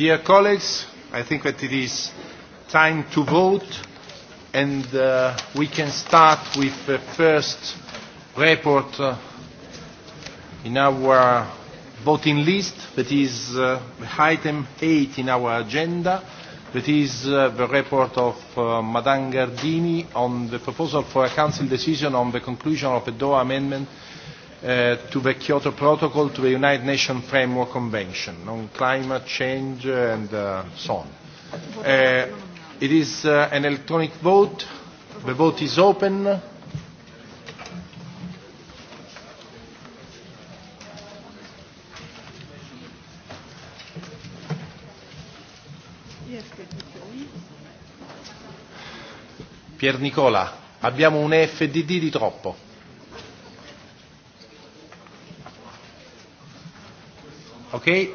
Dear colleagues, I think that it is time to vote and uh, we can start with the first report uh, in our voting list that is uh, item 8 in our agenda that is uh, the report of uh, Madame Gardini on the proposal for a council decision on the conclusion of the Doha Amendment uh, to the Kyoto Protocol, to the United Nations Framework Convention on climate change and uh, so on. Uh, it is uh, an electronic vote. The vote is open. Pier Nicola, abbiamo un FDD di troppo. Okay.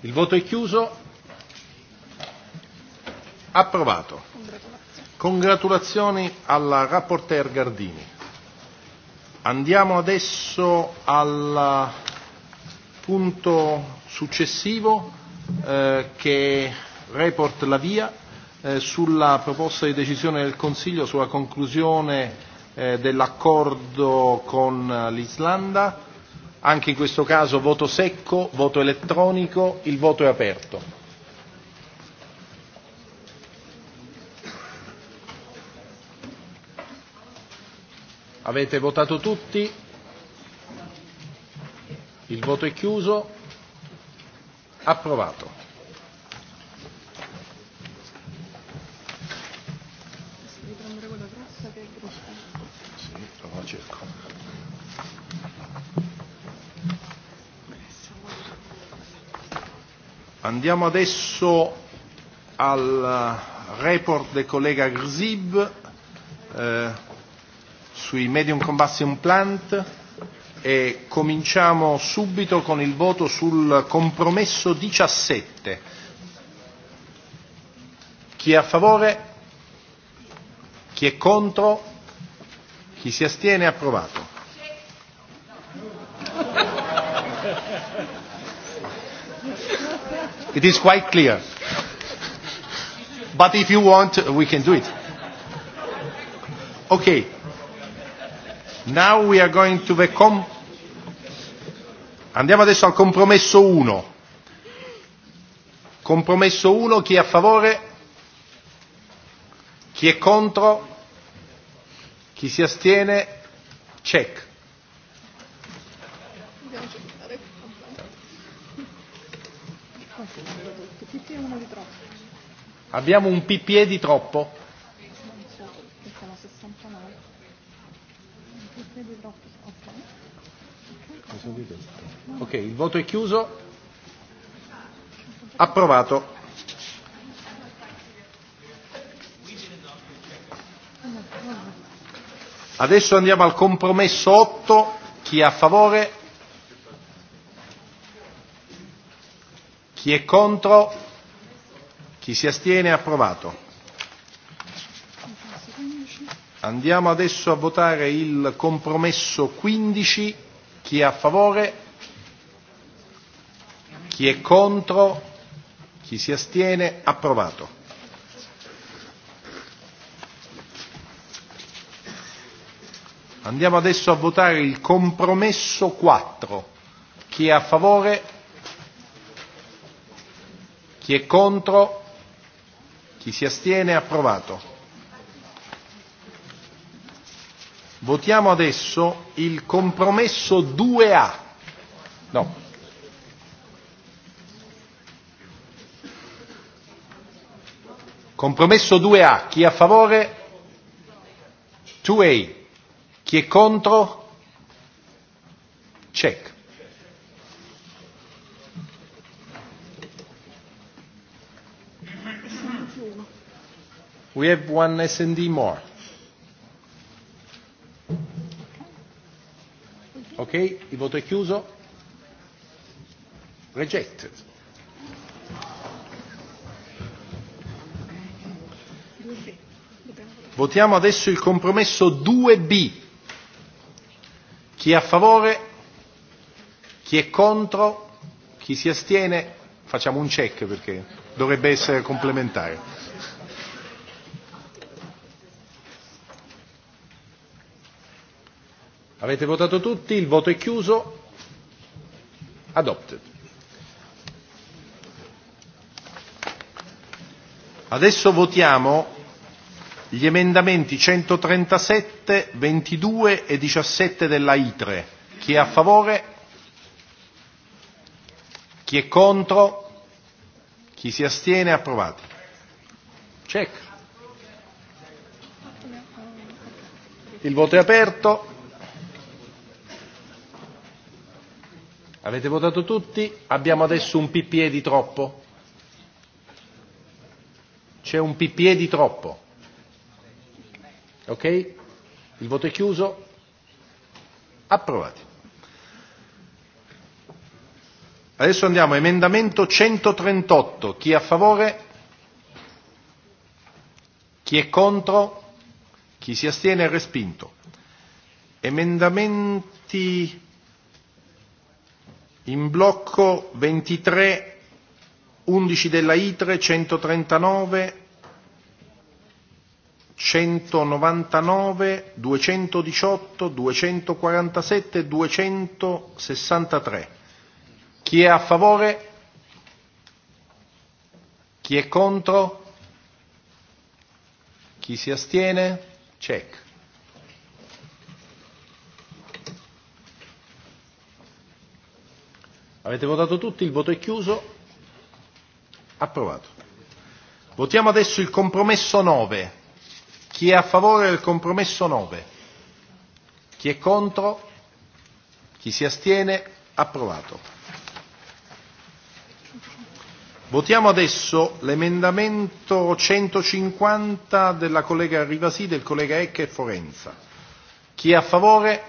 Il voto è chiuso. Approvato. Congratulazioni alla rapporteur Gardini. Andiamo adesso al punto successivo eh, che report la via eh, sulla proposta di decisione del Consiglio sulla conclusione eh, dell'accordo con l'Islanda. Anche in questo caso voto secco, voto elettronico, il voto è aperto. Avete votato tutti? Il voto è chiuso. Approvato. Andiamo adesso al report del collega Grzib eh, sui medium combustion plant e cominciamo subito con il voto sul compromesso 17. Chi è a favore? Chi è contro? Chi si astiene? Approvato. It is quite clear. But if you want, we can do it. Okay. Now we are going to the com- Andiamo adesso al compromesso 1. Compromesso 1, chi è a favore? Chi è contro? Chi si astiene? Check. Abbiamo un PPE di troppo? Ok, il voto è chiuso. Approvato. Adesso andiamo al compromesso 8. Chi è a favore? Chi è contro? Chi si astiene è approvato. Andiamo adesso a votare il compromesso 15. Chi è a favore? Chi è contro? Chi si astiene? Approvato. Andiamo adesso a votare il compromesso 4. Chi è a favore? Chi è contro? Chi si astiene? è Approvato. Votiamo adesso il compromesso 2A. No. Compromesso 2A. Chi è a favore? 2A. Chi è contro? Check. We have one SND more. Ok, il voto è chiuso. Rejected. Votiamo adesso il compromesso 2B. Chi è a favore? Chi è contro? Chi si astiene? Facciamo un check perché dovrebbe essere complementare. Avete votato tutti, il voto è chiuso. Adopted. Adesso votiamo gli emendamenti 137, 22 e 17 della ITRE. Chi è a favore? Chi è contro? Chi si astiene? Approvati. Check. Il voto è aperto. Avete votato tutti? Abbiamo adesso un PPE di troppo? C'è un PPE di troppo. Ok? Il voto è chiuso. Approvati. Adesso andiamo a emendamento 138. Chi è a favore? Chi è contro? Chi si astiene è respinto. Emendamenti In blocco 23, 11 della ITRE, 139, 199, 218, 247 263. Chi è a favore? Chi è contro? Chi si astiene? Check. Avete votato tutti, il voto è chiuso. Approvato. Votiamo adesso il compromesso 9. Chi è a favore del compromesso 9? Chi è contro? Chi si astiene? Approvato. Votiamo adesso l'emendamento 150 della collega Rivasi, del collega Ecche e Forenza. Chi è a favore?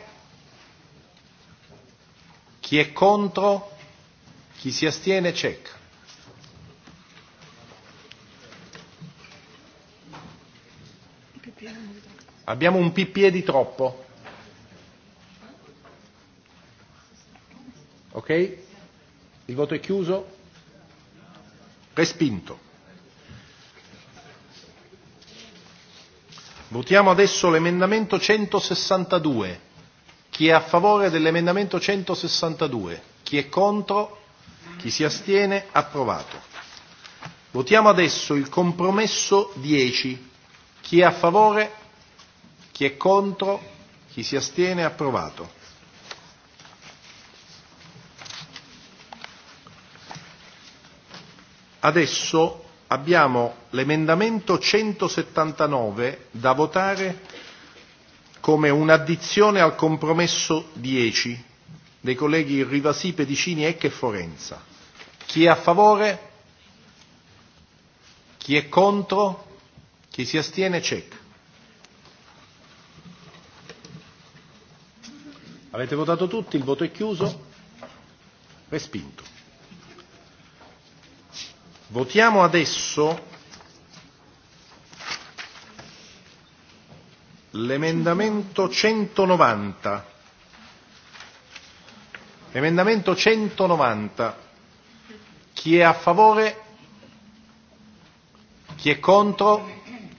Chi è contro? Chi si astiene cieca. Abbiamo un pipì di troppo. Ok? Il voto è chiuso. Respinto. Votiamo adesso l'emendamento 162. Chi è a favore dell'emendamento 162? Chi è contro? Chi si astiene? Approvato. Votiamo adesso il compromesso 10. Chi è a favore? Chi è contro? Chi si astiene? Approvato. Adesso abbiamo l'emendamento 179 da votare come un'addizione al compromesso 10 dei colleghi Rivasi, Pedicini, Ecche e Forenza. Chi è a favore? Chi è contro? Chi si astiene? Check. Avete votato tutti, il voto è chiuso, respinto. Votiamo adesso l'emendamento 190 Emendamento 190. Chi è a favore? Chi è contro?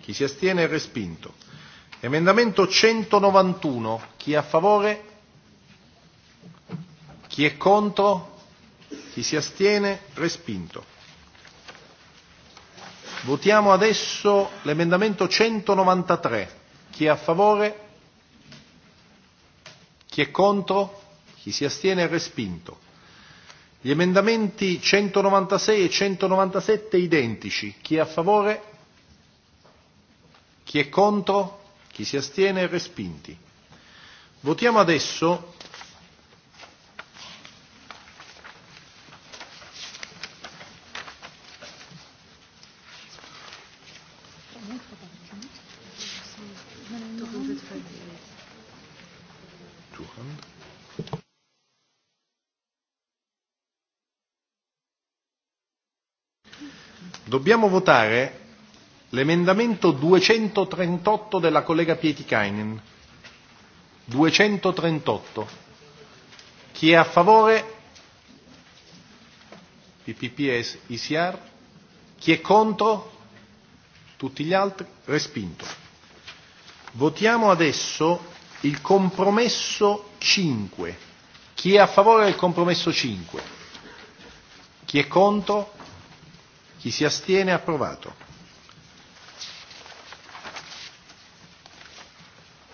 Chi si astiene è respinto. Emendamento 191. Chi è a favore? Chi è contro? Chi si astiene? Respinto. Votiamo adesso l'emendamento 193. Chi è a favore? Chi è contro? Chi si astiene è respinto. Gli emendamenti 196 e 197 identici. Chi è a favore? Chi è contro? Chi si astiene? Respinti. Votiamo adesso Dobbiamo votare l'emendamento 238 della collega Pietikainen. 238. Chi è a favore? PPPS, ICR. Chi è contro? Tutti gli altri? Respinto. Votiamo adesso il compromesso 5. Chi è a favore del compromesso 5? Chi è contro? Chi si astiene? Approvato.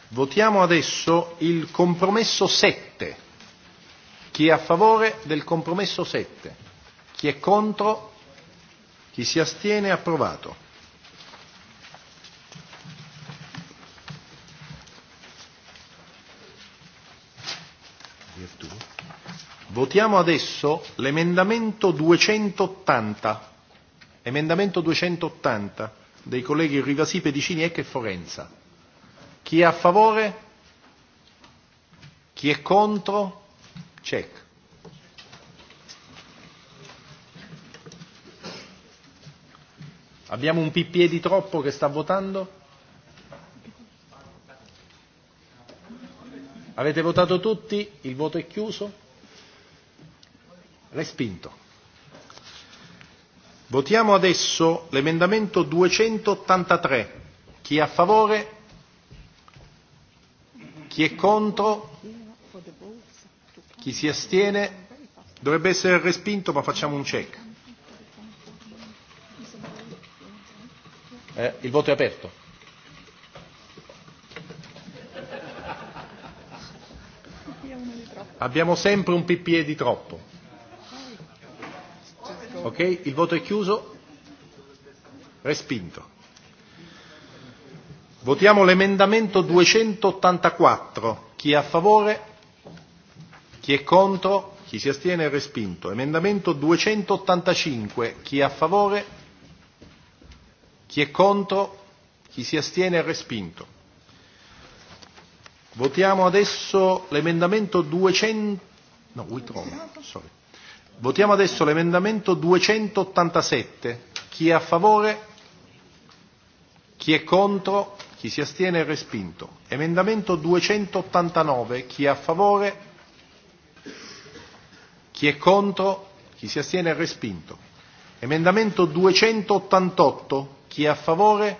Votiamo adesso il compromesso 7. Chi è a favore del compromesso 7? Chi è contro? Chi si astiene? Approvato. Votiamo adesso l'emendamento 280. Emendamento 280 dei colleghi Rivasi, Pedicini, Ecca e Forenza. Chi è a favore? Chi è contro? Check. Abbiamo un PPE di troppo che sta votando? Avete votato tutti? Il voto è chiuso? Respinto. Votiamo adesso l'emendamento 283. Chi è a favore? Chi è contro? Chi si astiene? Dovrebbe essere respinto, ma facciamo un check. Eh, il voto è aperto. Abbiamo sempre un PPE di troppo. Ok, il voto è chiuso. Respinto. Votiamo l'emendamento 284. Chi è a favore? Chi è contro? Chi si astiene è respinto. Emendamento 285. Chi è a favore? Chi è contro? Chi si astiene è respinto. Votiamo adesso l'emendamento 200. No, withdrawn. Sorry. Votiamo adesso l'emendamento 287. Chi è a favore? Chi è contro? Chi si astiene è respinto. Emendamento 289. Chi è a favore? Chi è contro? Chi si astiene è respinto. Emendamento 288. Chi è a favore?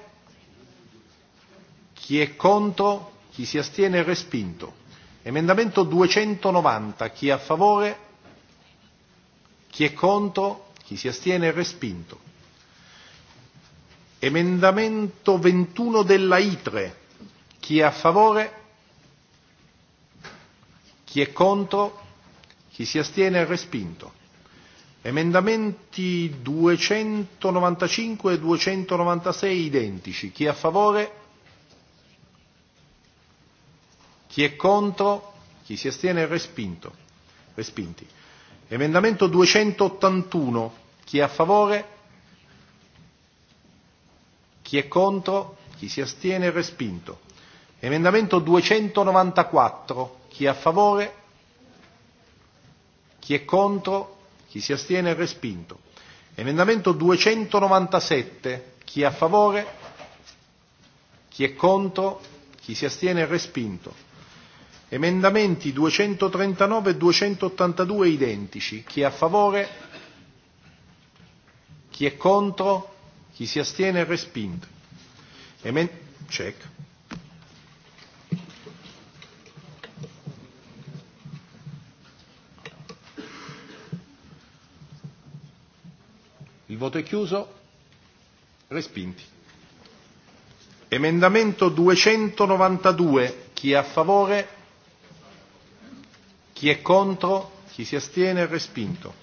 Chi è contro? Chi si astiene è respinto. Emendamento 290. Chi è a favore? Chi è contro? Chi si astiene? Respinto. Emendamento 21 della ITRE. Chi è a favore? Chi è contro? Chi si astiene? Respinto. Emendamenti 295 e 296 identici. Chi è a favore? Chi è contro? Chi si astiene? Respinto. Respinti. Emendamento 281, chi è a favore? Chi è contro? Chi si astiene? Respinto. Emendamento 294, chi è a favore? Chi è contro? Chi si astiene? Respinto. Emendamento 297, chi è a favore? Chi è contro? Chi si astiene? Respinto. Emendamenti 239 e 282 identici. Chi è a favore? Chi è contro? Chi si astiene? Respinto. Emen- check. Il voto è chiuso. Respinti. Emendamento 292. Chi è a favore? Chi è contro? Chi si astiene? Respinto.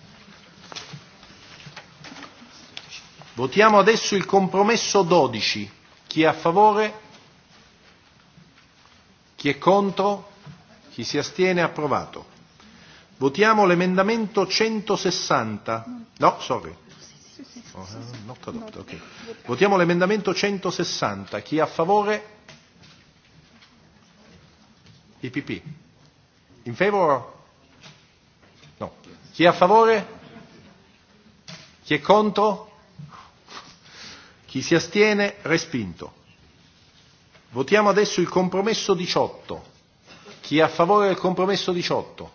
Votiamo adesso il compromesso 12. Chi è a favore? Chi è contro? Chi si astiene? Approvato. Votiamo l'emendamento 160. No, sorry. Not adopted, okay. Votiamo l'emendamento 160. Chi è a favore? IPP. In favor? No. Chi è a favore? Chi è contro? Chi si astiene? Respinto. Votiamo adesso il compromesso 18. Chi è a favore del compromesso 18?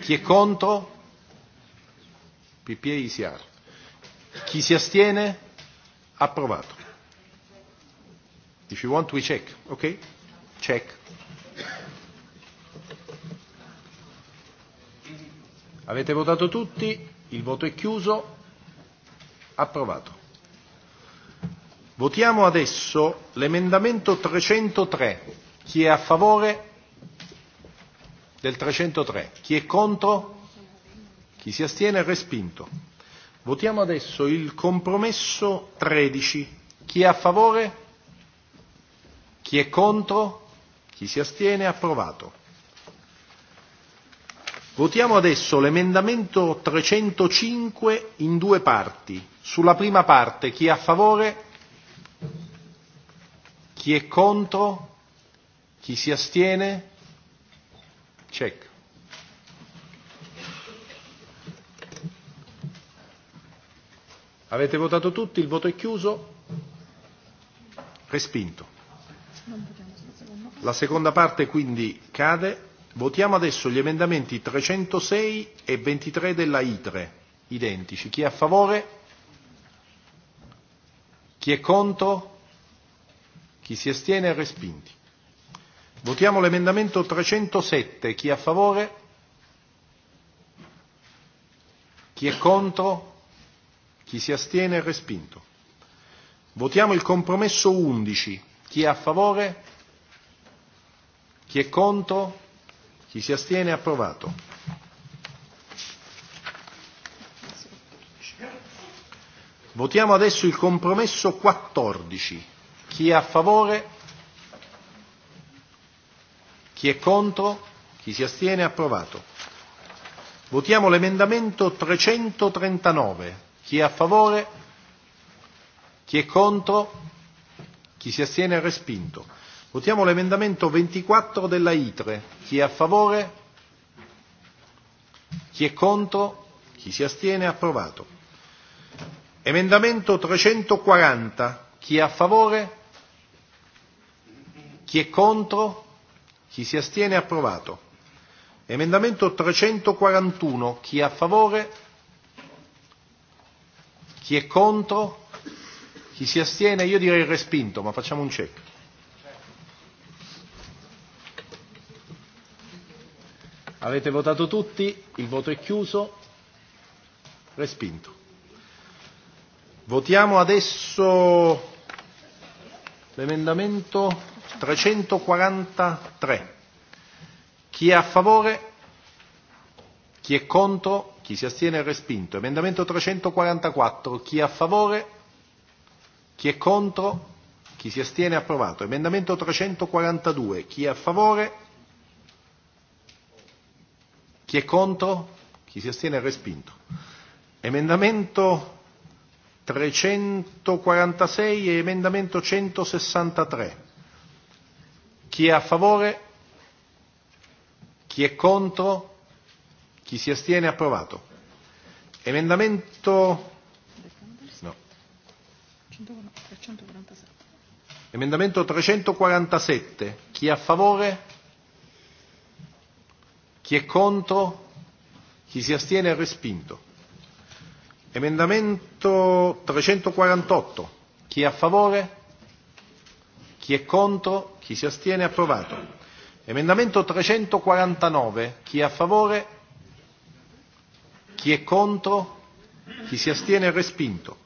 Chi è contro? PPA ICR. Chi si astiene? Approvato. If you want we check, ok? Check. Avete votato tutti? Il voto è chiuso. Approvato. Votiamo adesso l'emendamento 303. Chi è a favore del 303? Chi è contro? Chi si astiene è respinto. Votiamo adesso il compromesso 13. Chi è a favore? Chi è contro? Chi si astiene è approvato. Votiamo adesso l'emendamento 305 in due parti. Sulla prima parte chi è a favore? Chi è contro? Chi si astiene? Check. Avete votato tutti, il voto è chiuso. Respinto. La seconda parte quindi cade. Votiamo adesso gli emendamenti 306 e 23 della ITRE, identici. Chi è a favore? Chi è contro? Chi si astiene? Respinti. Votiamo l'emendamento 307. Chi è a favore? Chi è contro? Chi si astiene? Respinto. Votiamo il compromesso 11. Chi è a favore? Chi è contro? Chi si astiene? Approvato. Votiamo adesso il compromesso 14. Chi è a favore? Chi è contro? Chi si astiene? Approvato. Votiamo l'emendamento 339. Chi è a favore? Chi è contro? Chi si astiene? Respinto. Votiamo l'emendamento 24 della ITRE. Chi è a favore? Chi è contro? Chi si astiene? Approvato. Emendamento 340. Chi è a favore? Chi è contro? Chi si astiene? Approvato. Emendamento 341. Chi è a favore? Chi è contro? Chi si astiene? Io direi respinto, ma facciamo un check. Avete votato tutti, il voto è chiuso, respinto. Votiamo adesso l'emendamento 343. Chi è a favore? Chi è contro? Chi si astiene è respinto. Emendamento 344. Chi è a favore? Chi è contro? Chi si astiene è approvato. Emendamento 342. Chi è a favore? Chi è contro? Chi si astiene è respinto. Emendamento 346 e emendamento 163. Chi è a favore? Chi è contro? Chi si astiene? Approvato. Emendamento... No. Emendamento 347. Chi è a favore? Chi è contro? Chi si astiene è respinto. Emendamento 348. Chi è a favore? Chi è contro? Chi si astiene? Approvato. Emendamento 349. Chi è a favore? Chi è contro? Chi si astiene? Respinto.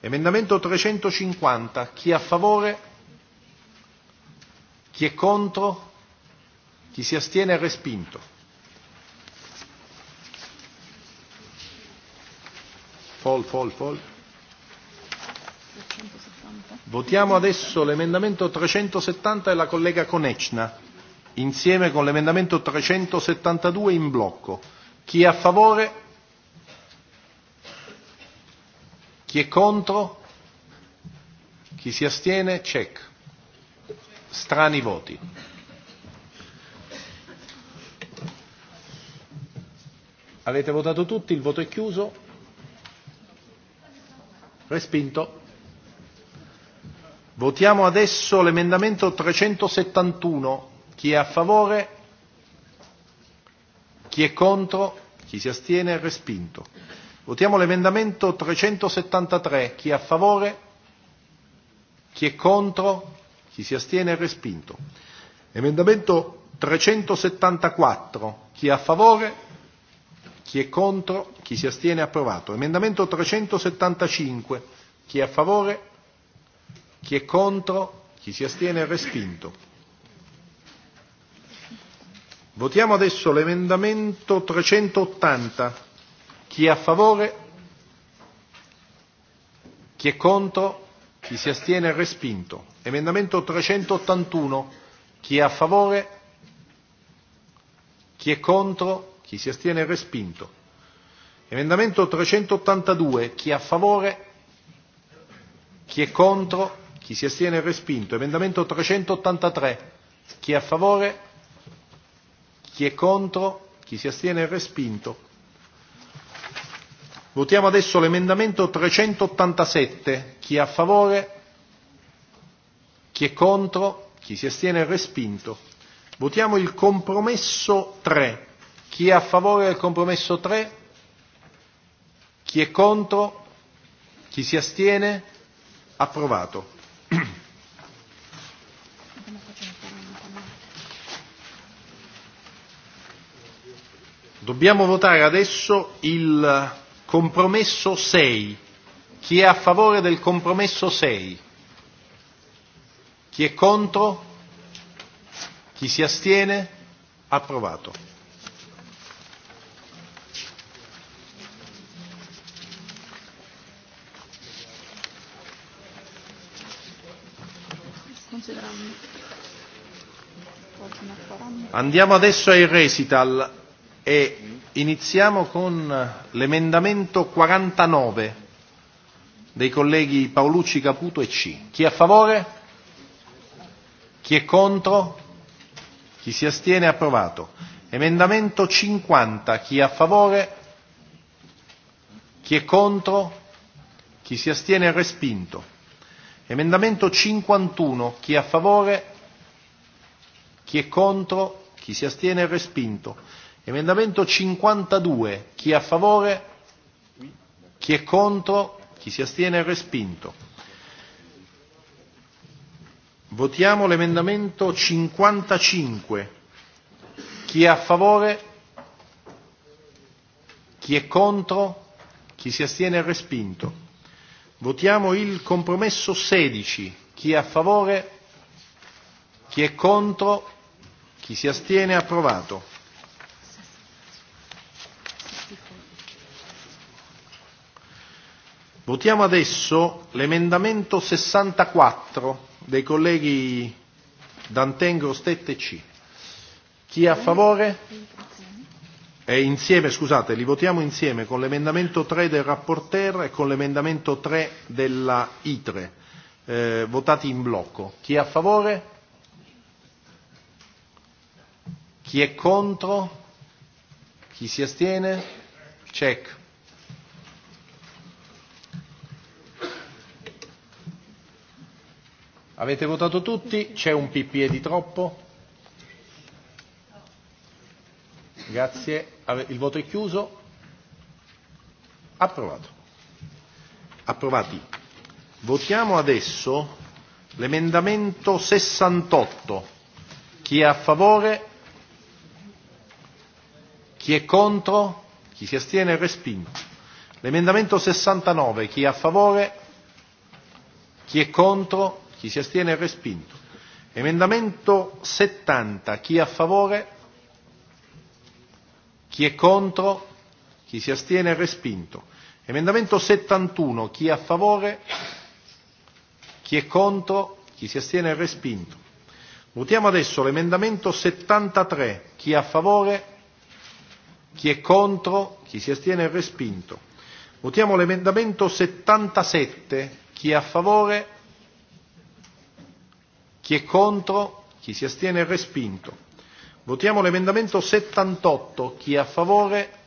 Emendamento 350. Chi è a favore? Chi è contro? Chi si astiene? Respinto. Fall, fall, fall. Votiamo adesso l'emendamento 370 della collega Conecna, insieme con l'emendamento 372 in blocco. Chi è a favore? Chi è contro? Chi si astiene? Check. Strani voti. Avete votato tutti, il voto è chiuso. Respinto. Votiamo adesso l'emendamento 371. Chi è a favore? Chi è contro? Chi si astiene? Respinto. Votiamo l'emendamento 373. Chi è a favore? Chi è contro? Chi si astiene? Respinto. Emendamento 374. Chi è a favore? Chi è contro? Chi si astiene? Approvato. Emendamento 375. Chi è a favore? Chi è contro? Chi si astiene? Respinto. Votiamo adesso l'emendamento 380. Chi è a favore? Chi è contro? Chi si astiene? Respinto. Emendamento 381. Chi è a favore? Chi è contro? Chi si astiene è respinto. Emendamento 382. Chi è a favore? Chi è contro? Chi si astiene è respinto. Emendamento 383. Chi è a favore? Chi è contro? Chi si astiene è respinto. Votiamo adesso l'emendamento 387. Chi è a favore? Chi è contro? Chi si astiene è respinto. Votiamo il compromesso 3. Chi è a favore del compromesso 3? Chi è contro? Chi si astiene? Approvato. Dobbiamo votare adesso il compromesso 6. Chi è a favore del compromesso 6? Chi è contro? Chi si astiene? Approvato. Andiamo adesso ai recital e iniziamo con l'emendamento 49 dei colleghi Paolucci, Caputo e C. Chi è a favore? Chi è contro? Chi si astiene? Approvato. Emendamento 50. Chi è a favore? Chi è contro? Chi si astiene? Respinto. Emendamento 51. Chi è a favore? Chi è contro? Chi si astiene è respinto. Emendamento 52. Chi è a favore? Chi è contro? Chi si astiene è respinto. Votiamo l'emendamento 55. Chi è a favore? Chi è contro? Chi si astiene è respinto. Votiamo il compromesso 16. Chi è a favore? Chi è contro? Chi si astiene approvato. Votiamo adesso l'emendamento 64 dei colleghi Dantengo Stette e C. Chi è a favore? E insieme, scusate, li votiamo insieme con l'emendamento 3 del rapporter e con l'emendamento 3 della ITRE, eh, votati in blocco. Chi è a favore? Chi è contro? Chi si astiene? Check. Avete votato tutti? C'è un PPE di troppo? Grazie. Il voto è chiuso. Approvato. Approvati. Votiamo adesso l'emendamento 68. Chi è a favore? Chi è contro? Chi si astiene? Respinto. L'emendamento 69, chi è a favore? Chi è contro? Chi si astiene? Respinto. Emendamento 70, chi è a favore? Chi è contro? Chi si astiene? Respinto. Emendamento 71, chi è a favore? Chi è contro? Chi si astiene? Respinto. Votiamo adesso l'emendamento 73, chi è a favore? Chi è contro? Chi si astiene? Respinto. Votiamo l'emendamento 77. Chi è a favore? Chi è contro? Chi si astiene? Respinto. Votiamo l'emendamento 78. Chi è a favore?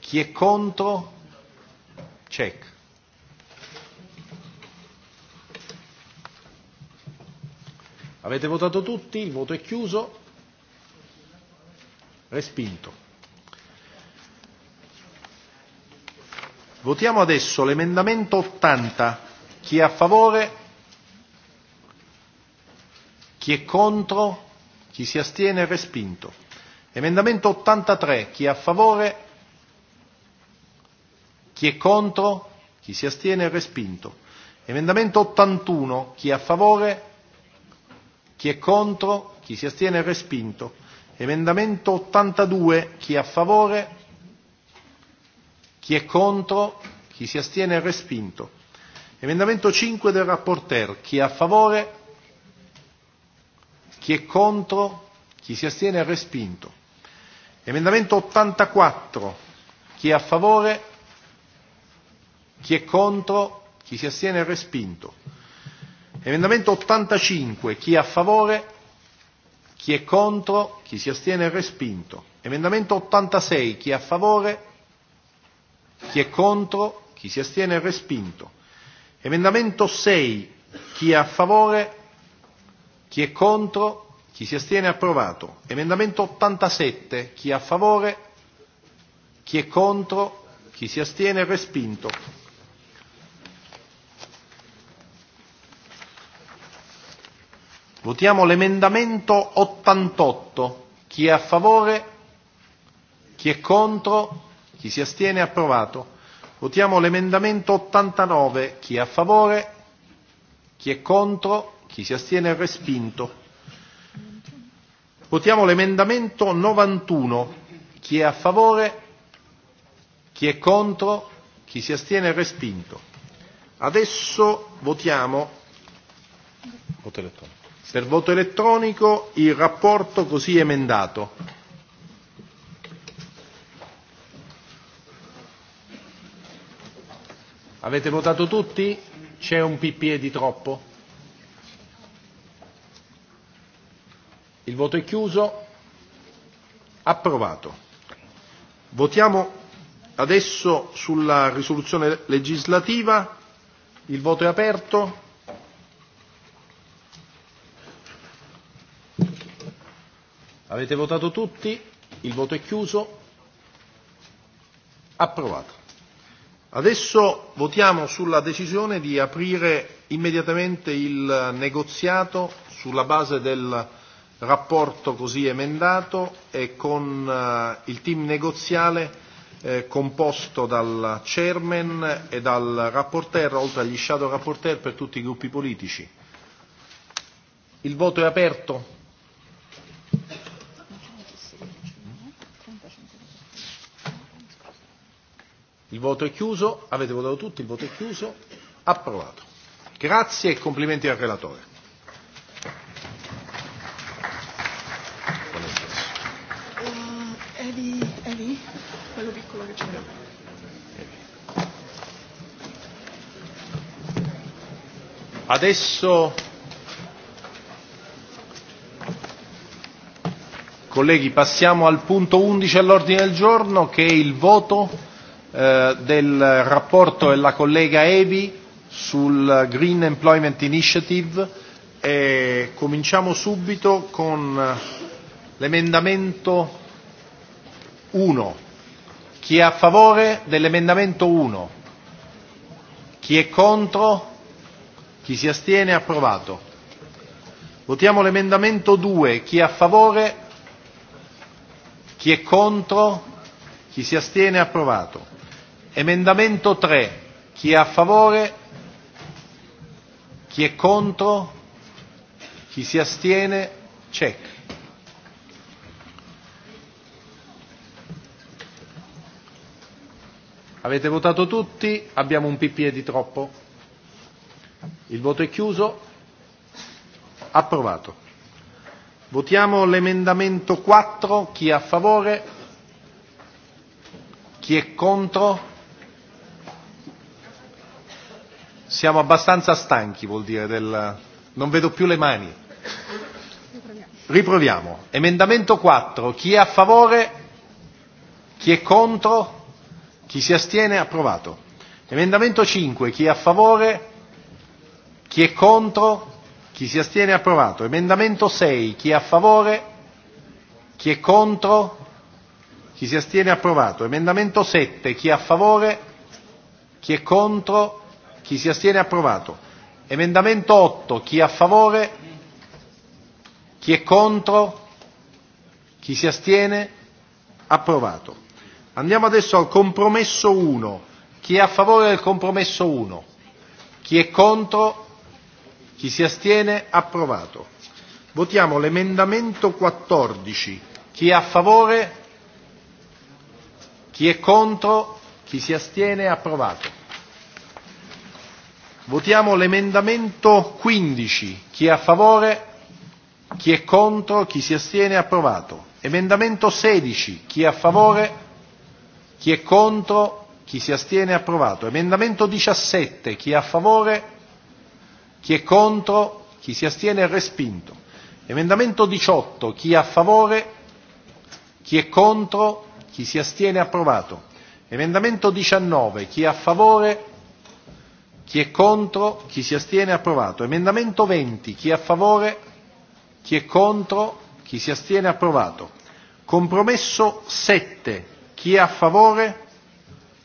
Chi è contro? Check. Avete votato tutti? Il voto è chiuso. Respinto. Votiamo adesso l'emendamento 80. Chi è a favore? Chi è contro? Chi si astiene? Respinto. Emendamento 83. Chi è a favore? Chi è contro? Chi si astiene? Respinto. Emendamento 81. Chi è a favore? Chi è contro? Chi si astiene? Respinto. Emendamento 82, chi è a favore? Chi è contro? Chi si astiene è respinto. Emendamento 5 del rapporteur, chi è a favore? Chi è contro? Chi si astiene è respinto. Emendamento 84, chi è a favore? Chi è contro? Chi si astiene è respinto. Emendamento 85, chi è a favore? Chi è contro? Chi si astiene? Respinto. Emendamento 86. Chi è a favore? Chi è contro? Chi si astiene? Respinto. Emendamento 6. Chi è a favore? Chi è contro? Chi si astiene? Approvato. Emendamento 87. Chi è a favore? Chi è contro? Chi si astiene? Respinto. Votiamo l'emendamento 88. Chi è a favore? Chi è contro? Chi si astiene? Approvato. Votiamo l'emendamento 89. Chi è a favore? Chi è contro? Chi si astiene? Respinto. Votiamo l'emendamento 91. Chi è a favore? Chi è contro? Chi si astiene? Respinto. Adesso votiamo. Voto elettronico. Per voto elettronico il rapporto così emendato. Avete votato tutti? C'è un PPE di troppo? Il voto è chiuso. Approvato. Votiamo adesso sulla risoluzione legislativa. Il voto è aperto. Avete votato tutti? Il voto è chiuso. Approvato. Adesso votiamo sulla decisione di aprire immediatamente il negoziato sulla base del rapporto così emendato e con il team negoziale eh, composto dal chairman e dal rapporteur, oltre agli shadow rapporteur per tutti i gruppi politici. Il voto è aperto. Il voto è chiuso, avete votato tutti, il voto è chiuso, approvato. Grazie e complimenti al relatore. Adesso, colleghi, passiamo al punto 11 all'ordine del giorno che è il voto del rapporto della collega Evi sul Green Employment Initiative e cominciamo subito con l'emendamento 1. Chi è a favore dell'emendamento 1? Chi è contro? Chi si astiene? Approvato. Votiamo l'emendamento 2. Chi è a favore? Chi è contro? Chi si astiene? Approvato. Emendamento 3. Chi è a favore? Chi è contro? Chi si astiene? Check. Avete votato tutti? Abbiamo un PPE di troppo. Il voto è chiuso. Approvato. Votiamo l'emendamento 4. Chi è a favore? Chi è contro? Siamo abbastanza stanchi, vuol dire, del... non vedo più le mani. Riproviamo. Emendamento 4. Chi è a favore? Chi è contro? Chi si astiene? Approvato. Emendamento 5. Chi è a favore? Chi è contro? Chi si astiene? Approvato. Emendamento 6. Chi è a favore? Chi è contro? Chi si astiene? Approvato. Emendamento 7. Chi è a favore? Chi è contro? Chi si astiene? Approvato. Emendamento 8. Chi è a favore? Chi è contro? Chi si astiene? Approvato. Andiamo adesso al compromesso 1. Chi è a favore del compromesso 1? Chi è contro? Chi si astiene? Approvato. Votiamo l'emendamento 14. Chi è a favore? Chi è contro? Chi si astiene? Approvato. Votiamo l'emendamento 15. Chi è a favore? Chi è contro? Chi si astiene? Approvato. Emendamento 16. Chi è a favore? Chi è contro? Chi si astiene? Approvato. Emendamento 17. Chi è a favore? Chi è contro? Chi si astiene? Respinto. Emendamento 18. Chi è a favore? Chi è contro? Chi si astiene? Approvato. Emendamento 19. Chi è a favore? Chi è contro? Chi si astiene? Approvato. Emendamento 20. Chi è a favore? Chi è contro? Chi si astiene? Approvato. Compromesso 7. Chi è a favore?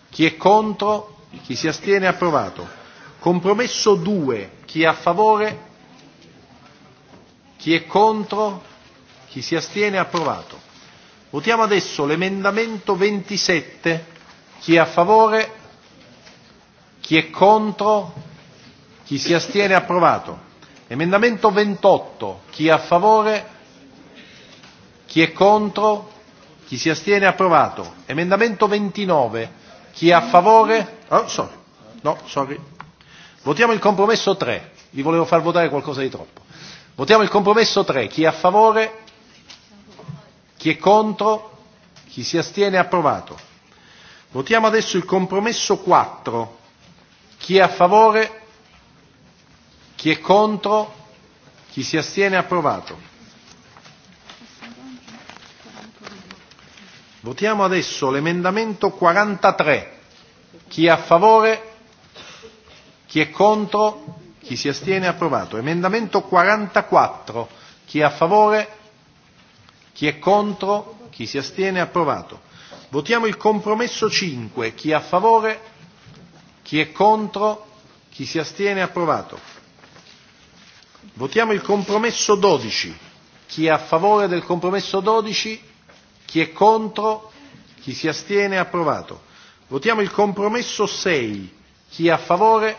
Chi è contro? Chi si astiene? Approvato. Compromesso 2. Chi è a favore? Chi è contro? Chi si astiene? Approvato. Votiamo adesso l'emendamento 27. Chi è a favore? Chi è contro? Chi si astiene? Approvato. Emendamento 28. Chi è a favore? Chi è contro? Chi si astiene? Approvato. Emendamento 29. Chi è a favore? Oh, sorry. No, sorry. Votiamo il compromesso 3. Vi volevo far votare qualcosa di troppo. Votiamo il compromesso 3. Chi è a favore? Chi è contro? Chi si astiene? Approvato. Votiamo adesso il compromesso 4. Chi è a favore? Chi è contro? Chi si astiene? Approvato. Votiamo adesso l'emendamento 43. Chi è a favore? Chi è contro? Chi si astiene? Approvato. Emendamento 44. Chi è a favore? Chi è contro? Chi si astiene? Approvato. Votiamo il compromesso 5. Chi è a favore? Chi è contro? Chi si astiene? Approvato. Votiamo il compromesso 12. Chi è a favore del compromesso 12? Chi è contro? Chi si astiene? Approvato. Votiamo il compromesso 6. Chi è a favore?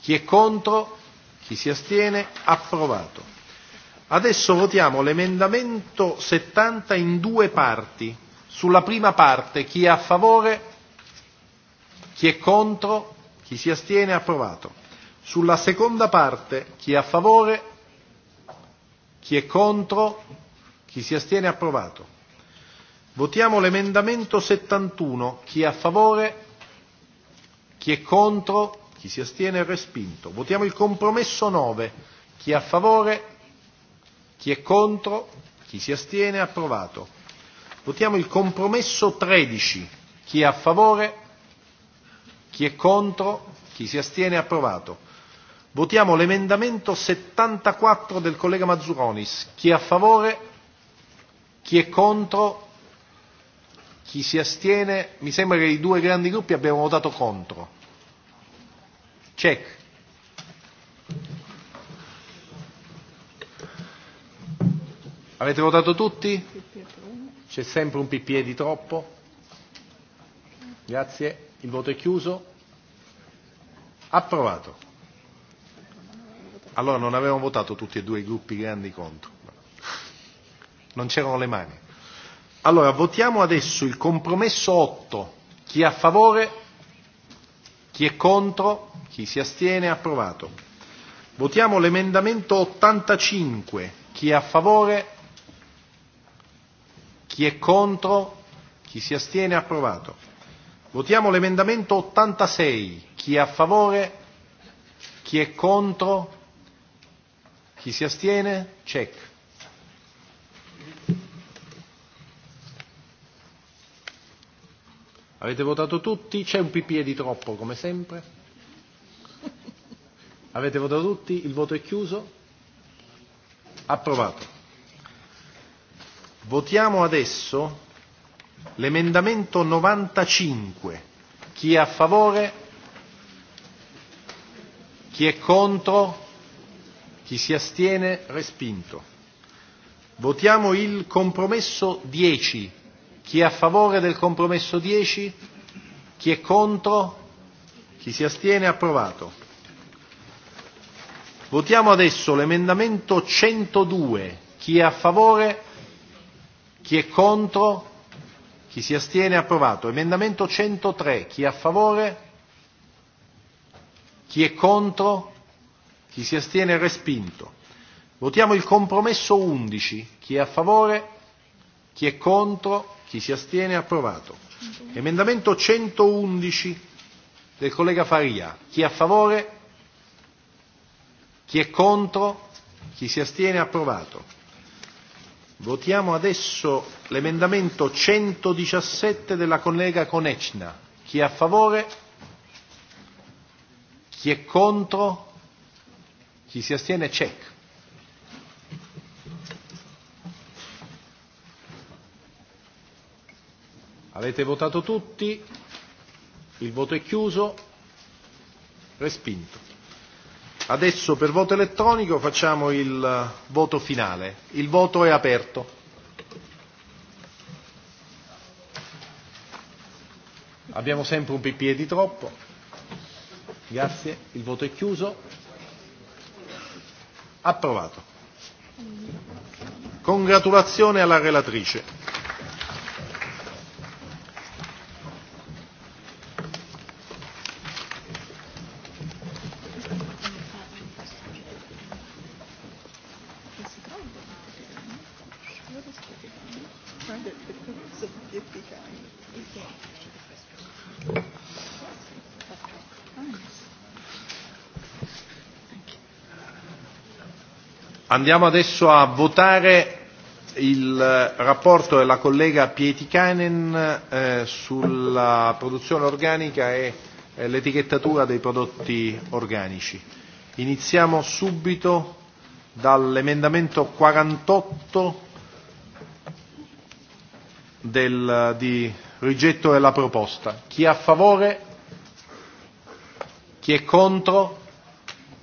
Chi è contro? Chi si astiene? Approvato. Adesso votiamo l'emendamento 70 in due parti. Sulla prima parte chi è a favore? Chi è contro? Chi si astiene? Approvato. Sulla seconda parte, chi è a favore? Chi è contro? Chi si astiene? Approvato. Votiamo l'emendamento 71. Chi è a favore? Chi è contro? Chi si astiene? Respinto. Votiamo il compromesso 9. Chi è a favore? Chi è contro? Chi si astiene? Approvato. Votiamo il compromesso 13. Chi è a favore? Chi è contro? Chi si astiene? Approvato. Votiamo l'emendamento 74 del collega Mazzuronis. Chi è a favore? Chi è contro? Chi si astiene? Mi sembra che i due grandi gruppi abbiano votato contro. Check. Avete votato tutti? C'è sempre un PPE di troppo? Grazie. Il voto è chiuso. Approvato. Allora non avevamo votato tutti e due i gruppi grandi contro. Non c'erano le mani. Allora votiamo adesso il compromesso 8. Chi è a favore? Chi è contro? Chi si astiene? Approvato. Votiamo l'emendamento 85. Chi è a favore? Chi è contro? Chi si astiene? Approvato. Votiamo l'emendamento 86. Chi è a favore? Chi è contro? Chi si astiene? Check. Avete votato tutti? C'è un PPE di troppo, come sempre. Avete votato tutti? Il voto è chiuso? Approvato. Votiamo adesso L'emendamento 95. Chi è a favore? Chi è contro? Chi si astiene? Respinto. Votiamo il compromesso 10. Chi è a favore del compromesso 10? Chi è contro? Chi si astiene? Approvato. Votiamo adesso l'emendamento 102. Chi è a favore? Chi è contro? Chi si astiene? Approvato. Emendamento 103. Chi è a favore? Chi è contro? Chi si astiene? Respinto. Votiamo il compromesso 11. Chi è a favore? Chi è contro? Chi si astiene? Approvato. Emendamento 111 del collega Faria. Chi è a favore? Chi è contro? Chi si astiene? Approvato. Votiamo adesso l'emendamento 117 della collega Conecna. Chi è a favore? Chi è contro? Chi si astiene? Check. Avete votato tutti? Il voto è chiuso. Respinto. Adesso per voto elettronico facciamo il voto finale. Il voto è aperto. Abbiamo sempre un PPE di troppo. Grazie. Il voto è chiuso. Approvato. Congratulazione alla relatrice. Andiamo adesso a votare il rapporto della collega Pietikainen eh, sulla produzione organica e eh, l'etichettatura dei prodotti organici. Iniziamo subito dall'emendamento 48 del, di rigetto della proposta. Chi è a favore? Chi è contro?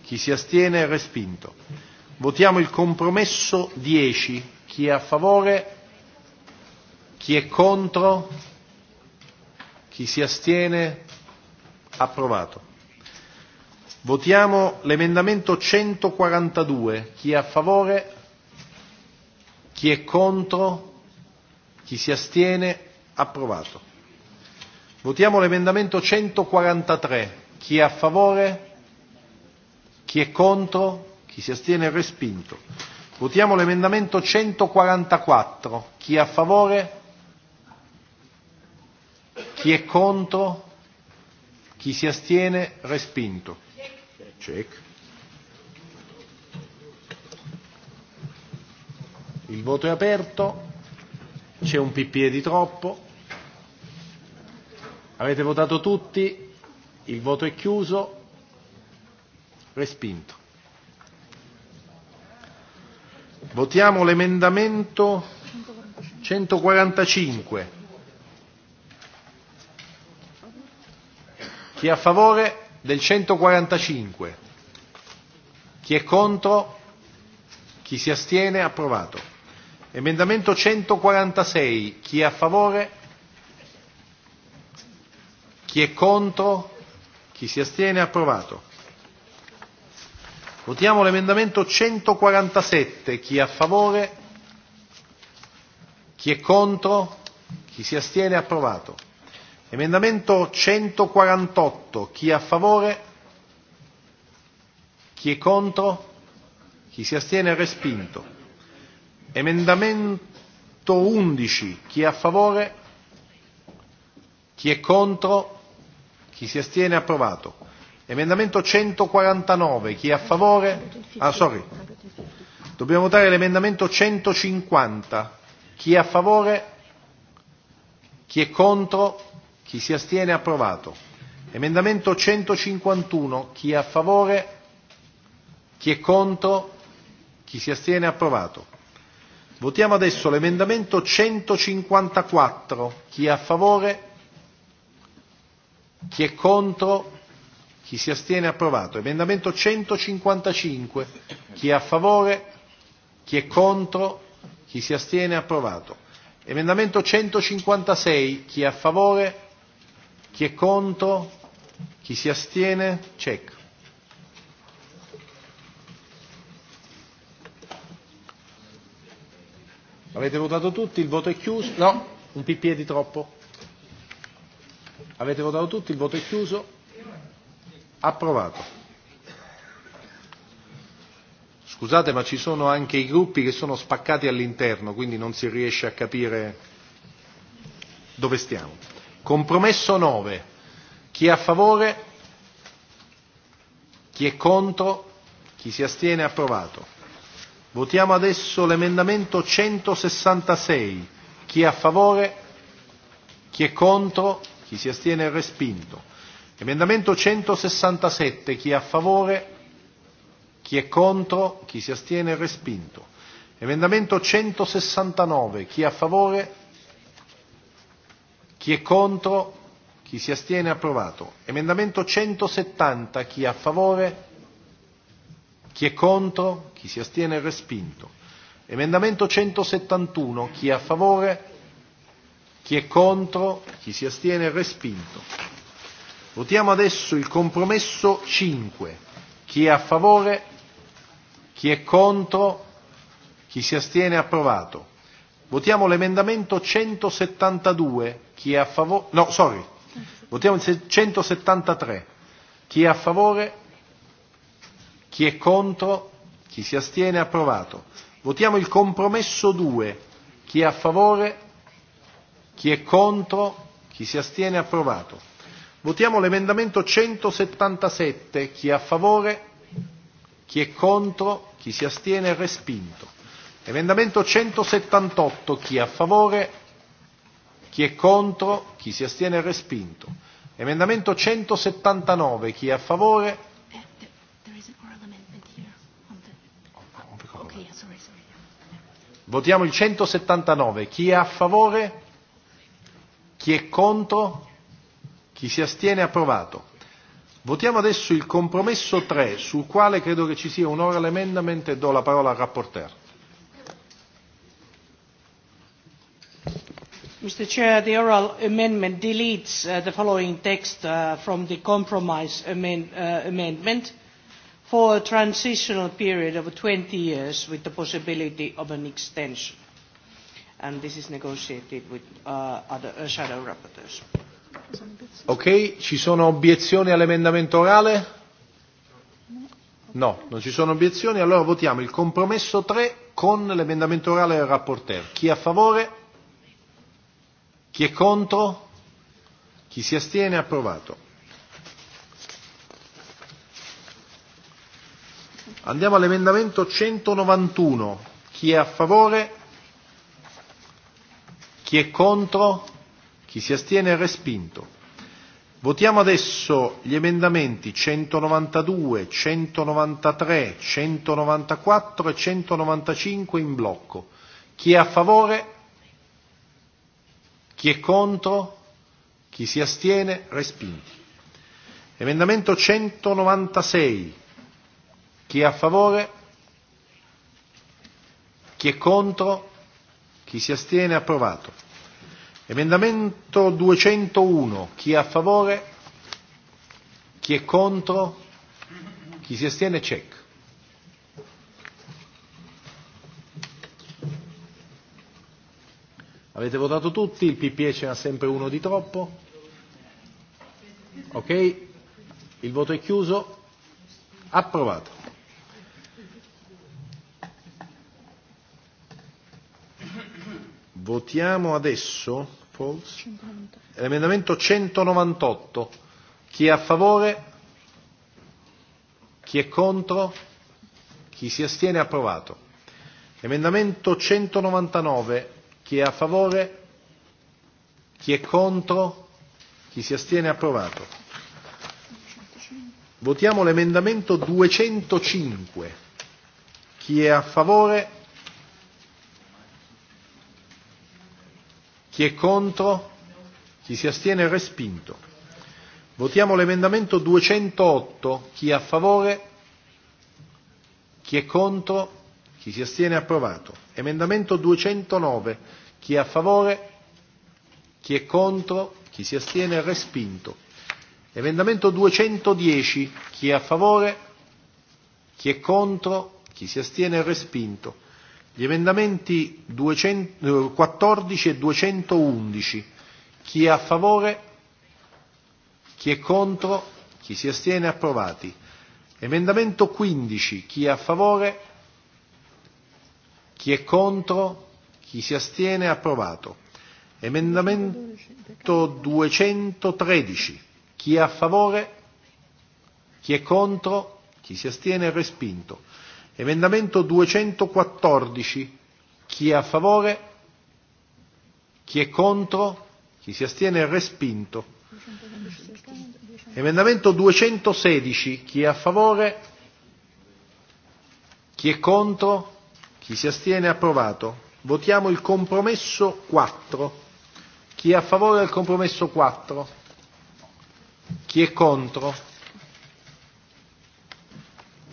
Chi si astiene? Respinto. Votiamo il compromesso 10. Chi è a favore? Chi è contro? Chi si astiene? Approvato. Votiamo l'emendamento 142. Chi è a favore? Chi è contro? Chi si astiene? Approvato. Votiamo l'emendamento 143. Chi è a favore? Chi è contro? Chi si astiene è respinto. Votiamo l'emendamento 144. Chi è a favore? Chi è contro? Chi si astiene? Respinto. Check. Il voto è aperto. C'è un PPE di troppo. Avete votato tutti. Il voto è chiuso. Respinto. Votiamo l'emendamento 145. Chi è a favore del 145? Chi è contro? Chi si astiene? Approvato. Emendamento 146. Chi è a favore? Chi è contro? Chi si astiene? Approvato. Votiamo l'emendamento 147. Chi è a favore? Chi è contro? Chi si astiene? Approvato. Emendamento 148. Chi è a favore? Chi è contro? Chi si astiene? Respinto. Emendamento 11. Chi è a favore? Chi è contro? Chi si astiene? Approvato. Emendamento 149, chi è a favore? Ah, sorry. Dobbiamo votare l'emendamento 150. Chi è a favore? Chi è contro? Chi si astiene? Approvato. Emendamento 151. Chi è a favore? Chi è contro? Chi si astiene? Approvato. Votiamo adesso l'emendamento 154. Chi è a favore? Chi è contro? Chi si astiene? Approvato. Emendamento 155. Chi è a favore? Chi è contro? Chi si astiene? Approvato. Emendamento 156. Chi è a favore? Chi è contro? Chi si astiene? Check. Avete votato tutti? Il voto è chiuso? No, un PPE di troppo. Avete votato tutti? Il voto è chiuso? Approvato. Scusate, ma ci sono anche i gruppi che sono spaccati all'interno, quindi non si riesce a capire dove stiamo. Compromesso 9. Chi è a favore? Chi è contro? Chi si astiene? Approvato. Votiamo adesso l'emendamento 166. Chi è a favore? Chi è contro? Chi si astiene? Respinto. Emendamento 167, chi è a favore, chi è contro, chi si astiene, respinto. Emendamento 169, chi è a favore, chi è contro, chi si astiene, approvato. Emendamento 170, chi è a favore, chi è contro, chi si astiene, respinto. Emendamento 171, chi è a favore, chi è contro, chi si astiene, respinto. Votiamo adesso il compromesso 5. Chi è a favore? Chi è contro? Chi si astiene? Approvato. Votiamo l'emendamento 172. Chi è a favore? No, sorry. Votiamo il 173. Chi è a favore? Chi è contro? Chi si astiene? Approvato. Votiamo il compromesso 2. Chi è a favore? Chi è contro? Chi si astiene? Approvato. Votiamo l'emendamento 177. Chi è a favore? Chi è contro? Chi si astiene? Respinto. Emendamento 178. Chi è a favore? Chi è contro? Chi si astiene? Respinto. Emendamento 179. Chi è a favore? Votiamo il 179. Chi è a favore? Chi è contro? Chi si astiene approvato. Votiamo adesso il compromesso 3, sul quale credo che ci sia un oral amendment e do la parola al rapporteur. Mr. Chair, the oral amendment deletes uh, the following text uh, from the compromise amend, uh, amendment for a transitional period of 20 years with the possibility of an extension. And this is negotiated with uh, other uh, shadow rapporteurs. Ok, ci sono obiezioni all'emendamento orale? No, non ci sono obiezioni, allora votiamo il compromesso 3 con l'emendamento orale del rapporteur. Chi è a favore? Chi è contro? Chi si astiene? Approvato. Andiamo all'emendamento 191. Chi è a favore? Chi è contro? Chi si astiene è respinto. Votiamo adesso gli emendamenti 192, 193, 194 e 195 in blocco. Chi è a favore? Chi è contro? Chi si astiene? Respinti. Emendamento 196. Chi è a favore? Chi è contro? Chi si astiene? Approvato. Emendamento 201, chi è a favore? Chi è contro? Chi si astiene? Check. Avete votato tutti? Il PPE ce n'ha sempre uno di troppo? Ok? Il voto è chiuso? Approvato. Votiamo adesso L'emendamento Emendamento 198. Chi è a favore? Chi è contro? Chi si astiene? Approvato. Emendamento 199. Chi è a favore? Chi è contro? Chi si astiene? Approvato. Votiamo l'emendamento 205. Chi è a favore? Chi è contro? Chi si astiene? Respinto. Votiamo l'emendamento 208. Chi è a favore? Chi è contro? Chi si astiene? Approvato. Emendamento 209. Chi è a favore? Chi è contro? Chi si astiene? Respinto. Emendamento 210. Chi è a favore? Chi è contro? Chi si astiene? Respinto. Gli emendamenti 200, 14 e 211. Chi è a favore? Chi è contro? Chi si astiene? Approvati. Emendamento 15. Chi è a favore? Chi è contro? Chi si astiene? Approvato. Emendamento 213. Chi è a favore? Chi è contro? Chi si astiene? Respinto. Emendamento 214. Chi è a favore? Chi è contro? Chi si astiene è respinto. Emendamento 216. Chi è a favore? Chi è contro? Chi si astiene è approvato. Votiamo il compromesso 4. Chi è a favore del compromesso 4? Chi è contro?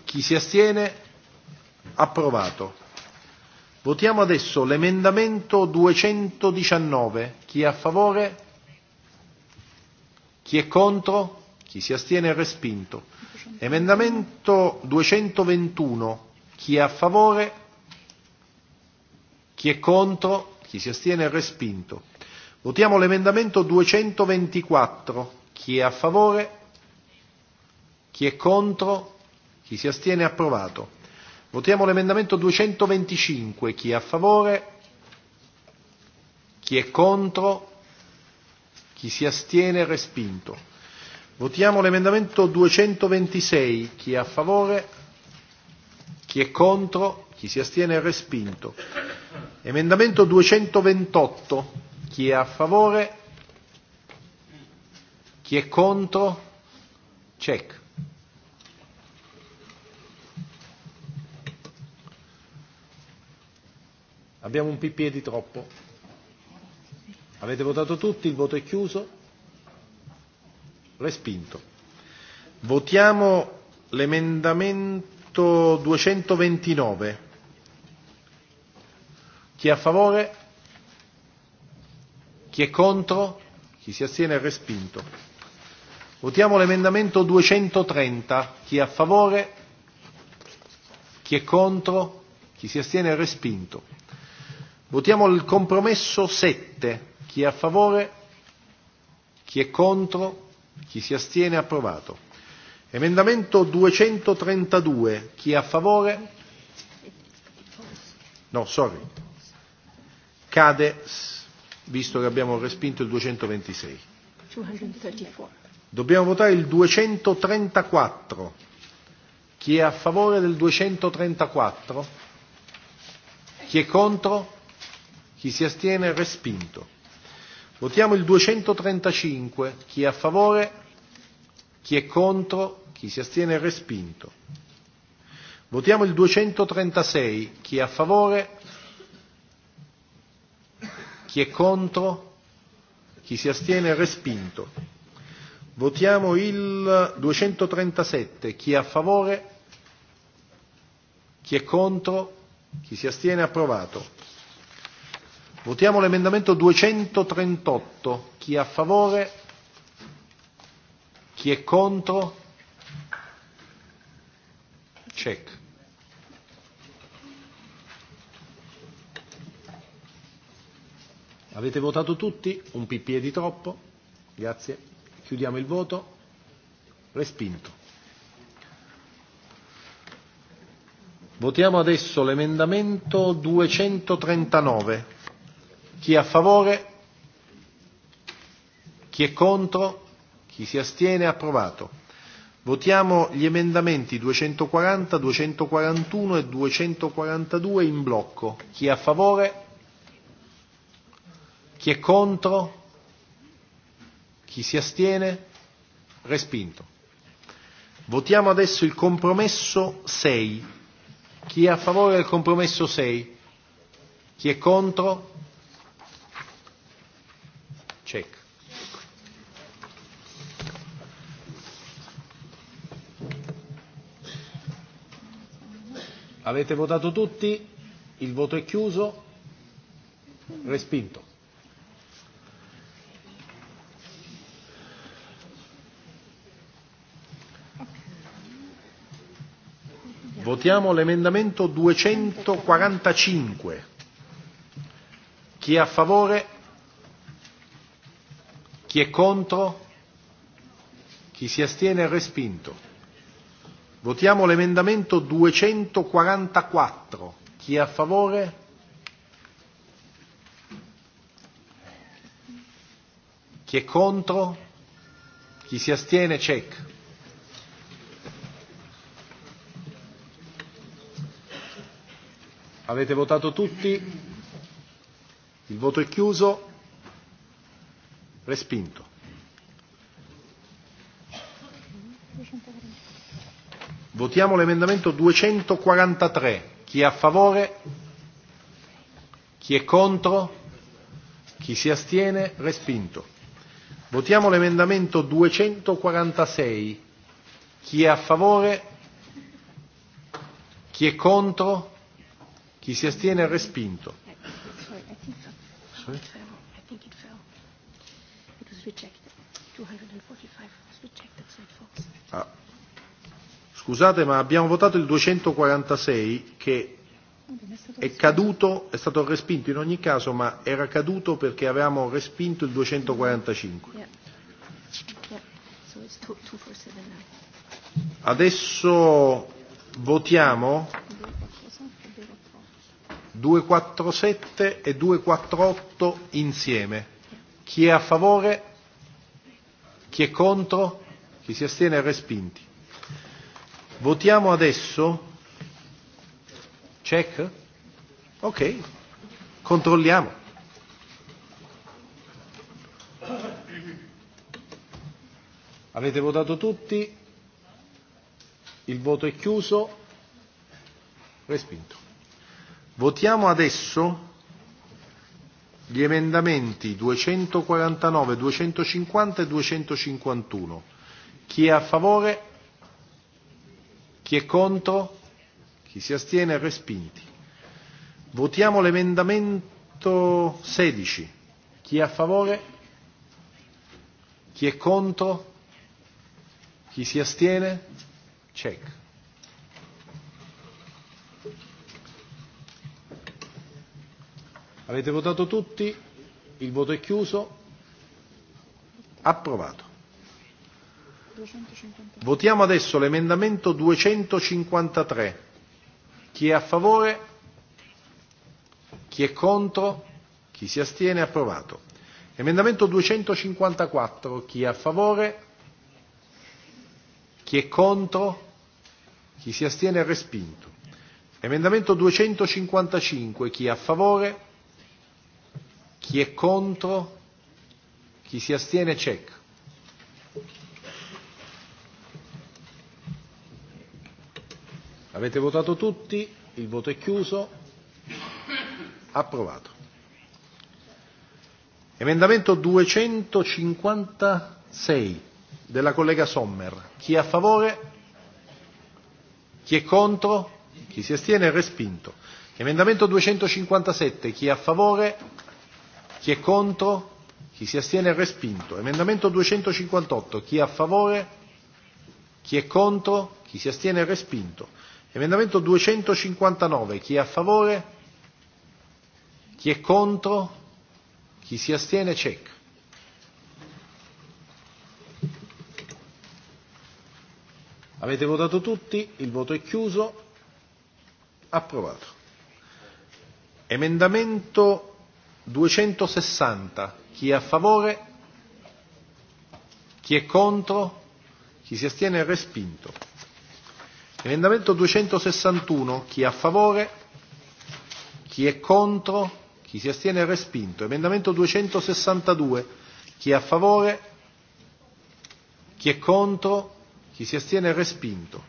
Chi si astiene Approvato. Votiamo adesso l'emendamento 219. Chi è a favore? Chi è contro? Chi si astiene è respinto. Emendamento 221. Chi è a favore? Chi è contro? Chi si astiene è respinto. Votiamo l'emendamento 224. Chi è a favore? Chi è contro? Chi si astiene è approvato. Votiamo l'emendamento 225. Chi è a favore? Chi è contro? Chi si astiene? Respinto. Votiamo l'emendamento 226. Chi è a favore? Chi è contro? Chi si astiene? Respinto. Emendamento 228. Chi è a favore? Chi è contro? Check. Abbiamo un PPE di troppo. Avete votato tutti, il voto è chiuso. Respinto. Votiamo l'emendamento 229. Chi è a favore? Chi è contro? Chi si astiene è respinto. Votiamo l'emendamento 230. Chi è a favore? Chi è contro? Chi si astiene è respinto. Votiamo il compromesso 7. Chi è a favore? Chi è contro? Chi si astiene? Approvato. Emendamento 232. Chi è a favore? No, sorry. Cade, visto che abbiamo respinto il 226. Dobbiamo votare il 234. Chi è a favore del 234? Chi è contro? Chi si astiene? Respinto. Votiamo il 235. Chi è a favore? Chi è contro? Chi si astiene? Respinto. Votiamo il 236. Chi è a favore? Chi è contro? Chi si astiene? Respinto. Votiamo il 237. Chi è a favore? Chi è contro? Chi si astiene? Approvato. Votiamo l'emendamento 238. Chi è a favore? Chi è contro? Check. Avete votato tutti? Un PPE di troppo? Grazie. Chiudiamo il voto. Respinto. Votiamo adesso l'emendamento 239. Chi è a favore? Chi è contro? Chi si astiene? Approvato. Votiamo gli emendamenti 240, 241 e 242 in blocco. Chi è a favore? Chi è contro? Chi si astiene? Respinto. Votiamo adesso il compromesso 6. Chi è a favore del compromesso 6? Chi è contro? Avete votato tutti? Il voto è chiuso? Respinto. Votiamo l'emendamento 245. Chi è a favore? Chi è contro? Chi si astiene è respinto. Votiamo l'emendamento 244. Chi è a favore? Chi è contro? Chi si astiene? Check. Avete votato tutti? Il voto è chiuso. Respinto. Votiamo l'emendamento 243. Chi è a favore? Chi è contro? Chi si astiene? Respinto. Votiamo l'emendamento 246. Chi è a favore? Chi è contro? Chi si astiene? Respinto. Sorry? Scusate, ma abbiamo votato il 246 che è caduto, è stato respinto in ogni caso, ma era caduto perché avevamo respinto il 245. Adesso votiamo 247 e 248 insieme. Chi è a favore? Chi è contro? Chi si astiene? Respinti. Votiamo adesso? Check? Ok, controlliamo. Avete votato tutti? Il voto è chiuso. Respinto. Votiamo adesso gli emendamenti 249, 250 e 251. Chi è a favore? Chi è contro? Chi si astiene? Respinti. Votiamo l'emendamento 16. Chi è a favore? Chi è contro? Chi si astiene? Check. Avete votato tutti? Il voto è chiuso. Approvato. Votiamo adesso l'emendamento 253. Chi è a favore? Chi è contro? Chi si astiene? Approvato. Emendamento 254. Chi è a favore? Chi è contro? Chi si astiene? Respinto. Emendamento 255. Chi è a favore? Chi è contro? Chi si astiene? Cecco. Avete votato tutti? Il voto è chiuso. Approvato. Emendamento 256 della collega Sommer. Chi è a favore? Chi è contro? Chi si astiene? Respinto. Emendamento 257. Chi è a favore? Chi è contro? Chi si astiene? Respinto. Emendamento 258. Chi è a favore? Chi è contro? Chi si astiene? Respinto. Emendamento 259, chi è a favore? Chi è contro? Chi si astiene? Check. Avete votato tutti, il voto è chiuso, approvato. Emendamento 260, chi è a favore? Chi è contro? Chi si astiene è respinto. Emendamento 261, chi è a favore? Chi è contro? Chi si astiene è respinto. Emendamento 262, chi è a favore? Chi è contro? Chi si astiene è respinto.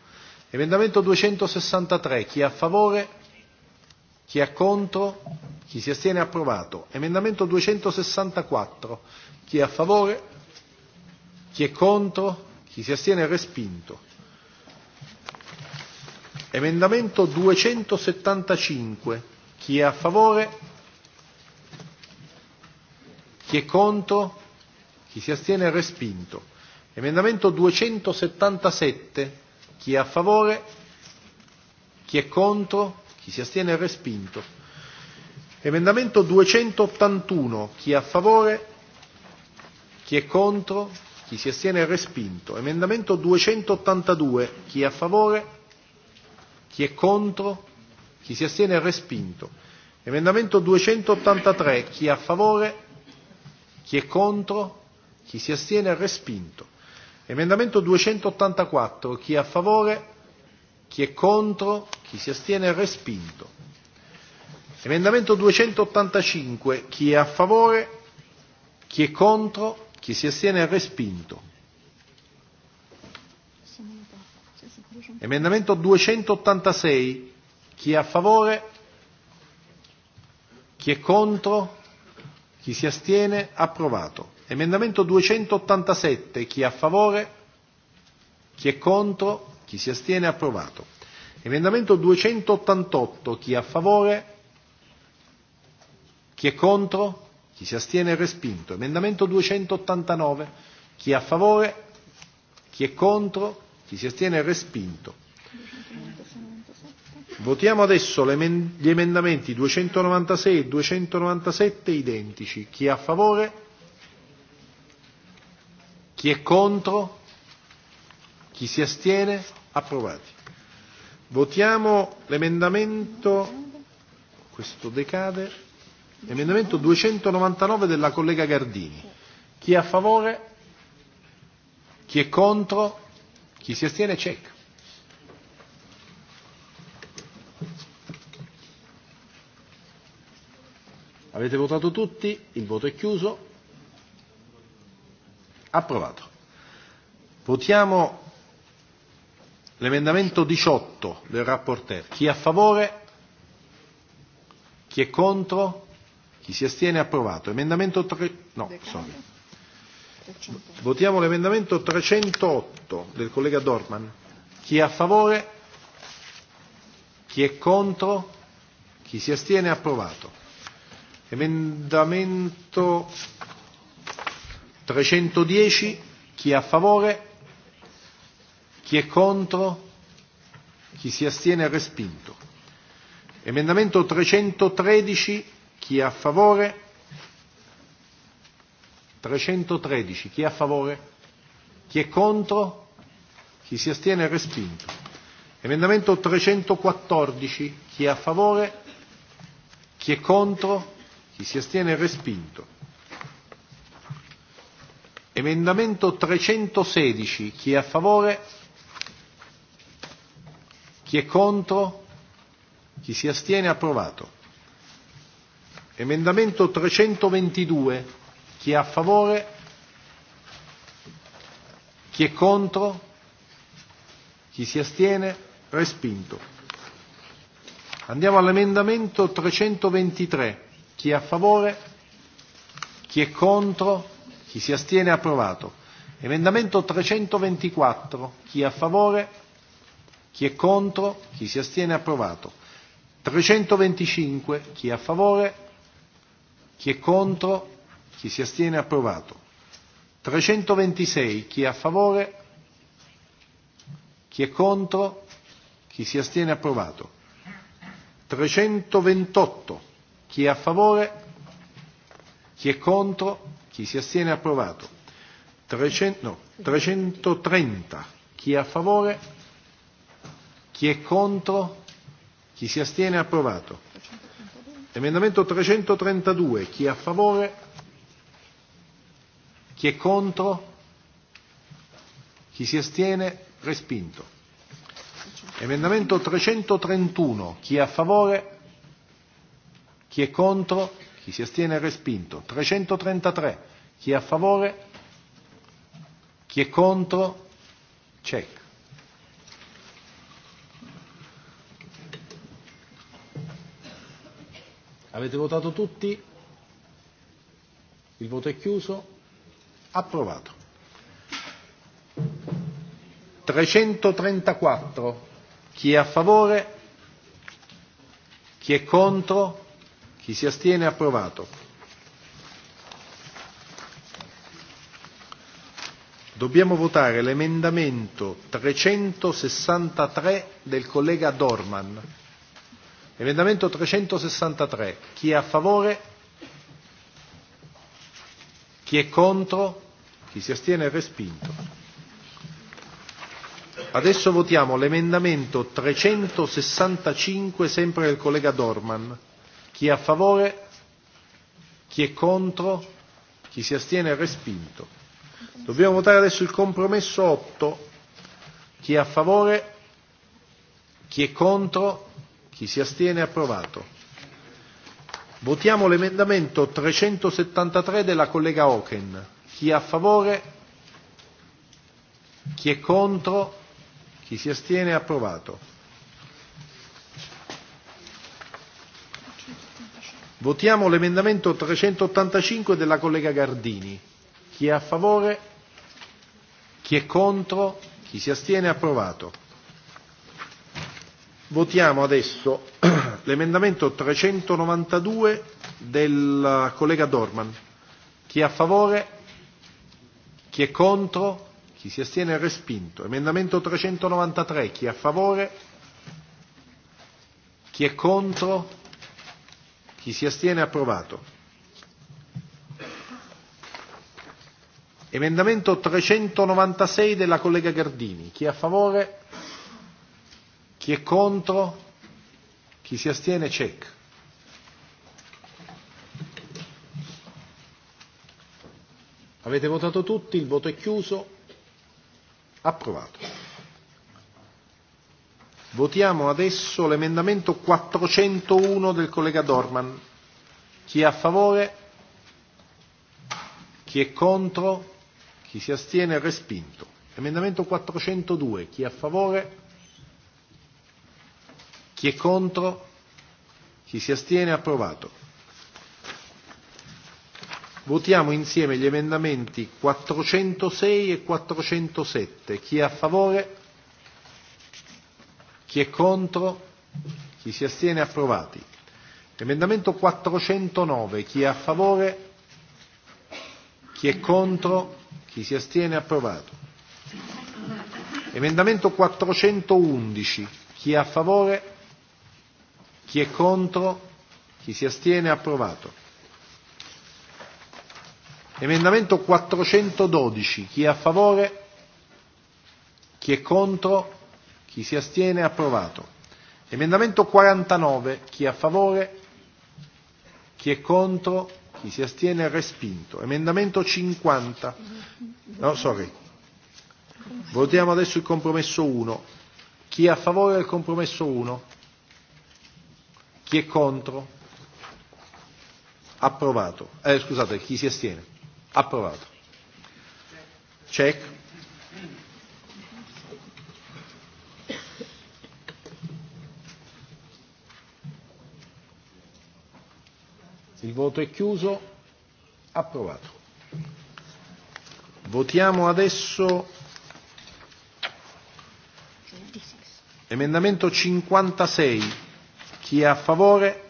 Emendamento 263, chi è a favore? Chi è contro? Chi si astiene è approvato. Emendamento 264, chi è a favore? Chi è contro? Chi si astiene è respinto. Emendamento 275. Chi è a favore? Chi è contro? Chi si astiene è respinto. Emendamento 277. Chi è a favore? Chi è contro? Chi si astiene è respinto. Emendamento 281. Chi è a favore? Chi è contro? Chi si astiene è respinto. Emendamento 282. Chi è a favore? Chi è contro? Chi si astiene è respinto. Emendamento 283. Chi è a favore? Chi è contro? Chi si astiene è respinto. Emendamento 284. Chi è a favore? Chi è contro? Chi si astiene è respinto. Emendamento 285. Chi è a favore? Chi è contro? Chi si astiene è respinto. Emendamento 286. Chi è a favore? Chi è contro? Chi si astiene? Approvato. Emendamento 287. Chi è a favore? Chi è contro? Chi si astiene? Approvato. Emendamento 288. Chi è a favore? Chi è contro? Chi si astiene? Respinto. Emendamento 289. Chi è a favore? Chi è contro? Chi si astiene è respinto. Votiamo adesso gli emendamenti 296 e 297 identici. Chi è a favore? Chi è contro? Chi si astiene? Approvati. Votiamo l'emendamento, questo decade, emendamento 299 della collega Gardini. Chi è a favore? Chi è contro? Chi si astiene check. Avete votato tutti, il voto è chiuso. Approvato. Votiamo l'emendamento 18 del rapporteur. Chi è a favore? Chi è contro? Chi si astiene? Approvato. Emendamento 3. No, sorry. Votiamo l'emendamento 308 del collega Dorman. Chi è a favore? Chi è contro? Chi si astiene? Approvato. Emendamento 310. Chi è a favore? Chi è contro? Chi si astiene? Respinto. Emendamento 313. Chi è a favore? 313. Chi è a favore? Chi è contro? Chi si astiene è respinto. Emendamento 314. Chi è a favore? Chi è contro? Chi si astiene è respinto. Emendamento 316. Chi è a favore? Chi è contro? Chi si astiene? Approvato. Emendamento 322. Chi è a favore? Chi è contro? Chi si astiene? Respinto. Andiamo all'emendamento 323. Chi è a favore? Chi è contro? Chi si astiene? Approvato. Emendamento 324. Chi è a favore? Chi è contro? Chi si astiene? Approvato. 325. Chi è a favore? Chi è contro? Chi si astiene? Approvato. 326. Chi è a favore? Chi è contro? Chi si astiene? Approvato. 328. Chi è a favore? Chi è contro? Chi si astiene? Approvato. 300, no, 330. Chi è a favore? Chi è contro? Chi si astiene? Approvato. Emendamento 332. Chi è a favore? Chi è contro? Chi si astiene? Respinto. Emendamento 331. Chi è a favore? Chi è contro? Chi si astiene? Respinto. 333. Chi è a favore? Chi è contro? Check. Avete votato tutti? Il voto è chiuso. Approvato. 334. Chi è a favore? Chi è contro? Chi si astiene? Approvato. Dobbiamo votare l'emendamento 363 del collega Dorman. Emendamento 363. Chi è a favore? Chi è contro? Chi si astiene è respinto. Adesso votiamo l'emendamento 365 sempre del collega Dorman. Chi è a favore? Chi è contro? Chi si astiene è respinto. Dobbiamo votare adesso il compromesso 8. Chi è a favore? Chi è contro? Chi si astiene è approvato. Votiamo l'emendamento 373 della collega Oken. Chi è a favore? Chi è contro? Chi si astiene? Approvato. Votiamo l'emendamento 385 della collega Gardini. Chi è a favore? Chi è contro? Chi si astiene? Approvato. Votiamo adesso l'emendamento 392 del collega Dorman. Chi è a favore? Chi è contro? Chi si astiene è respinto. Emendamento 393. Chi è a favore? Chi è contro? Chi si astiene è approvato. Emendamento 396 della collega Gardini. Chi è a favore? Chi è contro? Chi si astiene? Check. Avete votato tutti, il voto è chiuso, approvato. Votiamo adesso l'emendamento 401 del collega Dorman. Chi è a favore? Chi è contro? Chi si astiene? Respinto. Emendamento 402. Chi è a favore? Chi è contro? Chi si astiene? Approvato. Votiamo insieme gli emendamenti 406 e 407. Chi è a favore? Chi è contro? Chi si astiene? Approvati. Emendamento 409. Chi è a favore? Chi è contro? Chi si astiene? Approvato. Emendamento 411. Chi è a favore? Chi è contro? Chi si astiene? Approvato. Emendamento 412, chi è a favore? Chi è contro? Chi si astiene? Approvato. Emendamento 49, chi è a favore? Chi è contro? Chi si astiene? Respinto. Emendamento 50, no, sorry. Votiamo adesso il compromesso 1. Chi è a favore del compromesso 1? Chi è contro? Approvato. Eh, scusate, chi si astiene? Approvato. Check. Il voto è chiuso. Approvato. Votiamo adesso emendamento 56. Chi è a favore?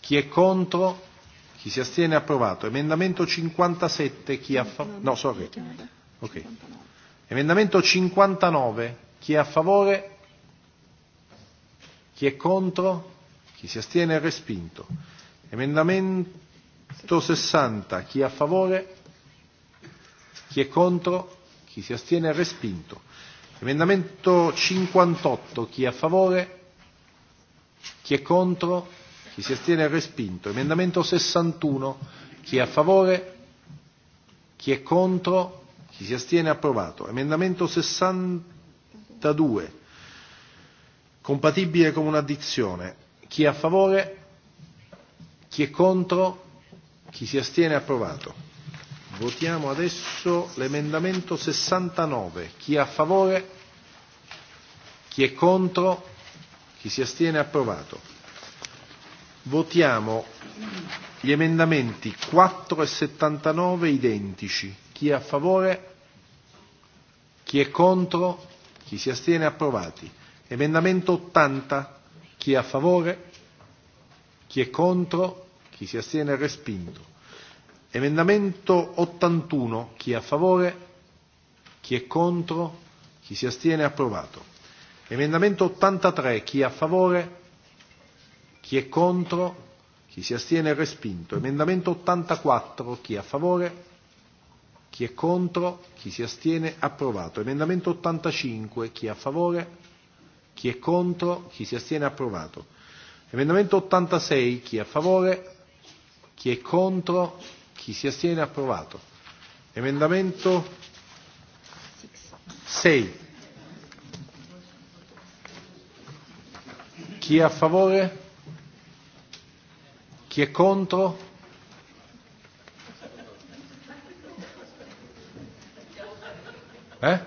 Chi è contro? Chi si astiene? Approvato. Emendamento 57. Chi ha fa- no, sorry. Ok. Emendamento 59. Chi è a favore? Chi è contro? Chi si astiene? Respinto. Emendamento 60. Chi è a favore? Chi è contro? Chi si astiene? Respinto. Emendamento 58. Chi è a favore? Chi è contro? Chi si astiene è respinto. Emendamento 61. Chi è a favore? Chi è contro? Chi si astiene? Approvato. Emendamento 62. Compatibile con un'addizione. Chi è a favore? Chi è contro? Chi si astiene? Approvato. Votiamo adesso l'emendamento 69. Chi è a favore? Chi è contro? Chi si astiene? Approvato. Votiamo gli emendamenti 4 e 79 identici. Chi è a favore? Chi è contro? Chi si astiene? Approvati. Emendamento 80. Chi è a favore? Chi è contro? Chi si astiene? Respinto. Emendamento 81. Chi è a favore? Chi è contro? Chi si astiene? Approvato. Emendamento 83. Chi è a favore? Chi è contro? Chi si astiene è respinto. Emendamento 84. Chi è a favore? Chi è contro? Chi si astiene? Approvato. Emendamento 85. Chi è a favore? Chi è contro? Chi si astiene? Approvato. Emendamento 86. Chi è a favore? Chi è contro? Chi si astiene? Approvato. Emendamento 6. Chi è a favore? Chi è contro? Eh?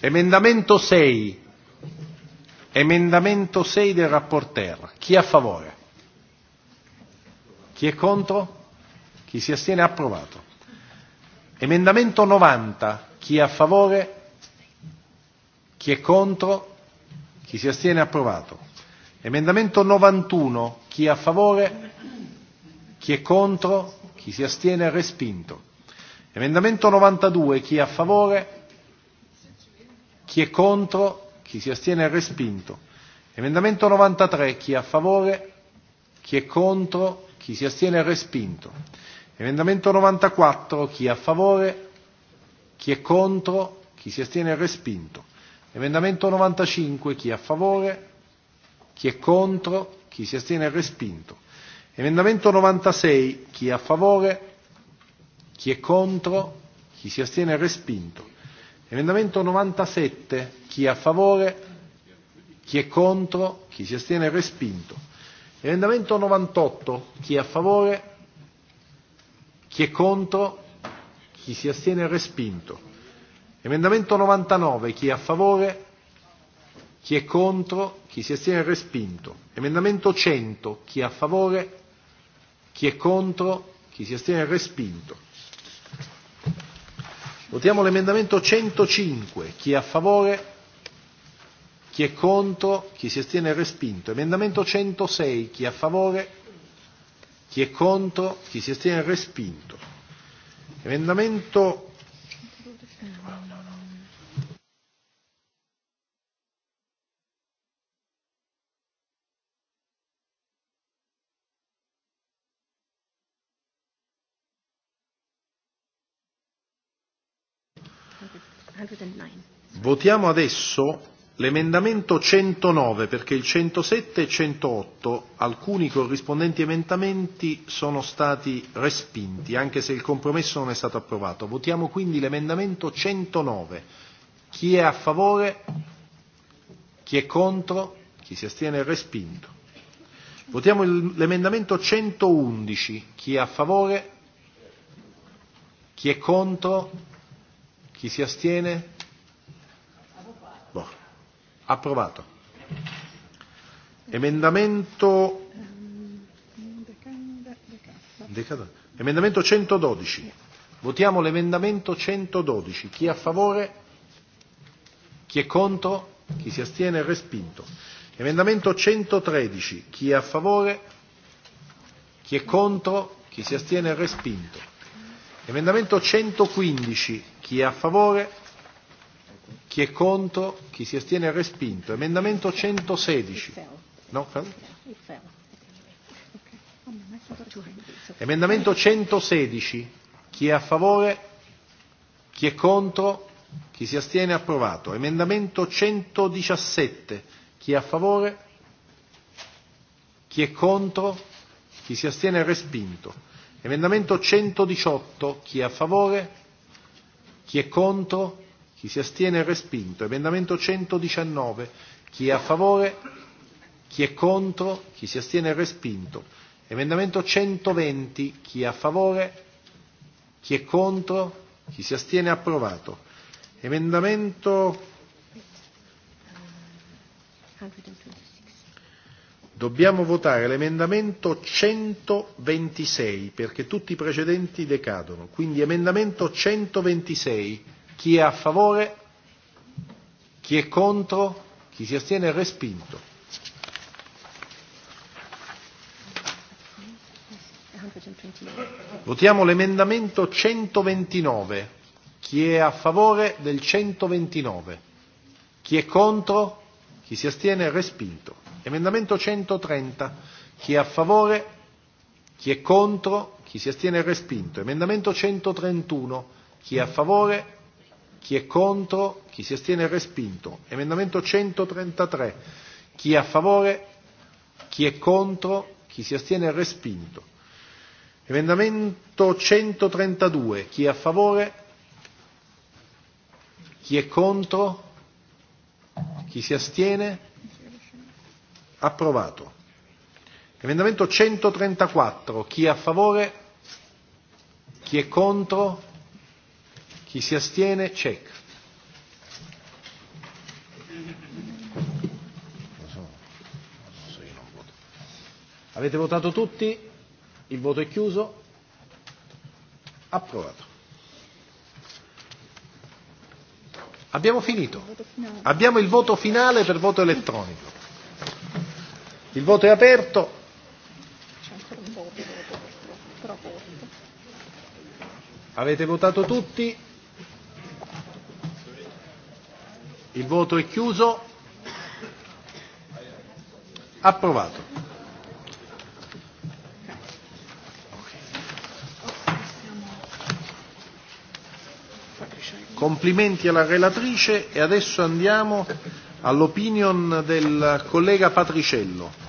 Emendamento 6. Emendamento 6 del rapporteur. Chi è a favore? Chi è contro? Chi si astiene? Approvato. Emendamento 90. Chi è a favore? Chi è contro? Chi si astiene? Approvato. Emendamento 91, chi è a favore? Chi è contro? Chi si astiene? Respinto. Emendamento 92, chi è a favore? Chi è contro? Chi si astiene? Respinto. Emendamento 93, chi è a favore? Chi è contro? Chi si astiene? Respinto. Emendamento 94, chi è a favore? Chi è contro? Chi si astiene? Respinto. Emendamento 95, chi è a favore? Chi è contro? Chi si astiene è respinto. Emendamento 96. Chi è a favore? Chi è contro? Chi si astiene è respinto. Emendamento 97. Chi è a favore? Chi è contro? Chi si astiene è respinto. Emendamento 98. Chi è a favore? Chi è contro? Chi si astiene è respinto. Emendamento 99. Chi è a favore? Chi è contro? Chi si astiene? Respinto. Emendamento 100. Chi è a favore? Chi è contro? Chi si astiene? Respinto. Votiamo l'emendamento 105. Chi è a favore? Chi è contro? Chi si astiene? Respinto. Emendamento 106. Chi è a favore? Chi è contro? Chi si astiene? Respinto. Emendamento Votiamo adesso l'emendamento 109 perché il 107 e 108 alcuni corrispondenti emendamenti sono stati respinti anche se il compromesso non è stato approvato. Votiamo quindi l'emendamento 109. Chi è a favore? Chi è contro? Chi si astiene è respinto. Votiamo l'emendamento 111. Chi è a favore? Chi è contro? Chi si astiene? Boh. Approvato. Emendamento. Emendamento 112. Votiamo l'emendamento 112. Chi è a favore? Chi è contro? Chi si astiene? Respinto. Emendamento 113. Chi è a favore? Chi è contro? Chi si astiene? Respinto. Emendamento 115, chi è a favore? Chi è contro? Chi si astiene respinto. Emendamento 116. No? Emendamento 116, chi è a favore? Chi è contro? Chi si astiene approvato. Emendamento 117, chi è a favore? Chi è contro? Chi si astiene respinto. Emendamento 118, chi è a favore? Chi è contro? Chi si astiene è respinto. Emendamento 119, chi è a favore? Chi è contro? Chi si astiene è respinto. Emendamento 120, chi è a favore? Chi è contro? Chi si astiene è approvato. Emendamento Dobbiamo votare l'emendamento 126 perché tutti i precedenti decadono. Quindi emendamento 126. Chi è a favore? Chi è contro? Chi si astiene è respinto. Votiamo l'emendamento 129. Chi è a favore del 129? Chi è contro? Chi si astiene è respinto. Emendamento 130. Chi è a favore? Chi è contro? Chi si astiene è respinto. Emendamento 131. Chi è a favore? Chi è contro? Chi si astiene è respinto. Emendamento 133. Chi è a favore? Chi è contro? Chi si astiene è respinto. Emendamento 132. Chi è a favore? Chi è contro? Chi si astiene? Approvato. Emendamento 134. Chi è a favore? Chi è contro? Chi si astiene? Check. Avete votato tutti? Il voto è chiuso? Approvato. Abbiamo finito. Abbiamo il voto finale per voto elettronico. Il voto è aperto. Avete votato tutti? Il voto è chiuso. Approvato. Complimenti alla relatrice e adesso andiamo all'opinion del collega Patriciello.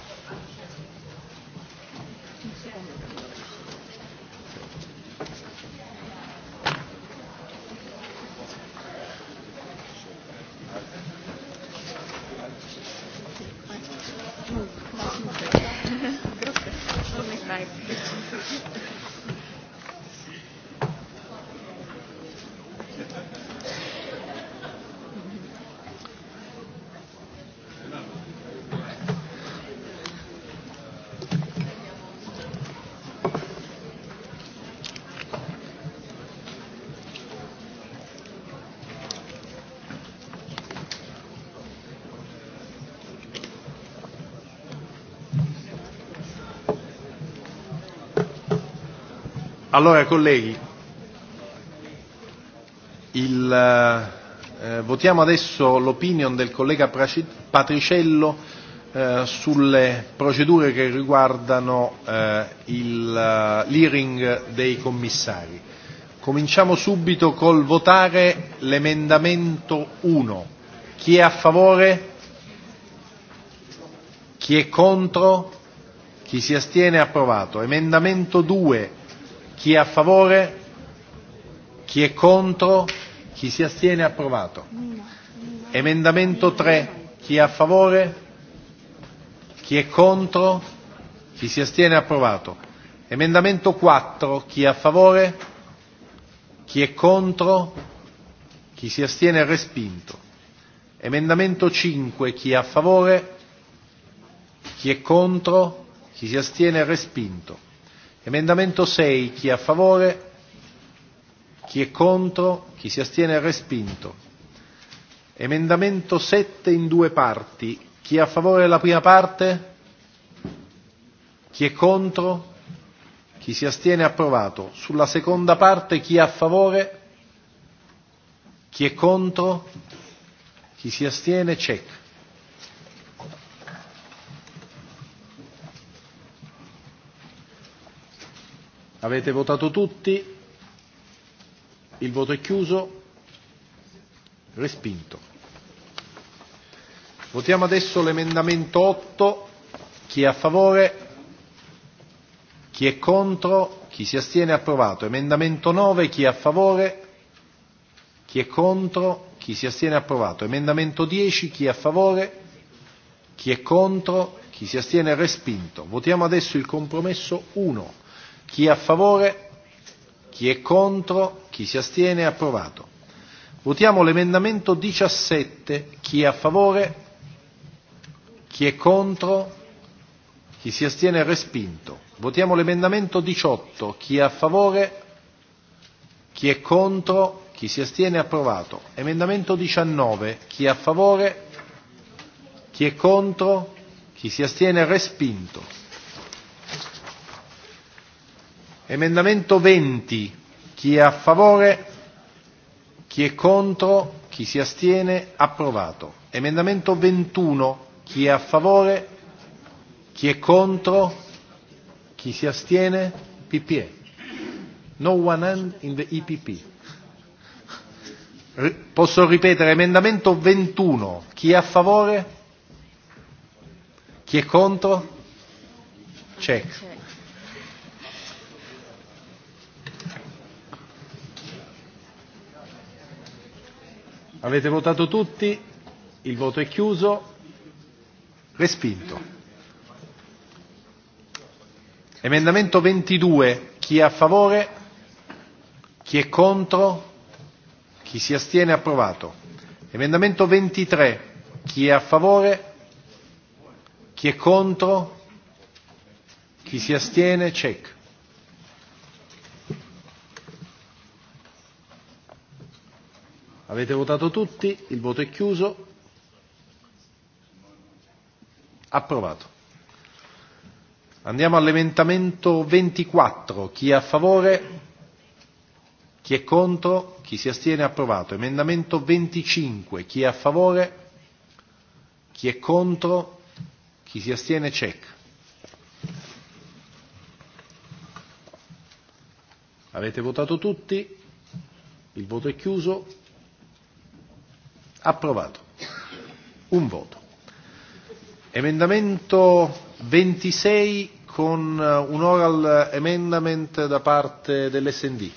Allora, colleghi, il, eh, votiamo adesso l'opinion del collega Patriciello eh, sulle procedure che riguardano eh, l'hearing dei commissari. Cominciamo subito col votare l'emendamento 1. Chi è a favore? Chi è contro? Chi si astiene? Approvato. Emendamento 2 Chi è a favore? Chi è contro? Chi si astiene? Approvato. Emendamento 3. Chi è a favore? Chi è contro? Chi si astiene? Approvato. Emendamento 4. Chi è a favore? Chi è contro? Chi si astiene? Respinto. Emendamento 5. Chi è a favore? Chi è contro? Chi si astiene? Respinto. Emendamento 6, chi è a favore? Chi è contro? Chi si astiene respinto. Emendamento 7 in due parti. Chi è a favore della prima parte? Chi è contro? Chi si astiene approvato. Sulla seconda parte chi è a favore? Chi è contro? Chi si astiene? Check. Avete votato tutti? Il voto è chiuso. Respinto. Votiamo adesso l'emendamento 8. Chi è a favore? Chi è contro? Chi si astiene? Approvato. Emendamento 9. Chi è a favore? Chi è contro? Chi si astiene? Approvato. Emendamento 10. Chi è a favore? Chi è contro? Chi si astiene? Respinto. Votiamo adesso il compromesso 1. Chi è a favore? Chi è contro? Chi si astiene? Approvato. Votiamo l'emendamento 17. Chi è a favore? Chi è contro? Chi si astiene? Respinto. Votiamo l'emendamento 18. Chi è a favore? Chi è contro? Chi si astiene? Approvato. Emendamento 19. Chi è a favore? Chi è contro? Chi si astiene? Respinto. Emendamento 20. Chi è a favore? Chi è contro? Chi si astiene? Approvato. Emendamento 21. Chi è a favore? Chi è contro? Chi si astiene? PPE. No one hand in the EPP. Posso ripetere, emendamento 21. Chi è a favore? Chi è contro? Check. Avete votato tutti? Il voto è chiuso. Respinto. Emendamento 22. Chi è a favore? Chi è contro? Chi si astiene? Approvato. Emendamento 23. Chi è a favore? Chi è contro? Chi si astiene? Check. Avete votato tutti, il voto è chiuso. Approvato. Andiamo all'emendamento 24. Chi è a favore? Chi è contro? Chi si astiene? Approvato. Emendamento 25. Chi è a favore? Chi è contro? Chi si astiene? Check. Avete votato tutti? Il voto è chiuso. Approvato. Un voto. Emendamento 26 con un oral amendment da parte dell'SND.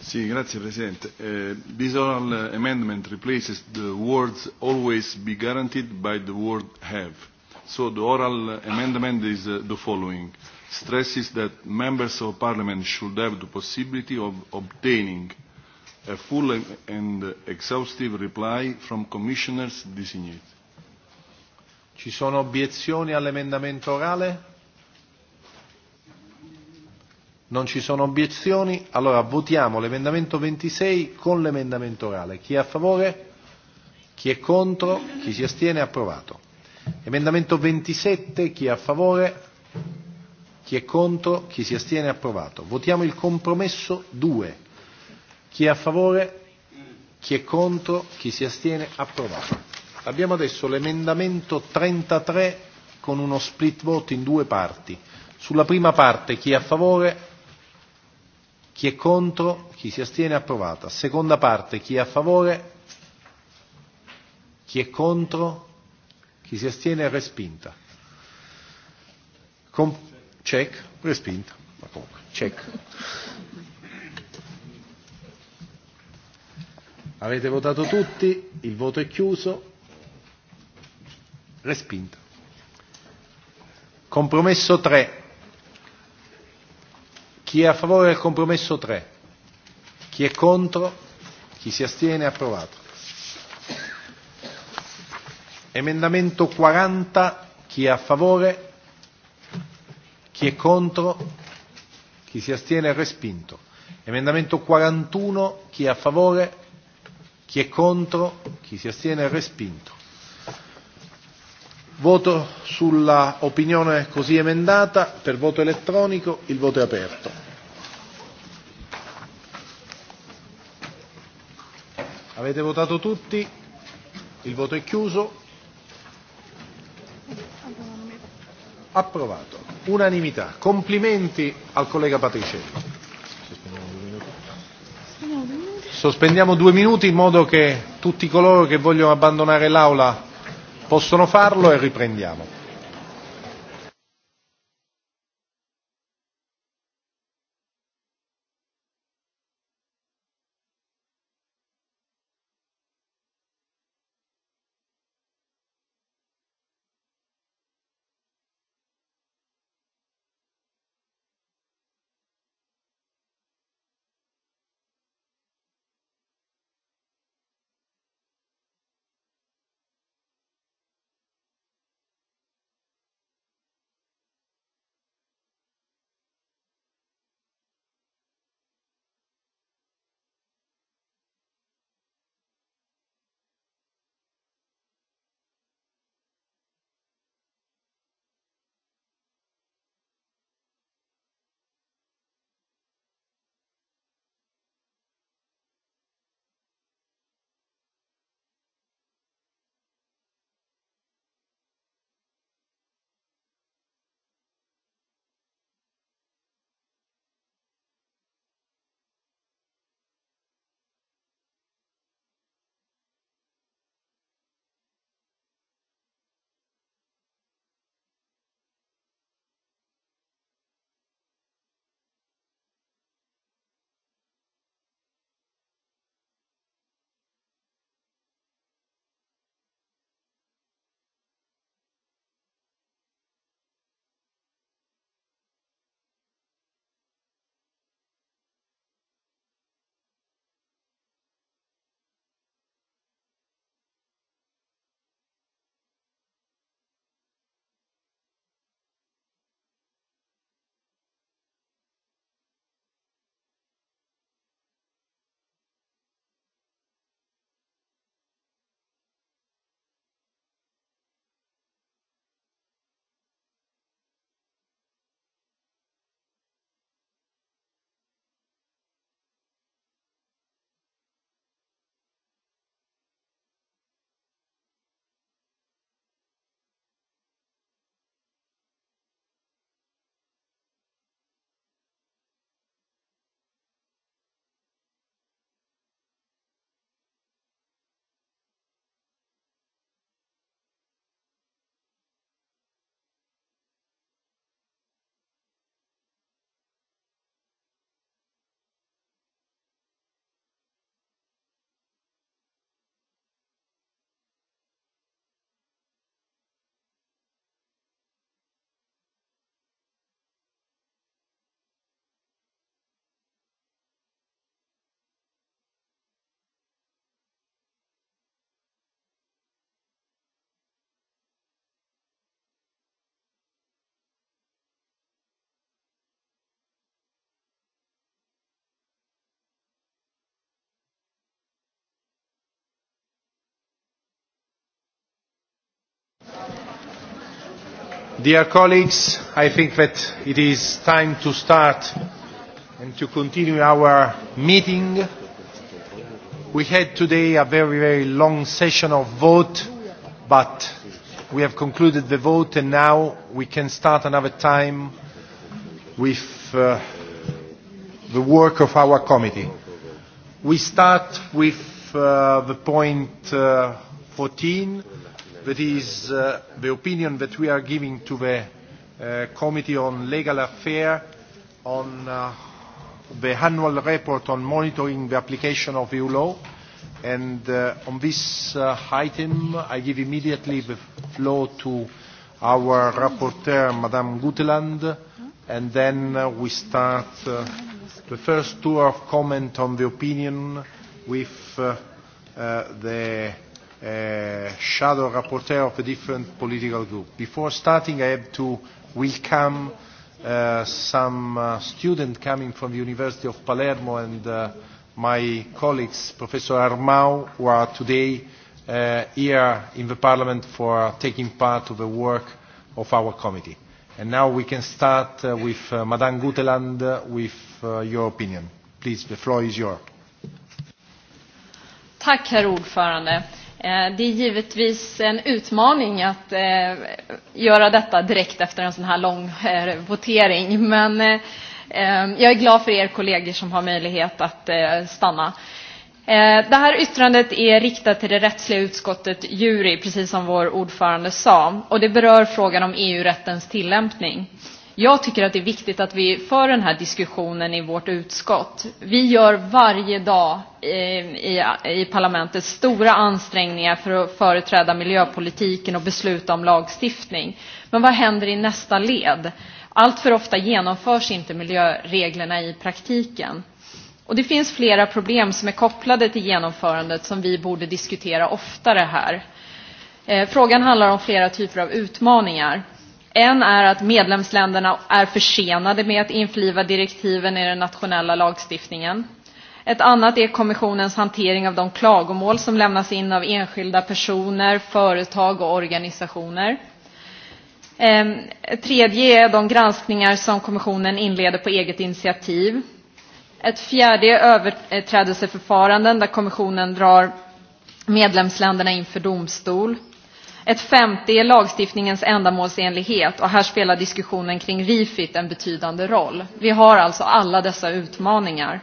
Sì, grazie Presidente. Uh, this oral amendment replaces the words always be guaranteed by the word have. So the oral amendment is uh, the following. Stresses that members of parliament should have the possibility of obtaining a full and exhaustive reply from commissioners designated. Ci sono obiezioni all'emendamento orale? Non ci sono obiezioni? Allora votiamo l'emendamento 26 con l'emendamento orale. Chi è a favore? Chi è contro? Chi si astiene? Approvato. Emendamento 27, chi è a favore? Chi è contro? Chi si astiene? Approvato. Votiamo il compromesso 2. Chi è a favore? Chi è contro? Chi si astiene? Approvato. Abbiamo adesso l'emendamento 33 con uno split vote in due parti. Sulla prima parte chi è a favore? Chi è contro? Chi si astiene? Approvata. Seconda parte chi è a favore? Chi è contro? Chi si astiene? Respinta. Com- check? Respinta. Ma comunque, check. Avete votato tutti, il voto è chiuso, respinto. Compromesso 3. Chi è a favore del compromesso 3? Chi è contro? Chi si astiene? Approvato. Emendamento 40. Chi è a favore? Chi è contro? Chi si astiene? Respinto. Emendamento 41. Chi è a favore? Chi è contro? Chi si astiene? Respinto. Voto sulla opinione così emendata per voto elettronico, il voto è aperto. Avete votato tutti? Il voto è chiuso. Approvato. Unanimità. Complimenti al collega Patricelli. Sospendiamo due minuti in modo che tutti coloro che vogliono abbandonare l'Aula possano farlo e riprendiamo. Dear colleagues, I think that it is time to start and to continue our meeting. We had today a very, very long session of vote, but we have concluded the vote and now we can start another time with uh, the work of our committee. We start with uh, the point uh, 14 that is uh, the opinion that we are giving to the uh, Committee on Legal Affairs on uh, the annual report on monitoring the application of EU law. And uh, on this uh, item, I give immediately the floor to our rapporteur, Madame Guteland, and then uh, we start uh, the first tour of comment on the opinion with uh, uh, the shadow rapporteur of a different political group. Before starting, I have to welcome uh, some uh, students coming from the University of Palermo and uh, my colleagues, Professor Armau, who are today uh, here in the Parliament for taking part of the work of our committee. And now we can start uh, with uh, Madame Guteland uh, with uh, your opinion. Please, the floor is yours. Tack, herr ordförande. Det är givetvis en utmaning att göra detta direkt efter en sån här lång votering. Men jag är glad för er kollegor som har möjlighet att stanna. Det här yttrandet är riktat till det rättsliga utskottet Jury, precis som vår ordförande sa. Och det berör frågan om EU-rättens tillämpning. Jag tycker att det är viktigt att vi för den här diskussionen i vårt utskott. Vi gör varje dag i, i parlamentet stora ansträngningar för att företräda miljöpolitiken och besluta om lagstiftning. Men vad händer i nästa led? Allt för ofta genomförs inte miljöreglerna i praktiken. Och det finns flera problem som är kopplade till genomförandet som vi borde diskutera oftare här. Frågan handlar om flera typer av utmaningar. En är att medlemsländerna är försenade med att infliva direktiven i den nationella lagstiftningen. Ett annat är kommissionens hantering av de klagomål som lämnas in av enskilda personer, företag och organisationer. Ett tredje är de granskningar som kommissionen inleder på eget initiativ. Ett fjärde är överträdelseförfaranden där kommissionen drar medlemsländerna inför domstol. Ett femte är lagstiftningens ändamålsenlighet och här spelar diskussionen kring RIFIT en betydande roll. Vi har alltså alla dessa utmaningar.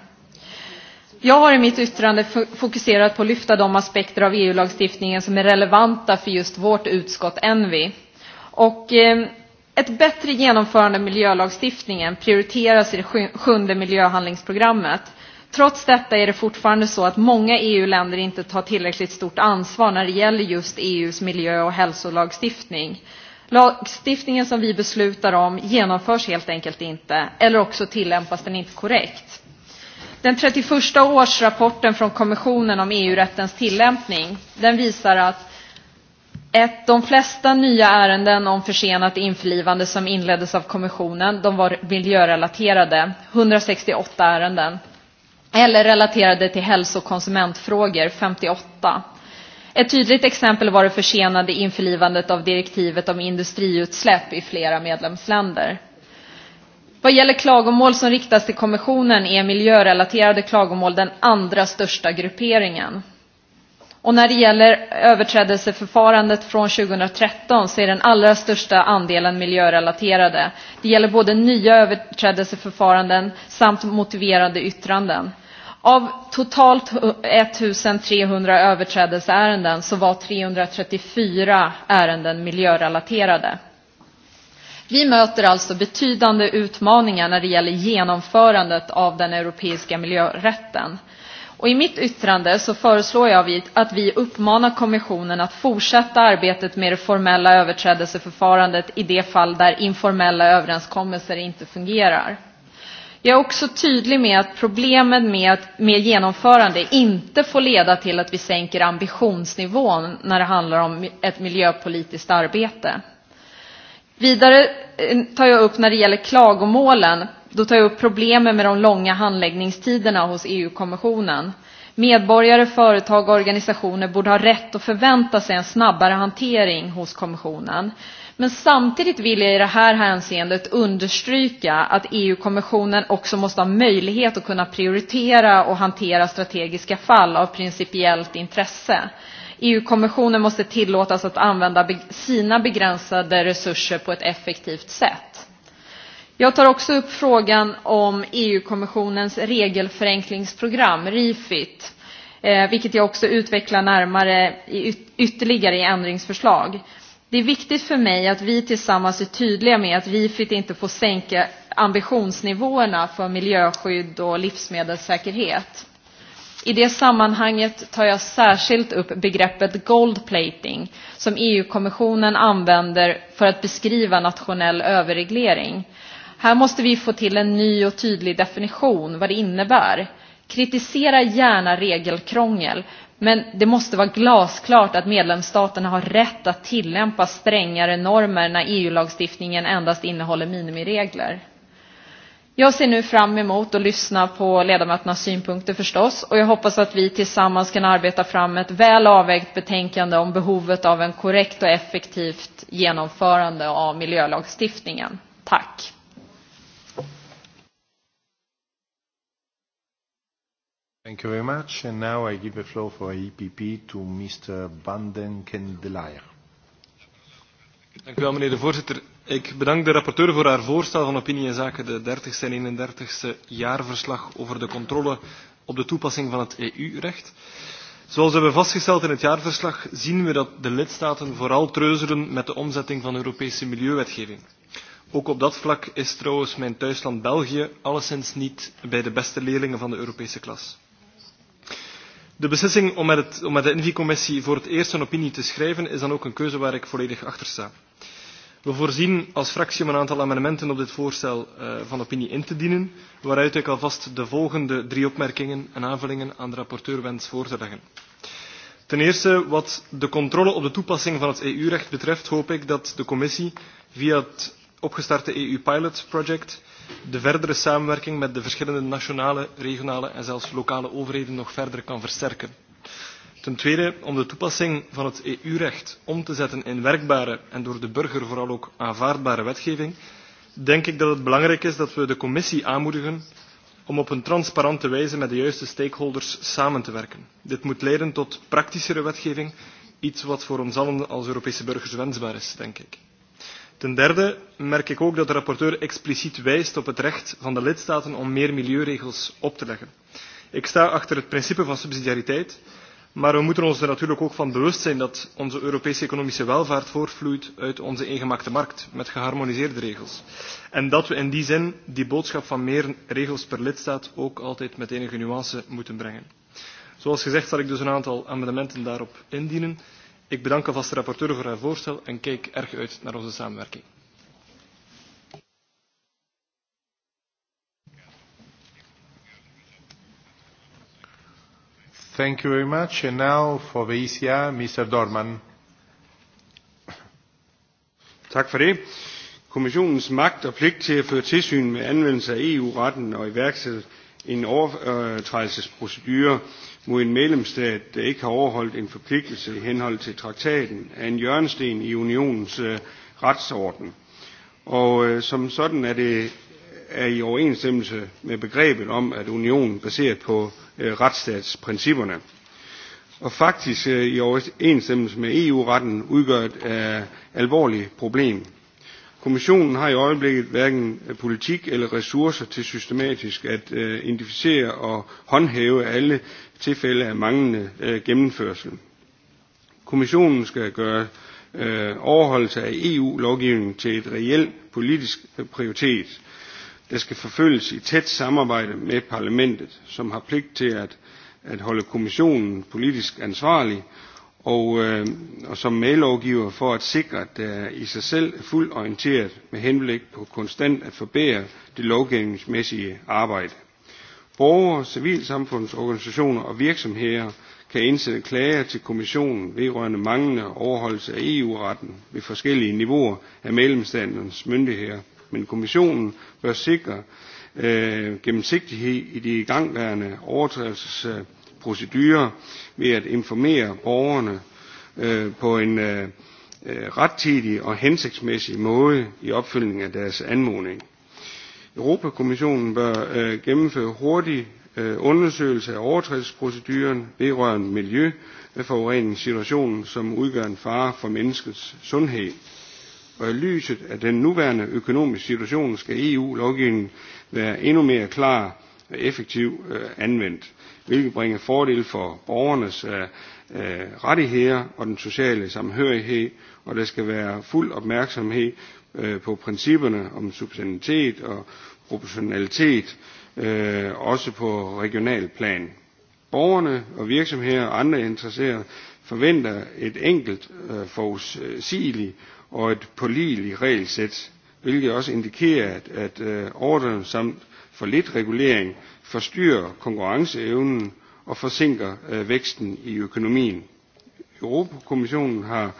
Jag har i mitt yttrande fokuserat på att lyfta de aspekter av EU-lagstiftningen som är relevanta för just vårt utskott Envi. Och, ett bättre genomförande av miljölagstiftningen prioriteras i det sjunde miljöhandlingsprogrammet. Trots detta är det fortfarande så att många EU-länder inte tar tillräckligt stort ansvar när det gäller just EUs miljö och hälsolagstiftning. Lagstiftningen som vi beslutar om genomförs helt enkelt inte, eller också tillämpas den inte korrekt. Den 31 årsrapporten från kommissionen om EU-rättens tillämpning den visar att ett, de flesta nya ärenden om försenat införlivande som inleddes av kommissionen de var miljörelaterade, 168 ärenden eller relaterade till hälso och konsumentfrågor 58. Ett tydligt exempel var det försenade införlivandet av direktivet om industriutsläpp i flera medlemsländer. Vad gäller klagomål som riktas till kommissionen är miljörelaterade klagomål den andra största grupperingen. Och när det gäller överträdelseförfarandet från 2013 så är den allra största andelen miljörelaterade. Det gäller både nya överträdelseförfaranden samt motiverade yttranden. Av totalt 1300 överträdelseärenden så var 334 ärenden miljörelaterade. Vi möter alltså betydande utmaningar när det gäller genomförandet av den europeiska miljörätten. Och I mitt yttrande så föreslår jag att vi uppmanar kommissionen att fortsätta arbetet med det formella överträdelseförfarandet i de fall där informella överenskommelser inte fungerar. Jag är också tydlig med att problemen med, med genomförande inte får leda till att vi sänker ambitionsnivån när det handlar om ett miljöpolitiskt arbete. Vidare tar jag upp när det gäller klagomålen. Då tar jag upp problemen med de långa handläggningstiderna hos EU-kommissionen. Medborgare, företag och organisationer borde ha rätt att förvänta sig en snabbare hantering hos kommissionen. Men samtidigt vill jag i det här hänseendet understryka att EU-kommissionen också måste ha möjlighet att kunna prioritera och hantera strategiska fall av principiellt intresse. EU-kommissionen måste tillåtas att använda sina begränsade resurser på ett effektivt sätt. Jag tar också upp frågan om EU-kommissionens regelförenklingsprogram, REFIT, vilket jag också utvecklar närmare i ytterligare i ändringsförslag. Det är viktigt för mig att vi tillsammans är tydliga med att RIFIT inte får sänka ambitionsnivåerna för miljöskydd och livsmedelssäkerhet. I det sammanhanget tar jag särskilt upp begreppet goldplating som EU-kommissionen använder för att beskriva nationell överreglering. Här måste vi få till en ny och tydlig definition vad det innebär. Kritisera gärna regelkrångel, men det måste vara glasklart att medlemsstaterna har rätt att tillämpa strängare normer när EU-lagstiftningen endast innehåller minimiregler. Jag ser nu fram emot att lyssna på ledamöternas synpunkter förstås och jag hoppas att vi tillsammans kan arbeta fram ett väl avvägt betänkande om behovet av en korrekt och effektivt genomförande av miljölagstiftningen. Tack! Thank you very much. And now I give the floor for EPP to Mr. Banden Kendelaer. Dank u wel, meneer de voorzitter. Ik bedank de rapporteur voor haar voorstel van opinie in zaken de 30ste en 31ste jaarverslag over de controle op de toepassing van het EU-recht. Zoals we hebben vastgesteld in het jaarverslag zien we dat de lidstaten vooral treuzelen met de omzetting van Europese milieuwetgeving. Ook op dat vlak is trouwens mijn thuisland België alleszins niet bij de beste leerlingen van de Europese klas. De beslissing om met, het, om met de NV-commissie voor het eerst een opinie te schrijven is dan ook een keuze waar ik volledig achter sta. We voorzien als fractie om een aantal amendementen op dit voorstel uh, van opinie in te dienen, waaruit ik alvast de volgende drie opmerkingen en aanvullingen aan de rapporteur wens voor te leggen. Ten eerste, wat de controle op de toepassing van het EU-recht betreft, hoop ik dat de commissie via het opgestarte EU-pilot-project de verdere samenwerking met de verschillende nationale, regionale en zelfs lokale overheden nog verder kan versterken. Ten tweede, om de toepassing van het EU-recht om te zetten in werkbare en door de burger vooral ook aanvaardbare wetgeving, denk ik dat het belangrijk is dat we de commissie aanmoedigen om op een transparante wijze met de juiste stakeholders samen te werken. Dit moet leiden tot praktischere wetgeving, iets wat voor ons allen als Europese burgers wensbaar is, denk ik. Ten derde merk ik ook dat de rapporteur expliciet wijst op het recht van de lidstaten om meer milieuregels op te leggen. Ik sta achter het principe van subsidiariteit, maar we moeten ons er natuurlijk ook van bewust zijn dat onze Europese economische welvaart voortvloeit uit onze ingemaakte markt met geharmoniseerde regels. En dat we in die zin die boodschap van meer regels per lidstaat ook altijd met enige nuance moeten brengen. Zoals gezegd zal ik dus een aantal amendementen daarop indienen Ik bedank alvast de rapporteur voor haar voorstel en kijk erg uit naar onze samenwerking. Thank you very much. And now for the ECR, Mr. Dorman. Tak for det. Kommissionens magt og pligt til at føre tilsyn med anvendelse af EU-retten og iværksætte en overtrædelsesprocedure mod en medlemsstat, der ikke har overholdt en forpligtelse i henhold til traktaten, er en hjørnesten i unionens øh, retsorden. Og øh, som sådan er det er i overensstemmelse med begrebet om, at unionen baseret på øh, retsstatsprincipperne. Og faktisk øh, i overensstemmelse med EU-retten udgør et øh, alvorligt problem Kommissionen har i øjeblikket hverken politik eller ressourcer til systematisk at identificere og håndhæve alle tilfælde af manglende gennemførsel. Kommissionen skal gøre overholdelse af EU-lovgivningen til et reelt politisk prioritet, der skal forfølges i tæt samarbejde med parlamentet, som har pligt til at, at holde kommissionen politisk ansvarlig og, øh, og som medlovgiver for at sikre, at der i sig selv er fuldt orienteret med henblik på konstant at forbedre det lovgivningsmæssige arbejde. Borgere, civilsamfundsorganisationer og virksomheder kan indsætte klager til kommissionen vedrørende manglende overholdelse af EU-retten ved forskellige niveauer af medlemsstaternes myndigheder. Men kommissionen bør sikre øh, gennemsigtighed i de igangværende overtrædelses procedurer ved at informere borgerne øh, på en øh, rettidig og hensigtsmæssig måde i opfølgning af deres anmodning. Europakommissionen bør øh, gennemføre hurtig øh, undersøgelse af overtrædelsesproceduren vedrørende forureningssituationen, som udgør en fare for menneskets sundhed. Og i lyset af den nuværende økonomiske situation skal EU-lovgivningen være endnu mere klar effektiv anvendt, hvilket bringer fordel for borgernes rettigheder og den sociale samhørighed, og der skal være fuld opmærksomhed på principperne om subsidiaritet og proportionalitet, også på regional plan. Borgerne og virksomheder og andre interesserede forventer et enkelt, forudsigeligt og et pålideligt regelsæt, hvilket også indikerer, at ordrerne samt for lidt regulering forstyrrer konkurrenceevnen og forsinker væksten i økonomien. Europakommissionen har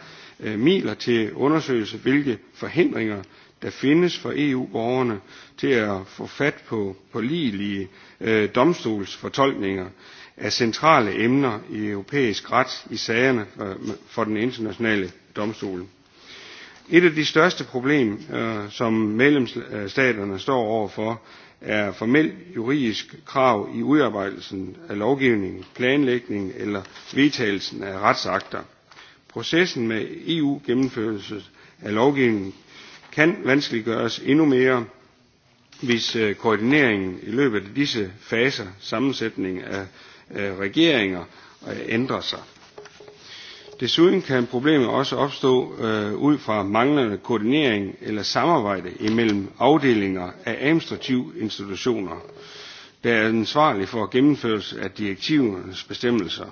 miler til undersøgelse, hvilke forhindringer der findes for EU-borgerne til at få fat på pålidelige domstolsfortolkninger af centrale emner i europæisk ret i sagerne for den internationale domstol. Et af de største problemer, som medlemsstaterne står overfor, er formelt juridisk krav i udarbejdelsen af lovgivning, planlægning eller vedtagelsen af retsakter. Processen med EU-gennemførelse af lovgivning kan vanskeliggøres endnu mere, hvis koordineringen i løbet af disse faser, sammensætning af regeringer, ændrer sig. Desuden kan problemer også opstå øh, ud fra manglende koordinering eller samarbejde imellem afdelinger af administrative institutioner, der er ansvarlige for gennemførelse af direktivernes bestemmelser.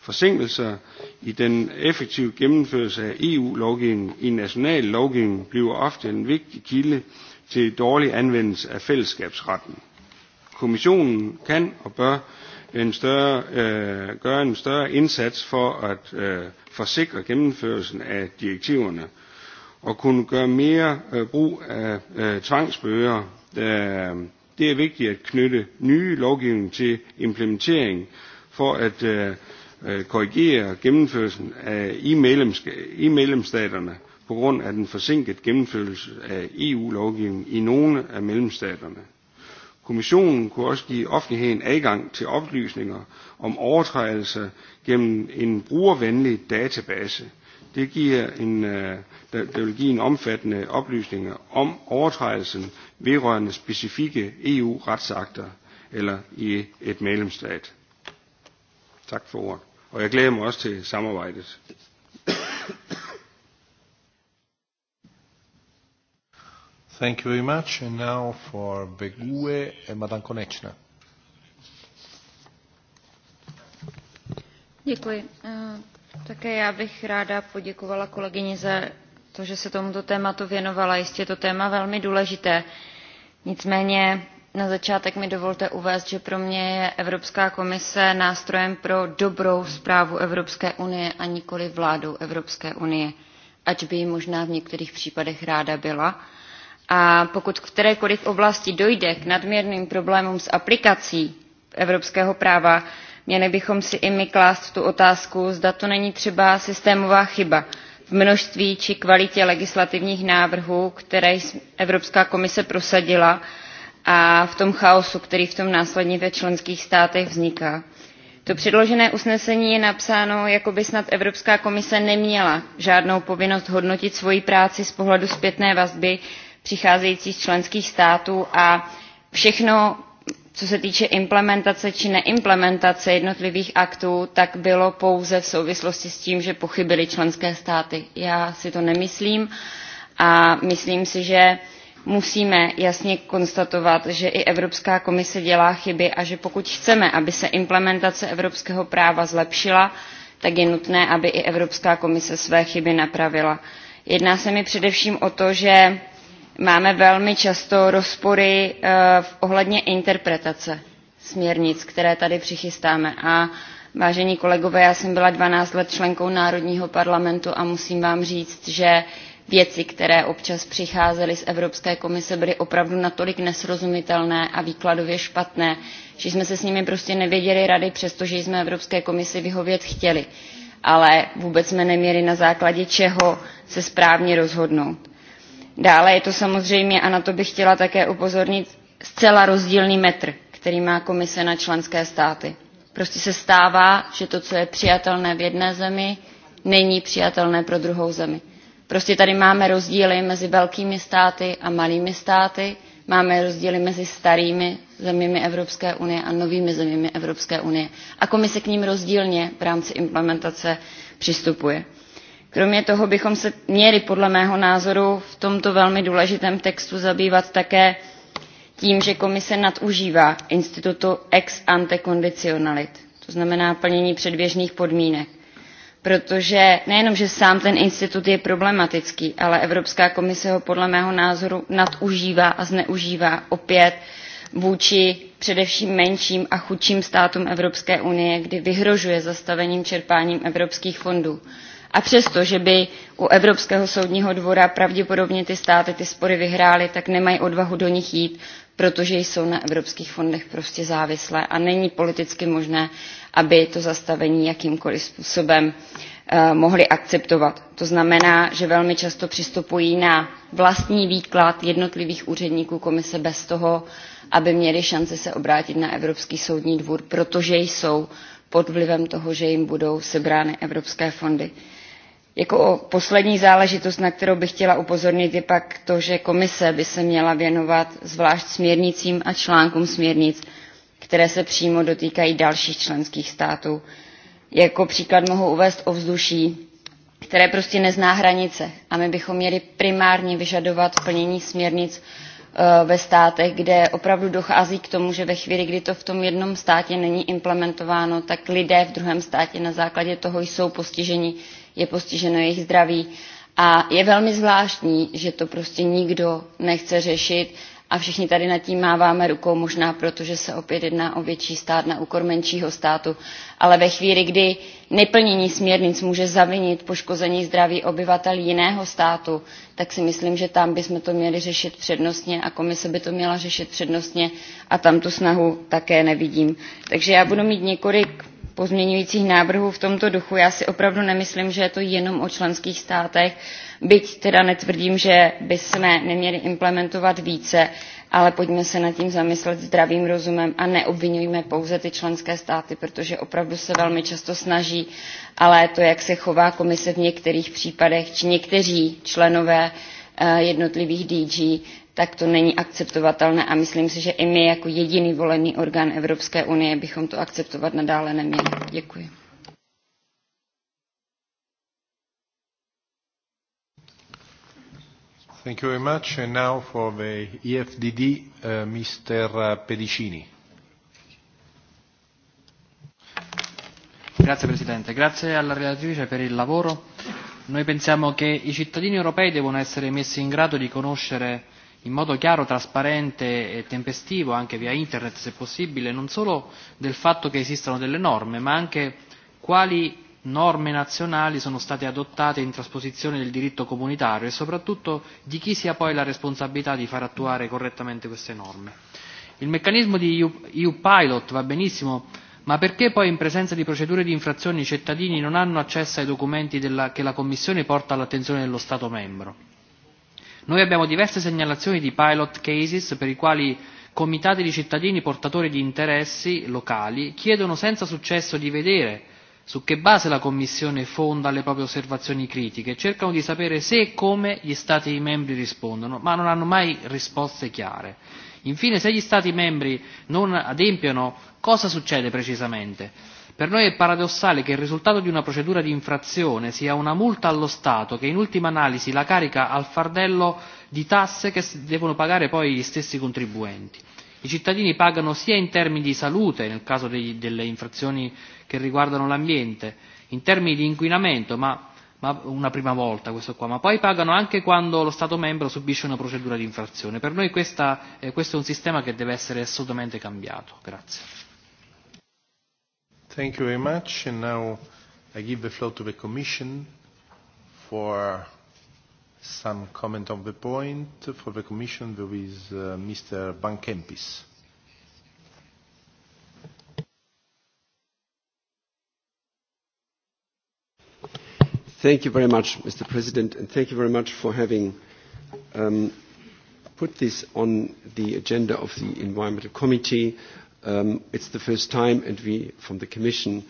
Forsinkelser i den effektive gennemførelse af EU-lovgivningen i national lovgivning bliver ofte en vigtig kilde til dårlig anvendelse af fællesskabsretten. Kommissionen kan og bør en større, øh, gøre en større indsats for at øh, forsikre gennemførelsen af direktiverne og kunne gøre mere øh, brug af øh, tvangsbøger. Øh, det er vigtigt at knytte nye lovgivning til implementering for at øh, korrigere gennemførelsen af i, medlems, i medlemsstaterne på grund af den forsinket gennemførelse af EU-lovgivning i nogle af medlemsstaterne. Kommissionen kunne også give offentligheden adgang til oplysninger om overtrædelser gennem en brugervenlig database. Det, giver en, det vil give en omfattende oplysninger om overtrædelsen vedrørende specifikke EU-retsakter eller i et medlemsstat. Tak for ordet. Og jeg glæder mig også til samarbejdet. Thank you very much. And now for Begue and Madame Konechna. Děkuji. Také já bych ráda poděkovala kolegyni za to, že se tomuto tématu věnovala. Jistě je to téma velmi důležité. Nicméně na začátek mi dovolte uvést, že pro mě je Evropská komise nástrojem pro dobrou zprávu Evropské unie a nikoli vládou Evropské unie, ač by ji možná v některých případech ráda byla. A pokud v kterékoliv oblasti dojde k nadměrným problémům s aplikací evropského práva, měli bychom si i my klást tu otázku, zda to není třeba systémová chyba v množství či kvalitě legislativních návrhů, které Evropská komise prosadila a v tom chaosu, který v tom následně ve členských státech vzniká. To předložené usnesení je napsáno, jako by snad Evropská komise neměla žádnou povinnost hodnotit svoji práci z pohledu zpětné vazby přicházející z členských států a všechno, co se týče implementace či neimplementace jednotlivých aktů, tak bylo pouze v souvislosti s tím, že pochybily členské státy. Já si to nemyslím a myslím si, že musíme jasně konstatovat, že i Evropská komise dělá chyby a že pokud chceme, aby se implementace evropského práva zlepšila, tak je nutné, aby i Evropská komise své chyby napravila. Jedná se mi především o to, že máme velmi často rozpory ohledně interpretace směrnic, které tady přichystáme. A vážení kolegové, já jsem byla 12 let členkou Národního parlamentu a musím vám říct, že věci, které občas přicházely z Evropské komise, byly opravdu natolik nesrozumitelné a výkladově špatné, že jsme se s nimi prostě nevěděli rady, přestože jsme Evropské komisi vyhovět chtěli. Ale vůbec jsme neměli na základě čeho se správně rozhodnout Dále je to samozřejmě, a na to bych chtěla také upozornit, zcela rozdílný metr, který má komise na členské státy. Prostě se stává, že to, co je přijatelné v jedné zemi, není přijatelné pro druhou zemi. Prostě tady máme rozdíly mezi velkými státy a malými státy, máme rozdíly mezi starými zeměmi Evropské unie a novými zeměmi Evropské unie. A komise k ním rozdílně v rámci implementace přistupuje. Kromě toho bychom se měli podle mého názoru v tomto velmi důležitém textu zabývat také tím, že komise nadužívá institutu ex ante kondicionalit, to znamená plnění předběžných podmínek. Protože nejenom, že sám ten institut je problematický, ale Evropská komise ho podle mého názoru nadužívá a zneužívá opět vůči především menším a chudším státům Evropské unie, kdy vyhrožuje zastavením čerpáním evropských fondů A přesto, že by u Evropského soudního dvora pravděpodobně ty státy ty spory vyhrály, tak nemají odvahu do nich jít, protože jsou na evropských fondech prostě závislé a není politicky možné, aby to zastavení jakýmkoliv způsobem mohli akceptovat. To znamená, že velmi často přistupují na vlastní výklad jednotlivých úředníků komise bez toho, aby měli šanci se obrátit na Evropský soudní dvůr, protože jsou pod vlivem toho, že jim budou sebrány evropské fondy. Jako poslední záležitost, na kterou bych chtěla upozornit, je pak to, že komise by se měla věnovat zvlášť směrnicím a článkům směrnic, které se přímo dotýkají dalších členských států. Jako příklad mohu uvést ovzduší, které prostě nezná hranice a my bychom měli primárně vyžadovat plnění směrnic ve státech, kde opravdu dochází k tomu, že ve chvíli, kdy to v tom jednom státě není implementováno, tak lidé v druhém státě na základě toho jsou postiženi je postiženo jejich zdraví. A je velmi zvláštní, že to prostě nikdo nechce řešit a všichni tady nad tím máváme rukou, možná proto, že se opět jedná o větší stát na úkor menšího státu, ale ve chvíli, kdy neplnění směrnic může zavinit poškození zdraví obyvatel jiného státu, tak si myslím, že tam bychom to měli řešit přednostně a komise by to měla řešit přednostně a tam tu snahu také nevidím. Takže já budu mít několik pozměňujících návrhů v tomto duchu. Já si opravdu nemyslím, že je to jenom o členských státech, byť teda netvrdím, že bychom neměli implementovat více, ale pojďme se nad tím zamyslet zdravým rozumem a neobvinujme pouze ty členské státy, protože opravdu se velmi často snaží, ale to, jak se chová komise v některých případech, či někteří členové jednotlivých DG tak to není akceptovatelné a myslím si, že i my jako jediný volený orgán Evropské unie bychom to akceptovat nadále neměli. Děkuji. Thank you very much. And now for the EFDD, uh, Mr. Pedicini. Grazie Presidente, grazie alla relatrice per il lavoro. Noi pensiamo che i cittadini europei devono essere messi in grado di conoscere in modo chiaro, trasparente e tempestivo, anche via internet se possibile, non solo del fatto che esistano delle norme, ma anche quali norme nazionali sono state adottate in trasposizione del diritto comunitario e soprattutto di chi sia poi la responsabilità di far attuare correttamente queste norme. Il meccanismo di EU Pilot va benissimo, ma perché poi in presenza di procedure di infrazione i cittadini non hanno accesso ai documenti della, che la Commissione porta all'attenzione dello Stato membro? Noi abbiamo diverse segnalazioni di pilot cases per i quali comitati di cittadini portatori di interessi locali chiedono senza successo di vedere su che base la Commissione fonda le proprie osservazioni critiche, cercano di sapere se e come gli Stati membri rispondono, ma non hanno mai risposte chiare. Infine, se gli Stati membri non adempiono, cosa succede precisamente? Per noi è paradossale che il risultato di una procedura di infrazione sia una multa allo Stato che in ultima analisi la carica al fardello di tasse che devono pagare poi gli stessi contribuenti. I cittadini pagano sia in termini di salute, nel caso degli, delle infrazioni che riguardano l'ambiente, in termini di inquinamento, ma, ma una prima volta questo qua, ma poi pagano anche quando lo Stato membro subisce una procedura di infrazione. Per noi questa, eh, questo è un sistema che deve essere assolutamente cambiato. Grazie. Thank you very much. And now I give the floor to the Commission for some comment on the point. For the Commission, there is uh, Mr. Bankempis. Thank you very much, Mr. President, and thank you very much for having um, put this on the agenda of the Environmental Committee. Um, it's the first time, and we from the Commission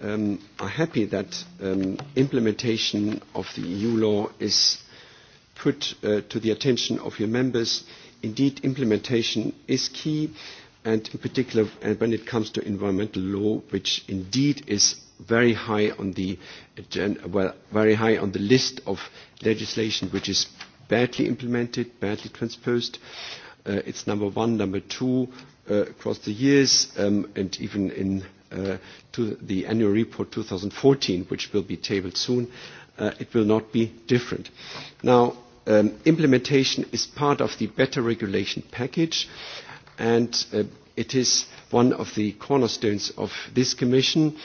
um, are happy that um, implementation of the EU law is put uh, to the attention of your members. Indeed, implementation is key, and in particular when it comes to environmental law, which indeed is very high on the agenda, well, very high on the list of legislation which is badly implemented, badly transposed. Uh, it's number one, number two, across the years and even in to the annual report 2014, which will be tabled soon, it will not be different. Now, implementation is part of the better regulation package, and it is one of the cornerstones of this commission.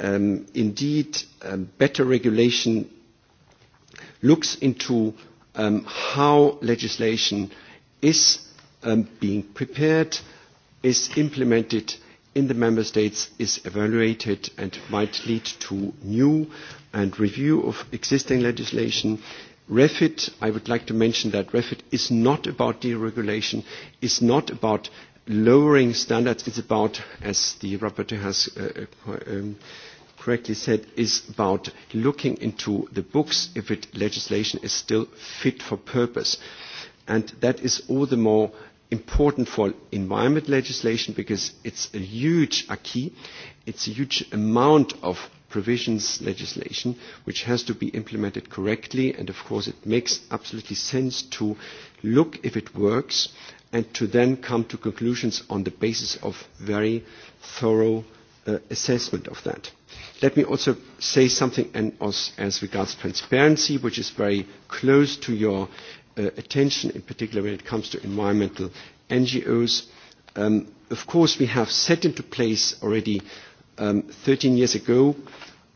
Indeed, better regulation looks into how legislation is um, being prepared, is implemented in the member states, is evaluated and might lead to new and review of existing legislation. REFIT, I would like to mention that REFIT is not about deregulation, is not about lowering standards, it's about, as the rapporteur has uh, um, correctly said, is about looking into the books if it, legislation is still fit for purpose. And that is all the more important for environment legislation because it's a huge acquis, it's a huge amount of provisions legislation which has to be implemented correctly and of course it makes absolutely sense to look if it works and to then come to conclusions on the basis of very thorough uh, assessment of that. Let me also say something as regards transparency, which is very close to your uh, attention, in particular when it comes to environmental NGOs. Um, of course, we have set into place already um, 13 years ago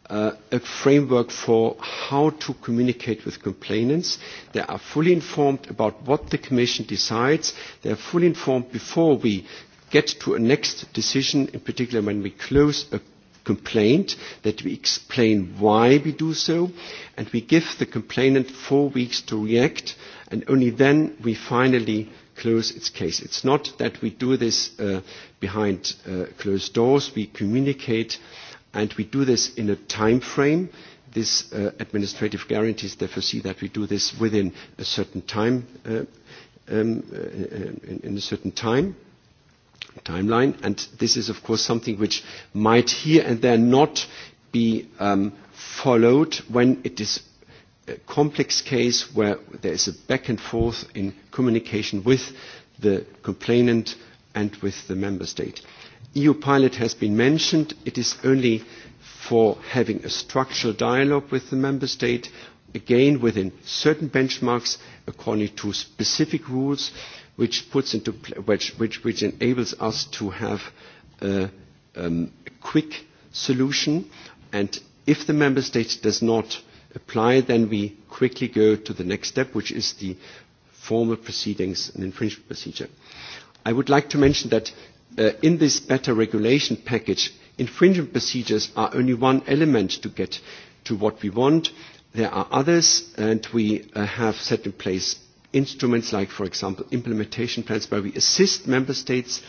uh, a framework for how to communicate with complainants. They are fully informed about what the Commission decides. They are fully informed before we get to a next decision, in particular when we close a complaint, that we explain why we do so, and we give the complainant four weeks to react uh, and only then we finally close its case. It's not that we do this uh, behind uh, closed doors. We communicate, and we do this in a time frame. This uh, administrative guarantees therefore see that we do this within a certain time, uh, um, uh, in, in a certain time timeline. And this is, of course, something which might here and there not be um, followed when it is complex case where there is a back and forth in communication with the complainant and with the member state. EU pilot has been mentioned. It is only for having a structural dialogue with the member state, again within certain benchmarks according to specific rules, which puts into which which, which enables us to have a, um, a quick solution. And if the member state does not apply, then we quickly go to the next step, which is the formal proceedings and infringement procedure. I would like to mention that uh, in this better regulation package, infringement procedures are only one element to get to what we want. There are others, and we uh, have set in place instruments like, for example, implementation plans where we assist member states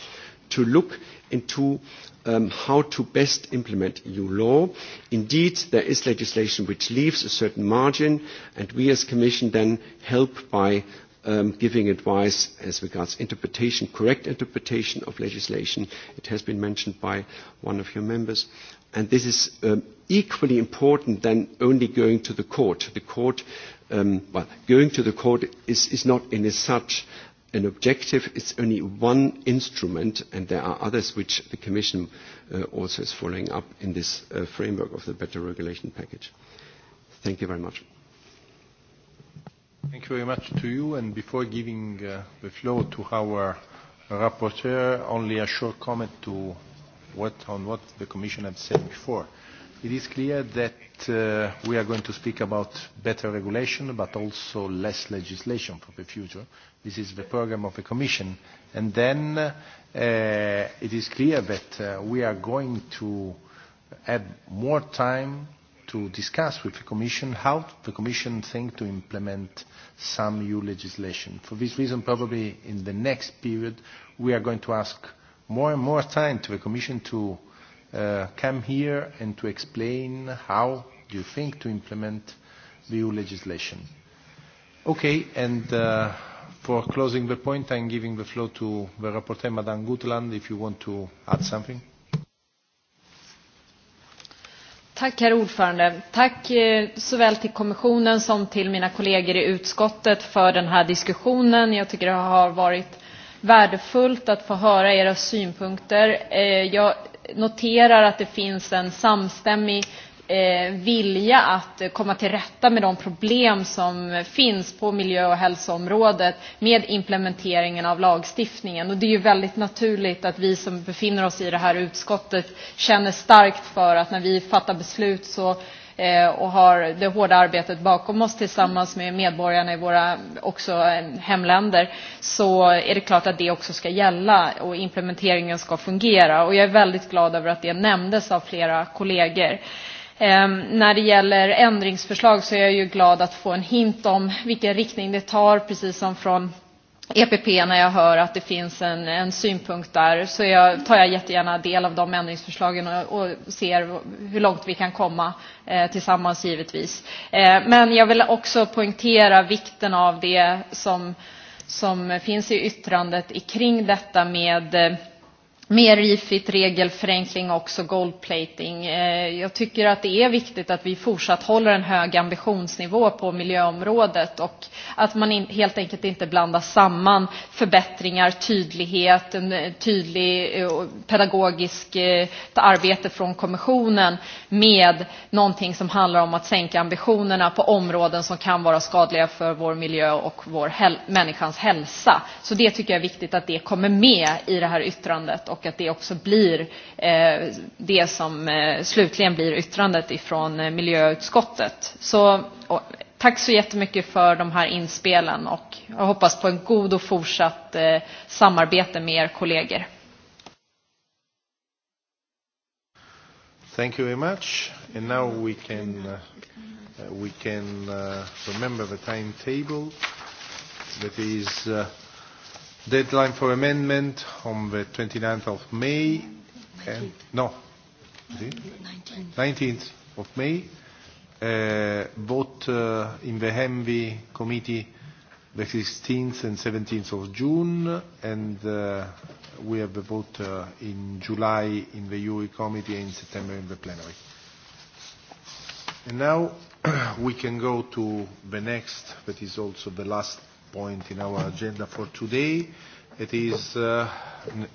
to look into um, how to best implement EU law. Indeed, there is legislation which leaves a certain margin, and we as Commission then help by um, giving advice as regards interpretation, correct interpretation of legislation. It has been mentioned by one of your members. And this is um, equally important than only going to the court. The court, um, well, going to the court is, is not in as such an objective is only one instrument, and there are others which the Commission uh, also is following up in this uh, framework of the better regulation package. Thank you very much. Thank you very much to you. And before giving uh, the floor to our rapporteur, only a short comment to what, on what the Commission had said before It is clear that we are going to speak about better regulation, but also less legislation for the future. This is the program of the Commission. And then it is clear that we are going to have more time to discuss with the Commission how the Commission thinks to implement some EU legislation. For this reason, probably in the next period, we are going to ask more and more time to the Commission to uh, come here and to explain how do you think to implement the EU legislation. Okay, and uh, for closing the point, I'm giving the floor to the rapporteur, Madame Gutland, if you want to add something. Tack herr ordförande. Tack såväl till kommissionen som till mina kollegor i utskottet för den här diskussionen. Jag tycker det har varit värdefullt att få höra era synpunkter. Jag noterar att det finns en samstämmig eh, vilja att komma till rätta med de problem som finns på miljö och hälsoområdet med implementeringen av lagstiftningen. Och det är ju väldigt naturligt att vi som befinner oss i det här utskottet känner starkt för att när vi fattar beslut så och har det hårda arbetet bakom oss tillsammans med medborgarna i våra också hemländer så är det klart att det också ska gälla och implementeringen ska fungera. Och jag är väldigt glad över att det nämndes av flera kollegor. När det gäller ändringsförslag så är jag ju glad att få en hint om vilken riktning det tar, precis som från EPP när jag hör att det finns en, en synpunkt där så jag, tar jag jättegärna del av de ändringsförslagen och, och ser hur långt vi kan komma eh, tillsammans givetvis. Eh, men jag vill också poängtera vikten av det som, som finns i yttrandet kring detta med eh, mer rifigt regelförenkling och också goldplating. Jag tycker att det är viktigt att vi fortsatt håller en hög ambitionsnivå på miljöområdet och att man helt enkelt inte blandar samman förbättringar, tydlighet, en tydlig pedagogisk arbete från kommissionen med någonting som handlar om att sänka ambitionerna på områden som kan vara skadliga för vår miljö och vår människans hälsa. Så det tycker jag är viktigt att det kommer med i det här yttrandet och att det också blir det som slutligen blir yttrandet ifrån miljöutskottet. Så tack så jättemycket för de här inspelen och jag hoppas på en god och fortsatt samarbete med er kollegor. Thank you very much. And now we can, uh, we can uh, remember the timetable that is uh, Deadline for amendment on the 29th of May. And, no, 19th of May. Uh, vote uh, in the HEMVI committee the 16th and 17th of June, and uh, we have a vote uh, in July in the UE committee and in September in the plenary. And now we can go to the next, that is also the last point in our agenda for today. It is uh,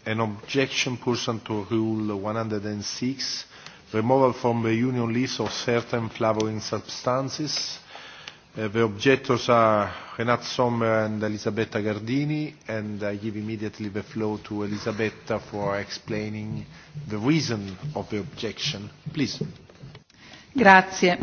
an objection pursuant to Rule 106, removal from the Union list of certain flavoring substances. Uh, the objectors are Renat Sommer and Elisabetta Gardini, and I give immediately the floor to Elisabetta for explaining the reason of the objection. Please. Grazie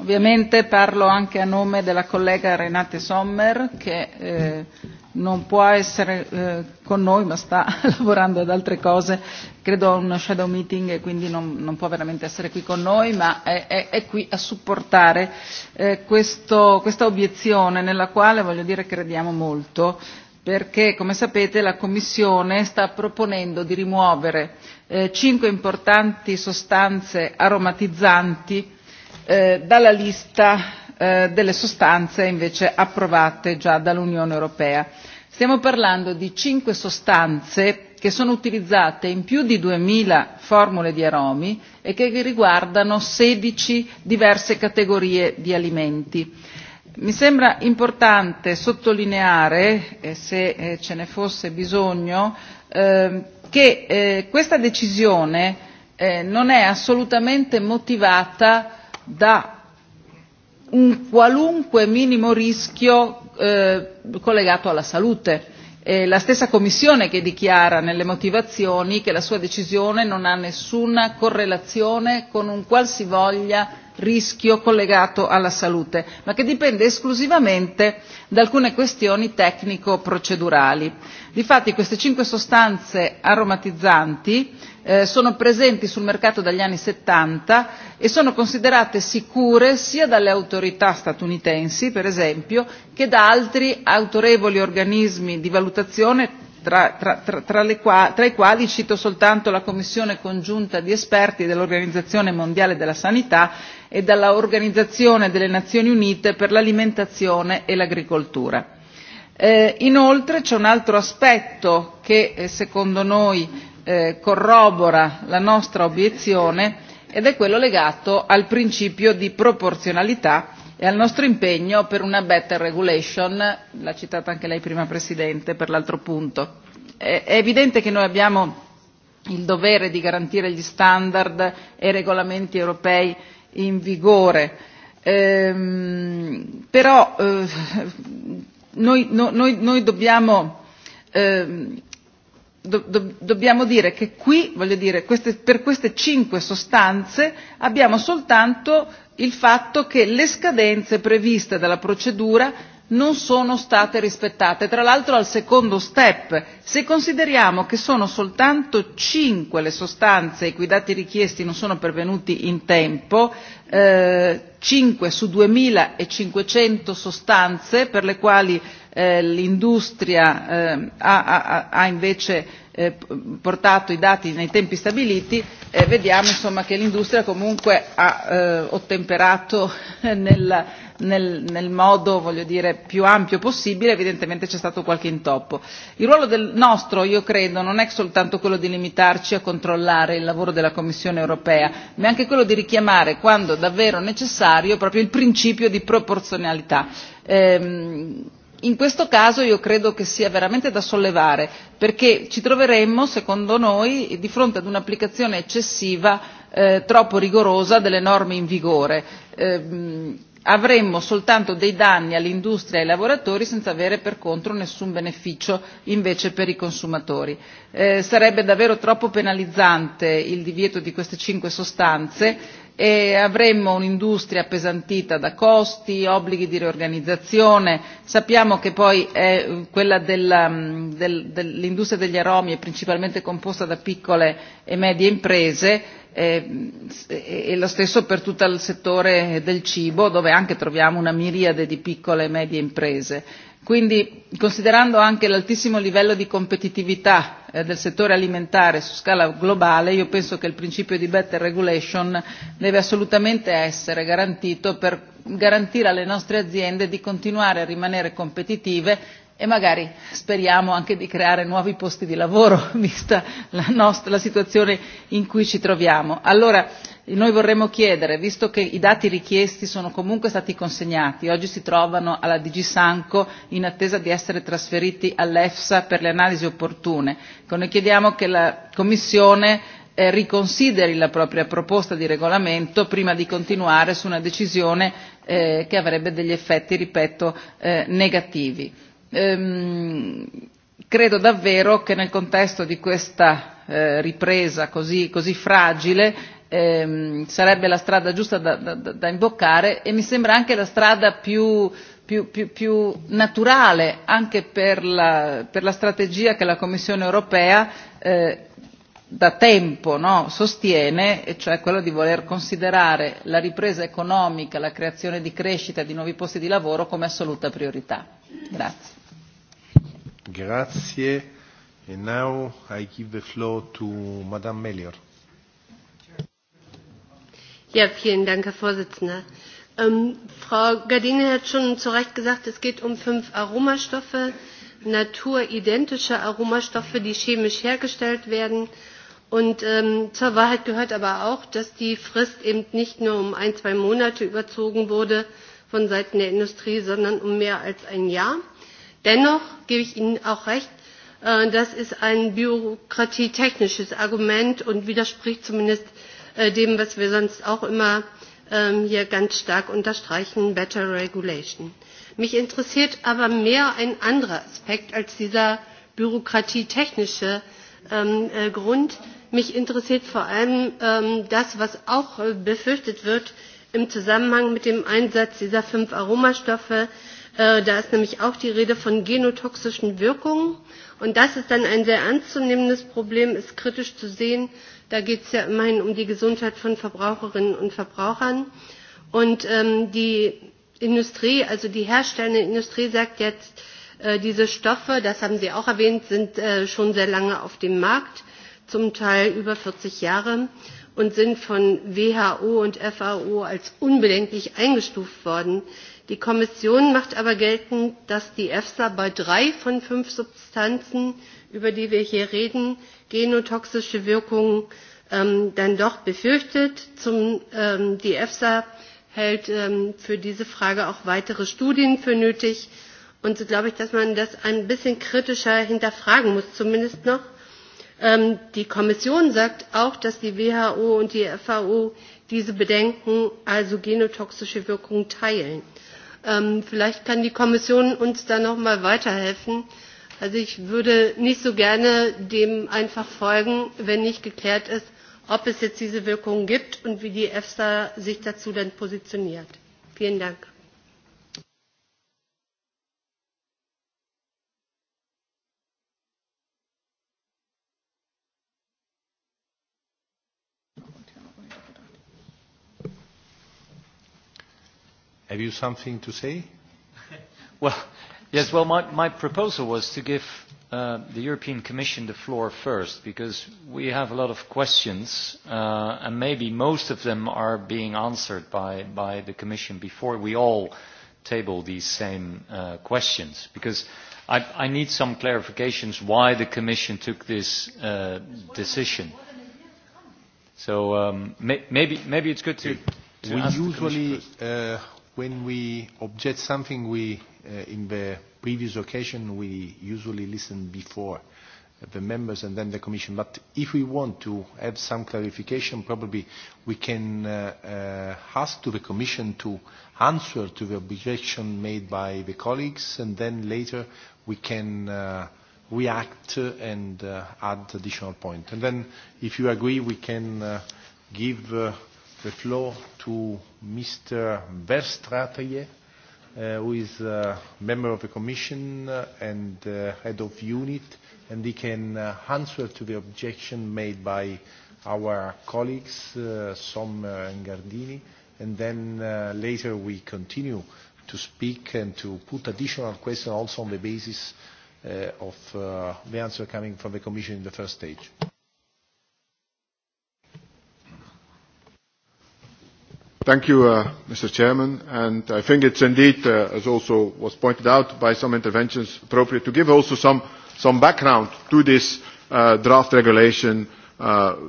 Ovviamente parlo anche a nome della collega Renate Sommer che eh, non può essere eh, con noi ma sta lavorando ad altre cose, credo a uno shadow meeting e quindi non, non può veramente essere qui con noi ma è, è, è qui a supportare eh, questo, questa obiezione nella quale voglio dire crediamo molto perché come sapete la Commissione sta proponendo di rimuovere eh, cinque importanti sostanze aromatizzanti eh, dalla lista eh, delle sostanze invece approvate già dall'Unione Europea. Stiamo parlando di cinque sostanze che sono utilizzate in più di duemila formule di aromi e che riguardano sedici diverse categorie di alimenti. Mi sembra importante sottolineare, se ce ne fosse bisogno, che questa decisione non è assolutamente motivata da un qualunque minimo rischio eh, collegato alla salute. Eh, la stessa Commissione che dichiara nelle motivazioni che la sua decisione non ha nessuna correlazione con un qualsivoglia rischio collegato alla salute, ma che dipende esclusivamente da alcune questioni tecnico-procedurali. Difatti queste cinque sostanze aromatizzanti eh, sono presenti sul mercato dagli anni 70 e sono considerate sicure sia dalle autorità statunitensi, per esempio, che da altri autorevoli organismi di valutazione tra, tra, tra, tra, le qua, tra i quali cito soltanto la Commissione congiunta di esperti dell'Organizzazione Mondiale della Sanità e dall'Organizzazione delle Nazioni Unite per l'Alimentazione e l'Agricoltura. Eh, inoltre c'è un altro aspetto che eh, secondo noi eh, corrobora la nostra obiezione ed è quello legato al principio di proporzionalità e al nostro impegno per una better regulation, l'ha citata anche lei prima Presidente per l'altro punto. È evidente che noi abbiamo il dovere di garantire gli standard e i regolamenti europei in vigore, ehm, però eh, noi, no, noi, noi dobbiamo eh, do, dobbiamo dire che qui, voglio dire, queste, per queste cinque sostanze abbiamo soltanto il fatto che le scadenze previste dalla procedura non sono state rispettate, tra l'altro al secondo step, se consideriamo che sono soltanto cinque le sostanze i cui dati richiesti non sono pervenuti in tempo, eh, su 2.500 sostanze per le quali eh, l'industria eh, ha, ha, ha invece eh, portato i dati nei tempi stabiliti, eh, vediamo insomma, che l'industria comunque ha eh, ottemperato nel, nel, nel modo voglio dire, più ampio possibile, evidentemente c'è stato qualche intoppo. Il ruolo del nostro, io credo, non è soltanto quello di limitarci a controllare il lavoro della Commissione europea, ma è anche quello di richiamare, quando davvero necessario, proprio il principio di proporzionalità. Ehm, in questo caso io credo che sia veramente da sollevare perché ci troveremmo secondo noi di fronte ad un'applicazione eccessiva eh, troppo rigorosa delle norme in vigore. Eh, avremmo soltanto dei danni all'industria e ai lavoratori senza avere per contro nessun beneficio invece per i consumatori. sarebbe davvero troppo penalizzante il divieto di queste cinque sostanze e avremmo un'industria appesantita da costi, obblighi di riorganizzazione. Sappiamo che poi l'industria quella dell'industria degli aromi è principalmente composta da piccole e medie imprese e lo stesso per tutto il settore del cibo dove anche troviamo una miriade di piccole e medie imprese. Quindi considerando anche l'altissimo livello di competitività del settore alimentare su scala globale, io penso che il principio di better regulation deve assolutamente essere garantito per garantire alle nostre aziende di continuare a rimanere competitive e magari speriamo anche di creare nuovi posti di lavoro vista la, nostra, la situazione in cui ci troviamo. Allora noi vorremmo chiedere, visto che i dati richiesti sono comunque stati consegnati, oggi si trovano alla DG Sanco in attesa di essere trasferiti all'EFSA per le analisi opportune, noi chiediamo che la Commissione riconsideri la propria proposta di regolamento prima di continuare su una decisione che avrebbe degli effetti, ripeto, negativi. credo davvero che nel contesto di questa ripresa così, fragile ehm, sarebbe la strada giusta da, da, da imboccare e mi sembra anche la strada più, più, più, più naturale anche per la, per la strategia che la Commissione europea eh, da tempo no, sostiene, e cioè quello di voler considerare la ripresa economica, la creazione di crescita e di nuovi posti di lavoro come assoluta priorità. Grazie. Grazie. And now I give the floor to Madame Melior. Ja, vielen Dank, Herr Vorsitzender. Ähm, Frau Gardini hat schon zu Recht gesagt, es geht um fünf Aromastoffe, naturidentische Aromastoffe, die chemisch hergestellt werden. Und ähm, zur Wahrheit gehört aber auch, dass die Frist eben nicht nur um ein, zwei Monate überzogen wurde von Seiten der Industrie, sondern um mehr als ein Jahr. Dennoch gebe ich Ihnen auch recht, äh, das ist ein bürokratietechnisches Argument und widerspricht zumindest dem, was wir sonst auch immer hier ganz stark unterstreichen, Better Regulation. Mich interessiert aber mehr ein anderer Aspekt als dieser bürokratietechnische Grund. Mich interessiert vor allem das, was auch befürchtet wird im Zusammenhang mit dem Einsatz dieser fünf Aromastoffe. Da ist nämlich auch die Rede von genotoxischen Wirkungen Und das ist dann ein sehr ernstzunehmendes Problem, ist kritisch zu sehen. Da geht es ja immerhin um die Gesundheit von Verbraucherinnen und Verbrauchern. Und ähm, die Industrie, also die herstellende Industrie sagt jetzt, äh, diese Stoffe, das haben Sie auch erwähnt, sind äh, schon sehr lange auf dem Markt, zum Teil über 40 Jahre und sind von WHO und FAO als unbedenklich eingestuft worden. Äh, Die Kommission macht aber geltend, dass die EFSA bei drei von fünf Substanzen, über die wir hier reden, genotoxische Wirkungen ähm, dann doch befürchtet. Zum, ähm, die EFSA hält ähm, für diese Frage auch weitere Studien für nötig. Und so glaube ich, dass man das ein bisschen kritischer hinterfragen muss, zumindest noch. Ähm, die Kommission sagt auch, dass die WHO und die FAO diese Bedenken, also genotoxische Wirkungen, teilen. Ähm, vielleicht kann die Kommission uns da noch mal weiterhelfen. Also ich würde nicht so gerne dem einfach folgen, wenn nicht geklärt ist, ob es jetzt diese Wirkungen gibt und wie die EFSA sich dazu dann positioniert. Vielen Dank. Have you something to say? well, yes, well, my, my proposal was to give uh, the European Commission the floor first because we have a lot of questions uh, and maybe most of them are being answered by, by the Commission before we all table these same uh, questions because I, I need some clarifications why the Commission took this uh, decision. So um, may, maybe, maybe it's good to... to we usually uh, when we object something, we, uh, in the previous occasion, we usually listen before the members and then the Commission. But if we want to have some clarification, probably we can uh, uh, ask to the Commission to answer to the objection made by the colleagues, and then later we can uh, react and uh, add additional point. And then, if you agree, we can uh, give uh, the floor to Mr. Verstrategje, uh, who is a member of the Commission and uh, head of unit, and he can uh, answer to the objection made by our colleagues, uh, Sommer and Gardini, and then uh, later we continue to speak and to put additional questions also on the basis uh, of uh, the answer coming from the Commission in the first stage. Thank you, Mr. president And I think it is indeed, as also was pointed out by some interventions, appropriate to give also some, background to this draft regulation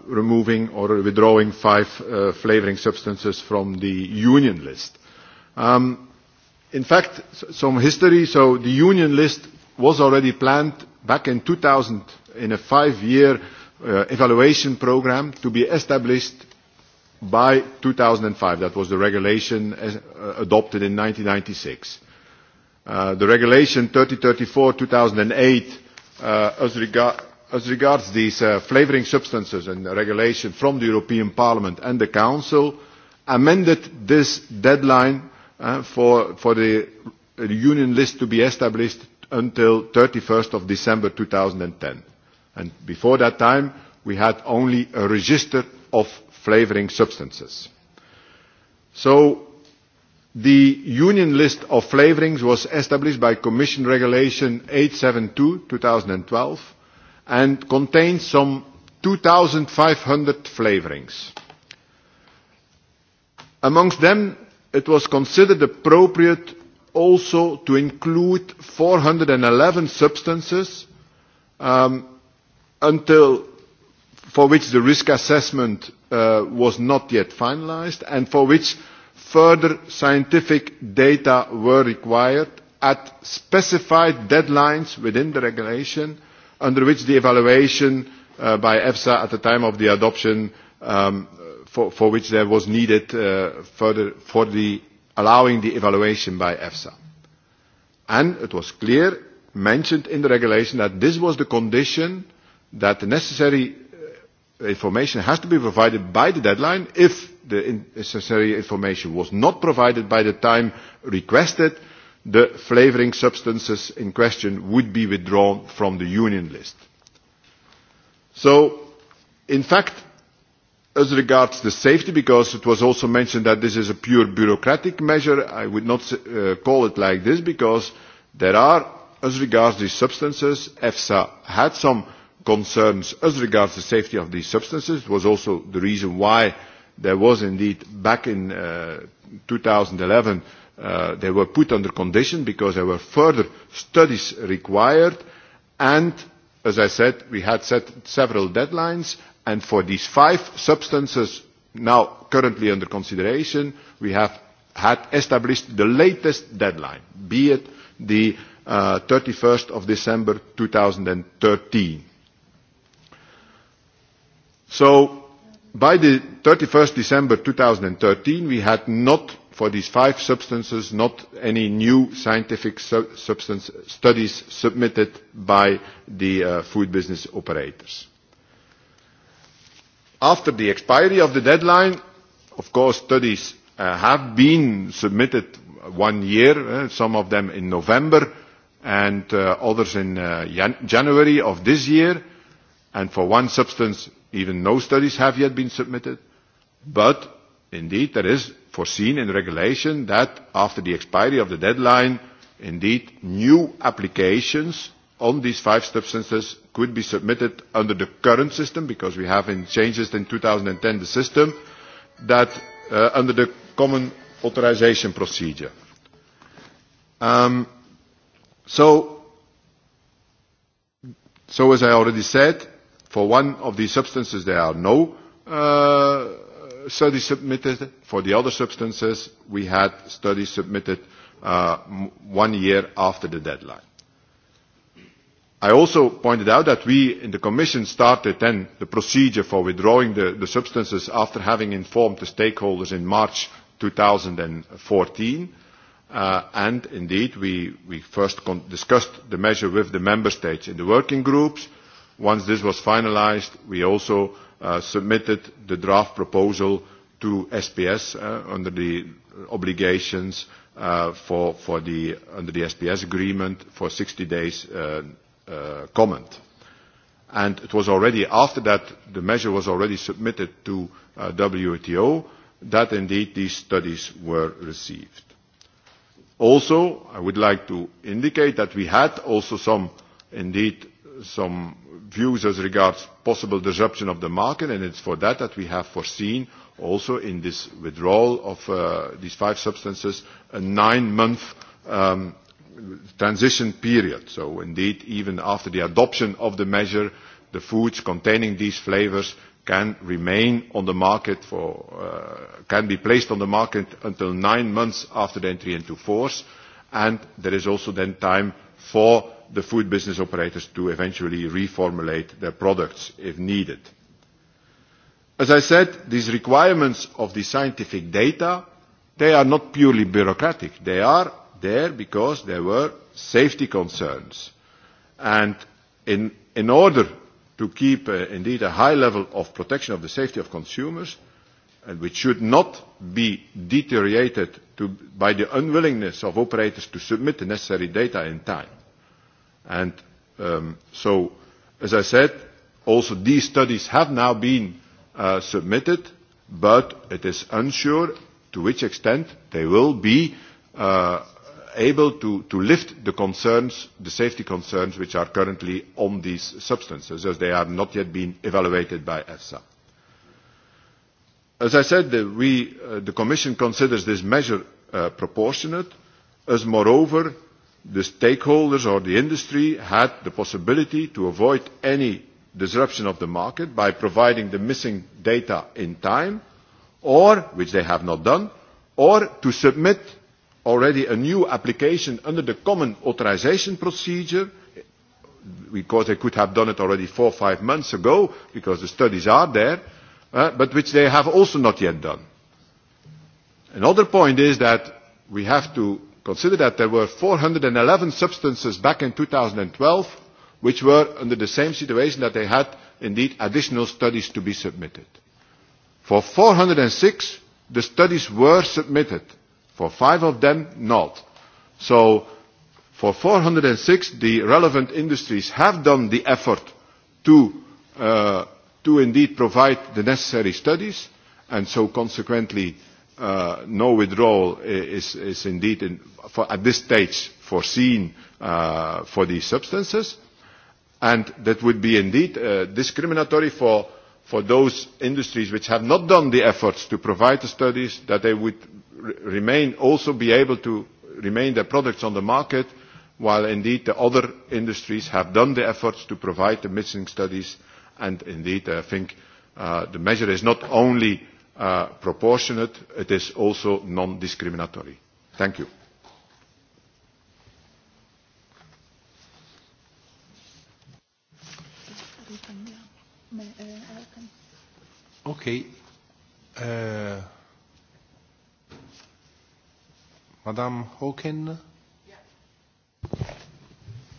removing or withdrawing five flavouring substances from the union list. in fact, some history. So the union list was already planned back in two thousand in a five-year evaluation programme to be established by 2005. That was the regulation adopted in 1996. Uh, the regulation 3034-2008 uh, as, regard, as regards these uh, flavouring substances and regulation from the European Parliament and the Council amended this deadline uh, for, for the union list to be established until 31st of December 2010. And before that time, we had only a register of flavouring substances. So the union list of flavourings was established by Commission Regulation 872-2012 and contains some 2,500 flavourings. Amongst them, it was considered appropriate also to include 411 substances um, until for which the risk assessment uh, was not yet finalized and for which further scientific data were required at specified deadlines within the regulation under which the evaluation uh, by EFSA at the time of the adoption um, for, for which there was needed uh, further for the allowing the evaluation by EFSA. And it was clear, mentioned in the regulation, that this was the condition that the necessary information has to be provided by the deadline. If the necessary information was not provided by the time requested, the flavouring substances in question would be withdrawn from the union list. So, in fact, as regards the safety, because it was also mentioned that this is a pure bureaucratic measure, I would not uh, call it like this because there are, as regards these substances, EFSA had some concerns as regards the safety of these substances It was also the reason why there was indeed back in uh, 2011 uh, they were put under condition because there were further studies required and as I said we had set several deadlines and for these five substances now currently under consideration we have had established the latest deadline be it the uh, 31st of December 2013 So by the 31st December thirteen we had not, for these five substances, not any new scientific substance studies submitted by the food business operators. After the expiry of the deadline, of course, studies have been submitted one year, some of them in November and others in January of this year. And for one substance, Even no studies have yet been submitted, but indeed there is foreseen in regulation that after the expiry of the deadline, indeed new applications on these five substances could be submitted under the current system because we have in changes in 2010 the system that uh, under the common authorization procedure. Um, so, so as I already said, For one of these substances, there are no uh, studies submitted. For the other substances, we had studies submitted uh, one year after the deadline. I also pointed out that we in the Commission started then the procedure for withdrawing the, the substances after having informed the stakeholders in March 2014. Uh, and indeed, we, we first con discussed the measure with the Member States in the working groups. Once this was finalised, we also submitted the draft proposal to SPS under the obligations for the under the SPS agreement for 60 days comment. And It was already after that, the measure was already submitted to WTO, that indeed these studies were received. Also, I would like to indicate that we had also some indeed some views as regards possible disruption of the market, and it's for that that we have foreseen also in this withdrawal of uh, these five substances a nine-month um, transition period. So indeed, even after the adoption of the measure, the foods containing these flavors can remain on the market for, uh, can be placed on the market until nine months after the entry into force, and there is also then time for the food business operators to eventually reformulate their products if needed. As I said, these requirements of the scientific data, they are not purely bureaucratic. They are there because there were safety concerns. And in, in order to keep uh, indeed a high level of protection of the safety of consumers, and which should not be deteriorated to, by the unwillingness of operators to submit the necessary data in time. And um, so, as I said, also these studies have now been uh, submitted, but it is unsure to which extent they will be uh, able to, to lift the concerns, the safety concerns which are currently on these substances, as they have not yet been evaluated by EFSA. As I said, the, we, uh, the Commission considers this measure uh, proportionate, as moreover the stakeholders or the industry had the possibility to avoid any disruption of the market by providing the missing data in time, or, which they have not done, or to submit already a new application under the common authorization procedure, because they could have done it already four or five months ago, because the studies are there, uh, but which they have also not yet done. Another point is that we have to Consider that there were 411 substances back in 2012 which were under the same situation that they had indeed additional studies to be submitted. For 406, the studies were submitted. For five of them, not. So for 406, the relevant industries have done the effort to, uh, to indeed provide the necessary studies, and so consequently, uh, no withdrawal is, is indeed in, for, at this stage foreseen uh, for these substances, and that would be indeed uh, discriminatory for, for those industries which have not done the efforts to provide the studies, that they would re remain also be able to remain their products on the market, while indeed the other industries have done the efforts to provide the missing studies, and indeed I think uh, the measure is not only uh, proportionate, it is also non-discriminatory. Thank you. Okay. Uh, Madame Hawken.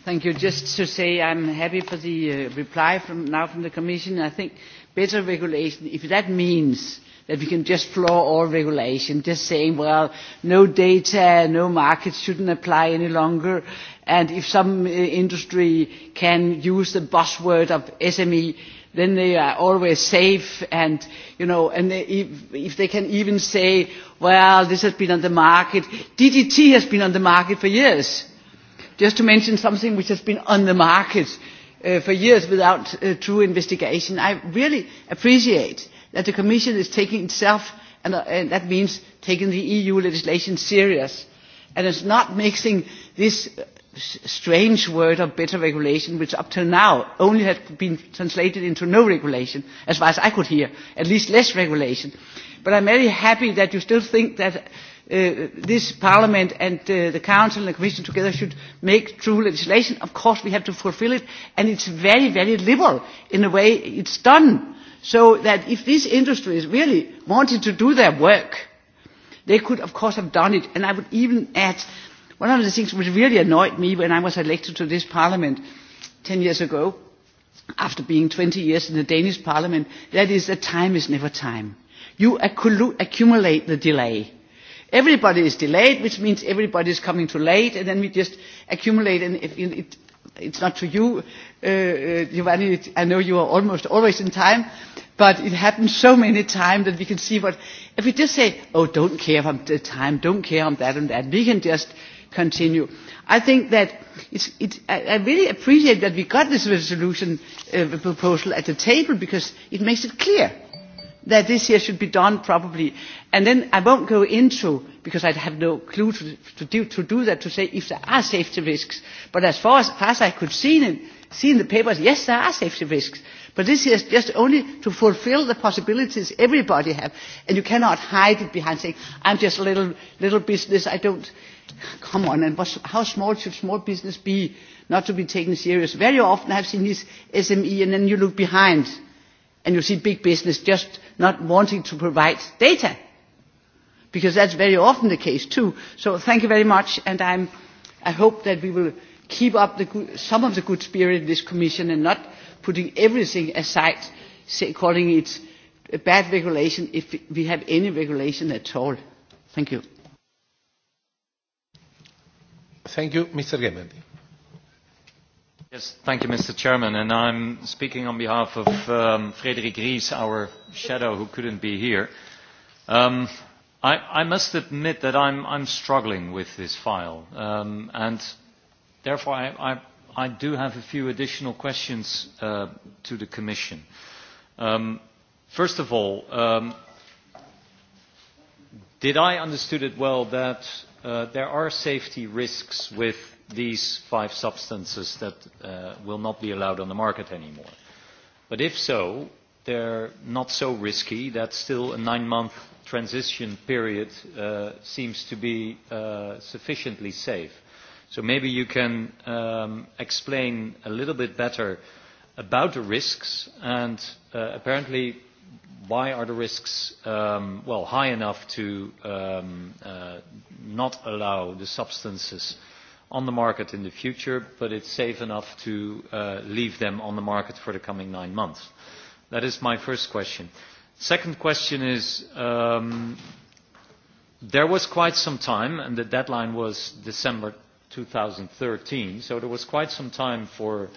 Thank you. Just to say I'm happy for the uh, reply from now from the Commission. I think better regulation, if that means that we can just floor all regulation, just saying, well, no data, no markets shouldn't apply any longer. And if some industry can use the buzzword of SME, then they are always safe and you know and they, if, if they can even say well this has been on the market ddt has been on the market for years just to mention something which has been on the market uh, for years without uh, true investigation i really appreciate that the Commission is taking itself, and, and that means taking the EU legislation serious, and is not mixing this strange word of better regulation, which up till now only had been translated into no regulation, as far as I could hear, at least less regulation. But I'm very happy that you still think that this parliament and the council and the commission together should make true legislation. of course we have to fulfil it and it is very very liberal in the way it is done So that if these industries really wanted to do their work, they could of course have done it. And I would even add, one of the things which really annoyed me when I was elected to this parliament 10 years ago, after being 20 years in the Danish parliament, that is that time is never time. You accumulate the delay everybody is delayed which means everybody is coming too late and then we just accumulate and it, it it's not to you, uh, Giovanni, it, I know you are almost always in time, but it happens so many times that we can see what, if we just say, oh, don't care about the time, don't care about that and that, we can just continue. I think that it's, it's, I, I really appreciate that we got this resolution uh, proposal at the table because it makes it clear that this year should be done properly. And then I won't go into because I have no clue to, to, do, to do that, to say if there are safety risks. But as far as, far as I could see in, see in the papers, yes, there are safety risks. But this is just only to fulfill the possibilities everybody has. And you cannot hide it behind saying, I'm just a little, little business, I don't... Come on, and what, how small should small business be not to be taken serious? Very often I've seen this SME and then you look behind and you see big business just not wanting to provide data because that's very often the case too. So thank you very much, and I'm, I hope that we will keep up the good, some of the good spirit in this commission and not putting everything aside, say, calling it a bad regulation if we have any regulation at all. Thank you. Thank you, Mr. Gemendi. Yes, thank you, Mr. Chairman. And I'm speaking on behalf of um, Frederick Ries, our shadow, who couldn't be here. Um, I, I must admit that I'm, I'm struggling with this file, um, and therefore I, I, I do have a few additional questions uh, to the Commission. Um, first of all, um, did I understood it well that uh, there are safety risks with these five substances that uh, will not be allowed on the market anymore? But if so, they're not so risky that still a nine-month transition period uh, seems to be uh, sufficiently safe. So maybe you can um, explain a little bit better about the risks and uh, apparently why are the risks um, well high enough to um, uh, not allow the substances on the market in the future, but it's safe enough to uh, leave them on the market for the coming nine months? That is my first question. Second question is, um, there was quite some time, and the deadline was December 2013, so there was quite some time for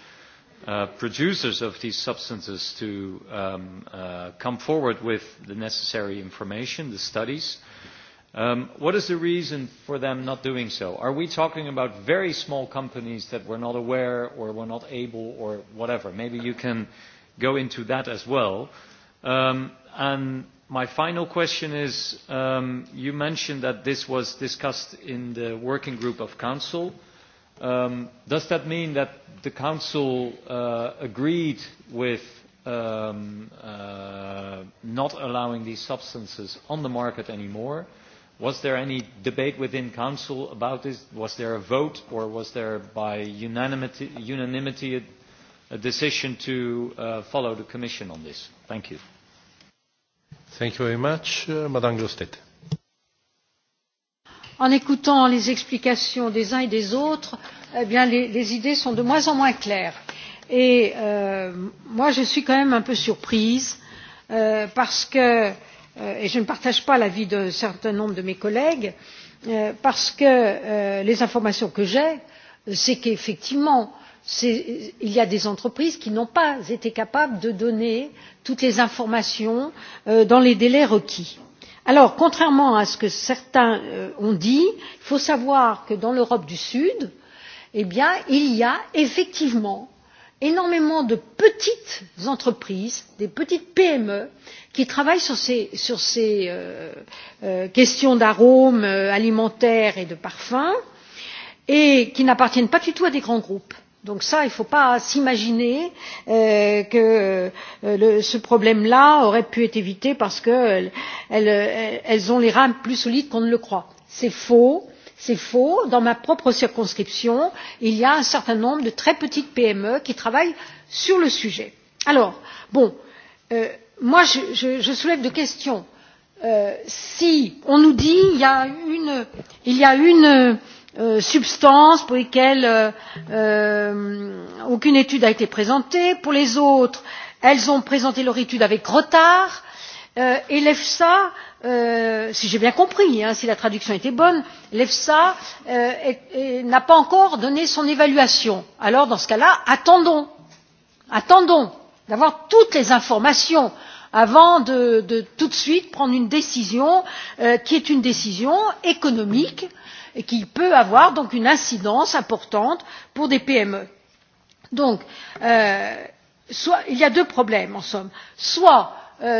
uh, producers of these substances to um, uh, come forward with the necessary information, the studies. Um, what is the reason for them not doing so? Are we talking about very small companies that were not aware or were not able or whatever? Maybe you can go into that as well. Um, And my final question is, um, you mentioned that this was discussed in the working group of Council. Um, does that mean that the Council uh, agreed with um, uh, not allowing these substances on the market anymore? Was there any debate within Council about this? Was there a vote or was there by unanimity, unanimity a, a decision to uh, follow the Commission on this? Thank you. Thank you very much. Madame Grostet. En écoutant les explications des uns et des autres, eh bien, les, les idées sont de moins en moins claires. Et euh, moi, je suis quand même un peu surprise euh, parce que, euh, et je ne partage pas l'avis d'un certain nombre de mes collègues, euh, parce que euh, les informations que j'ai, c'est qu'effectivement, euh, il y a des entreprises qui n'ont pas été capables de donner toutes les informations dans les délais requis. contrairement à ce que certains ont dit il faut savoir que dans l'europe du sud il y a effectivement énormément de petites entreprises de petites pme qui travaillent sur ces questions d'arômes alimentaires et de parfums et qui n'appartiennent pas du tout à des grands groupes donc ça il ne faut pas s'imaginer que ce problème là aurait pu être évité parce qu'elles ont les reins plus solides qu'on ne le croit. c'est faux. C'est faux. Dans ma propre circonscription, il y a un certain nombre de très petites PME qui travaillent sur le sujet. Alors, bon, euh, moi, je, je, je soulève deux questions. Euh, si on nous dit il y a une, il y a une substances pour lesquelles aucune étude n'a été présentée. pour les autres elles ont présenté leur étude avec retard et l'efsa si j'ai bien compris si la traduction était bonne l'EFSA n'a pas encore donné son évaluation. alors dans ce cas là attendons attendons d'avoir toutes les informations avant de tout de suite prendre une décision qui est une décision économique euh, et qui peut avoir donc une incidence importante pour des pme. donc il y a deux problèmes en somme soit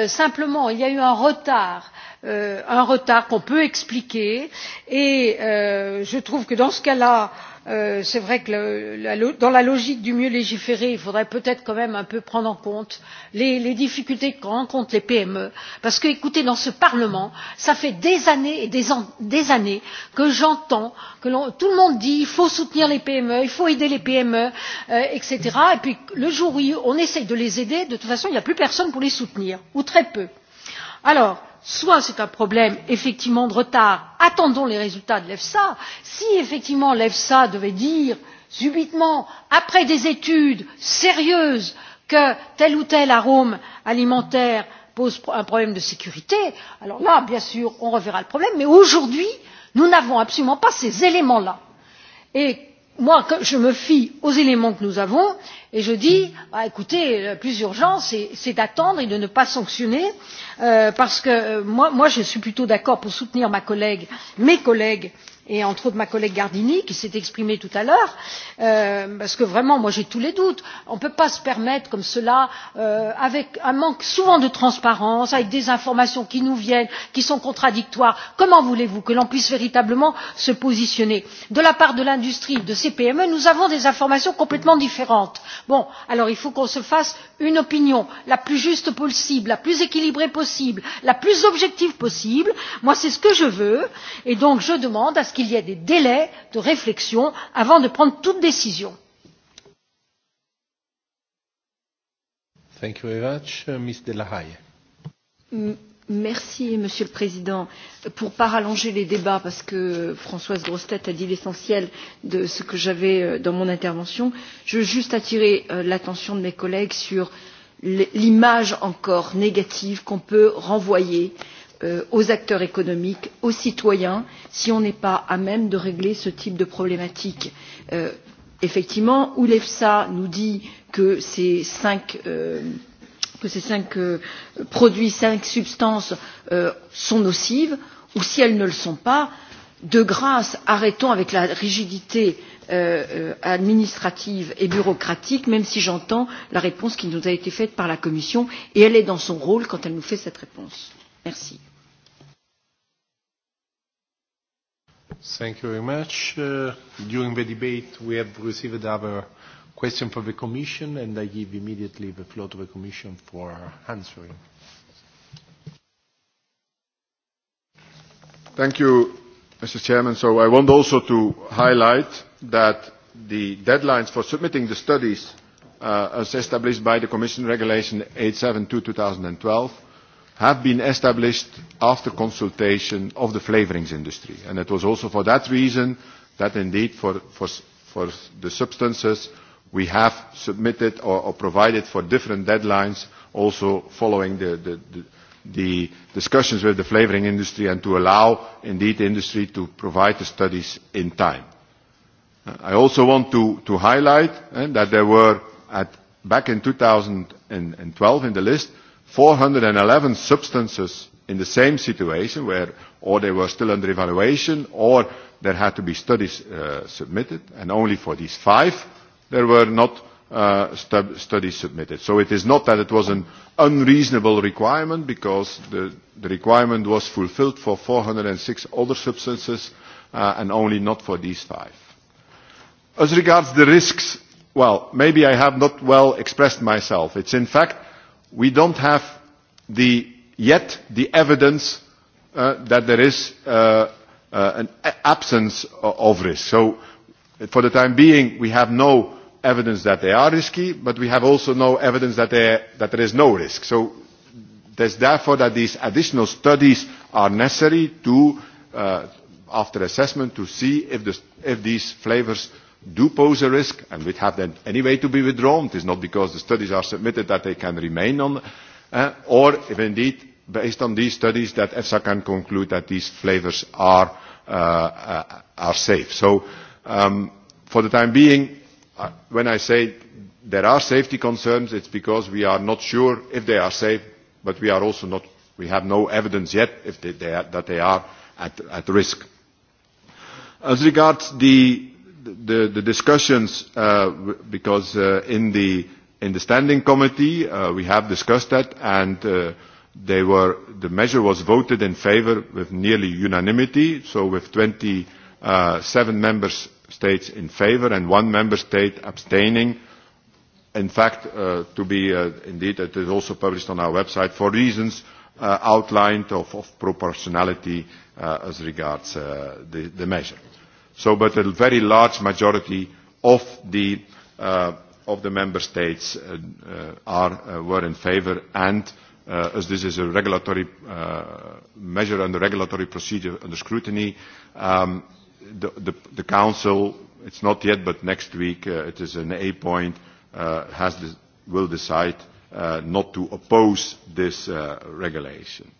simplement il y a eu un retard un retard qu'on peut expliquer et je trouve que dans ce cas là c'est vrai que dans la logique du mieux légiférer il faudrait peut être quand même un peu prendre en compte les difficultés que rencontrent les pme parce que écoutez dans ce parlement cela fait des années et des années que j'entends que tout le monde dit il faut soutenir les pme il faut aider les pme etc. et puis le jour où on essaie de les aider de toute façon il n'y a plus personne pour les soutenir ou très peu. alors soit c'est un problème effectivement de retard attendons les résultats de l'efsa si effectivement l'efsa devait dire subitement après des études sérieuses que tel ou tel arôme alimentaire pose un problème de sécurité alors là bien sûr on reverra le problème mais aujourd'hui nous n'avons absolument pas ces éléments là et moi je me fie aux éléments que nous avons et je dis écoutez le plus urgent c'est d'attendre et de ne pas sanctionner parce que moi je suis plutôt d'accord pour soutenir mes collègues et entre autres ma collègue gardini qui s'est exprimée tout à l'heure parce que vraiment moi j'ai tous les doutes on ne peut pas se permettre comme cela avec un manque souvent de transparence avec des informations qui nous viennent qui sont contradictoires comment voulez vous que l'on puisse véritablement se positionner? de la part de l'industrie de ces pme nous avons des informations complètement différentes. Bon, alors il faut qu'on se fasse une opinion la plus juste possible la plus équilibrée possible la plus objective possible. moi c'est ce que je veux et donc je demande qu'il y ait des délais de réflexion avant de prendre toute décision. Merci, monsieur le président pour ne pas rallonger les débats parce que françoise grossetête a dit l'essentiel de ce que j'avais dans mon intervention je veux juste attirer l'attention de mes collègues sur l'image encore négative qu'on peut renvoyer aux acteurs économiques, aux citoyens, si on n'est pas à même de régler ce type de problématique. effectivement, l'EFSA nous dit que ces cinq que ces cinq produits, cinq substances sont nocives, ou si elles ne le sont pas, de grâce, arrêtons avec la rigidité administrative et bureaucratique, même si j'entends la réponse qui nous a été faite par la Commission, et elle est dans son rôle quand elle nous fait cette réponse. Merci. Thank you very much. Uh, during the debate, we have received our question from the Commission, and I give immediately the floor to the Commission for answering. Thank you, Mr. Chairman. So I want also to highlight that the deadlines for submitting the studies uh, as established by the Commission Regulation 872-2012 have been established after consultation of the flavourings industry. And it was also for that reason that indeed for, for, for the substances we have submitted or, or provided for different deadlines also following the, the, the, the discussions with the flavouring industry and to allow indeed the industry to provide the studies in time. I also want to, to highlight eh, that there were at, back in 2012 in the list 411 substances in the same situation where or they were still under evaluation or there had to be studies uh, submitted and only for these five there were not uh, stu studies submitted. So it is not that it was an unreasonable requirement because the, the requirement was fulfilled for 406 other substances uh, and only not for these five. As regards the risks, well, maybe I have not well expressed myself. It's in fact we do not have the, yet the evidence uh, that there is uh, uh, an absence of risk. So for the time being, we have no evidence that they are risky, but we have also no evidence that, they, that there is no risk. So is therefore that these additional studies are necessary to, uh, after assessment, to see if, the, if these flavors do pose a risk, and would have them anyway to be withdrawn. It is not because the studies are submitted that they can remain on, uh, or if indeed, based on these studies, that EFSA can conclude that these flavors are, uh, uh, are safe. So, um, for the time being, uh, when I say there are safety concerns, it's because we are not sure if they are safe, but we are also not, we have no evidence yet if they, they are, that they are at, at risk. As regards the the, the discussions, uh, because uh, in, the, in the standing committee uh, we have discussed that and uh, they were, the measure was voted in favour with nearly unanimity, so with 27 member states in favour and one member state abstaining. In fact, uh, to be uh, indeed, it is also published on our website for reasons uh, outlined of, of proportionality uh, as regards uh, the, the measure so but a very large majority of the uh, of the member states uh, are uh, were in favour and uh, as this is a regulatory uh, measure under regulatory procedure under scrutiny um, the, the, the council it's not yet but next week uh, it is an a point uh, has this, will decide uh, not to oppose this uh, regulation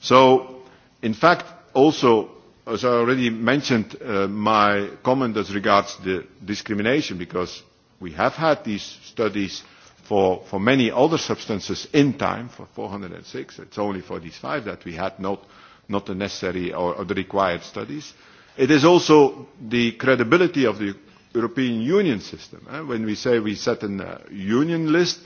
so in fact also as I already mentioned, uh, my comment as regards the discrimination, because we have had these studies for, for many other substances in time, for 406. It's only for these five that we had not, not the necessary or, or the required studies. It is also the credibility of the European Union system. Eh? When we say we set a uh, union list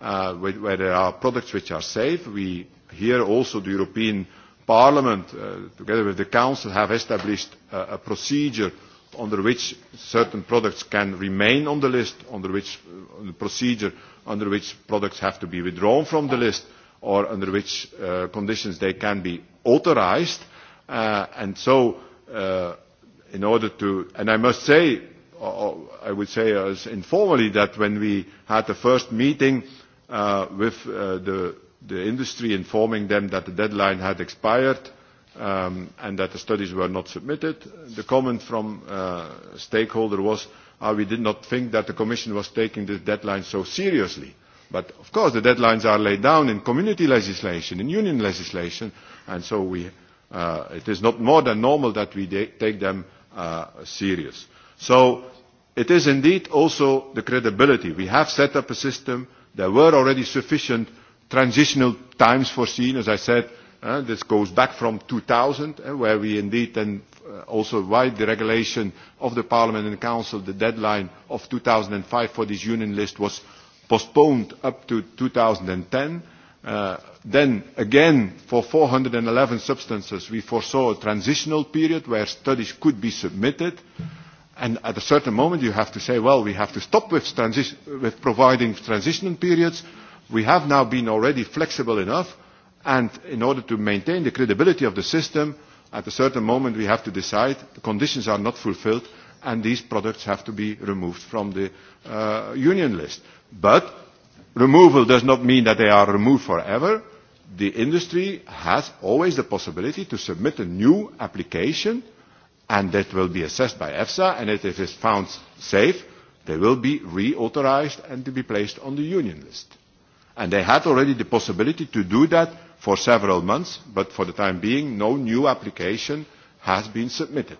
uh, where, where there are products which are safe, we hear also the European Parliament, together with the Council, have established a procedure under which certain products can remain on the list, under which the procedure under which products have to be withdrawn from the list, or under which conditions they can be authorised. and so, in order to, and I must say, I would say as informally that when we had the first meeting with the the industry informing them that the deadline had expired and that the studies were not submitted. The comment from a stakeholder was, we did not think that the Commission was taking this deadline so seriously. But of course, the deadlines are laid down in community legislation, in union legislation, and so we, uh, it is not more than normal that we take them uh, serious. So it is indeed also the credibility. We have set up a system. There were already sufficient transitional times foreseen, as I said, uh, this goes back from 2000, uh, where we indeed then uh, also why the regulation of the Parliament and the Council, the deadline of 2005 for this union list was postponed up to 2010. Uh, then again, for 411 substances, we foresaw a transitional period where studies could be submitted. And at a certain moment, you have to say, well, we have to stop with, transi- with providing transitional periods we have now been already flexible enough, and in order to maintain the credibility of the system, at a certain moment we have to decide the conditions are not fulfilled and these products have to be removed from the uh, union list. But removal does not mean that they are removed forever. The industry has always the possibility to submit a new application and that will be assessed by EFSA and if it is found safe, they will be reauthorized and to be placed on the union list. And they had already the possibility to do that for several months, but for the time being, no new application has been submitted.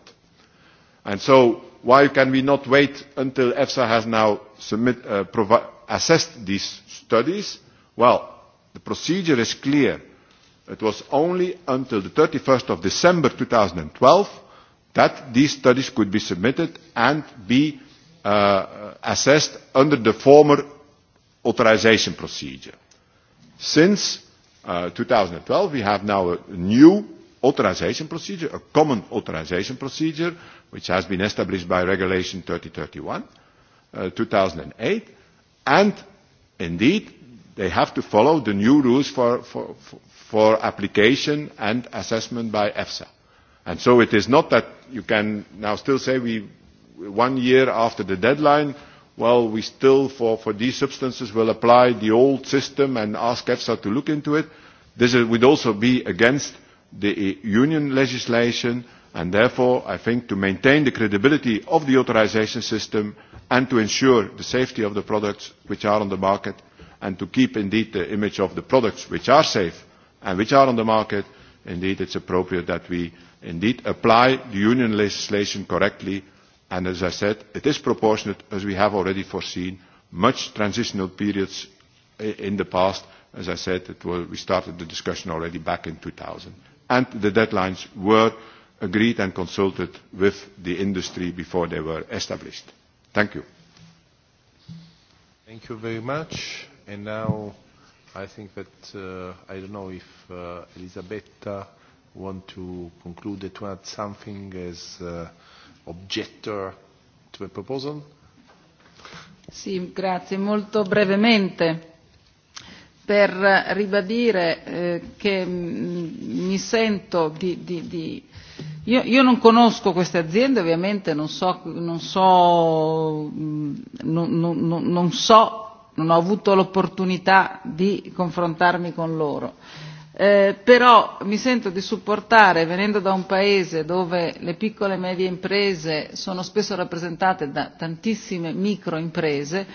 And so why can we not wait until EFSA has now submit, uh, assessed these studies? Well, the procedure is clear. It was only until the 31st of December 2012 that these studies could be submitted and be uh, assessed under the former authorization procedure. Since uh, 2012, we have now a new authorization procedure, a common authorization procedure, which has been established by Regulation 3031, uh, 2008, and indeed, they have to follow the new rules for, for, for application and assessment by EFSA. And so it is not that you can now still say we, one year after the deadline, well, we still, for, for these substances, will apply the old system and ask EFSA to look into it. This would also be against the union legislation, and therefore, I think to maintain the credibility of the authorization system and to ensure the safety of the products which are on the market, and to keep indeed the image of the products which are safe and which are on the market, indeed, it's appropriate that we indeed apply the union legislation correctly And as I said, it is proportionate as we have already foreseen much transitional periods in the past. As I said, it was, we started the discussion already back in 2000. And the deadlines were agreed and consulted with the industry before they were established. Thank you. Thank you very much. And now I think that uh, I don't know if uh, Elisabetta want to conclude to add something as uh, objector to a proposal? Sì, grazie. Molto brevemente per ribadire eh, che mi sento di, di, di Io, io non conosco queste aziende, ovviamente non so, non so, non, non, non so, non ho avuto l'opportunità di confrontarmi con loro Eh, però mi sento di supportare, venendo da un paese dove le piccole e medie imprese sono spesso rappresentate da tantissime microimprese,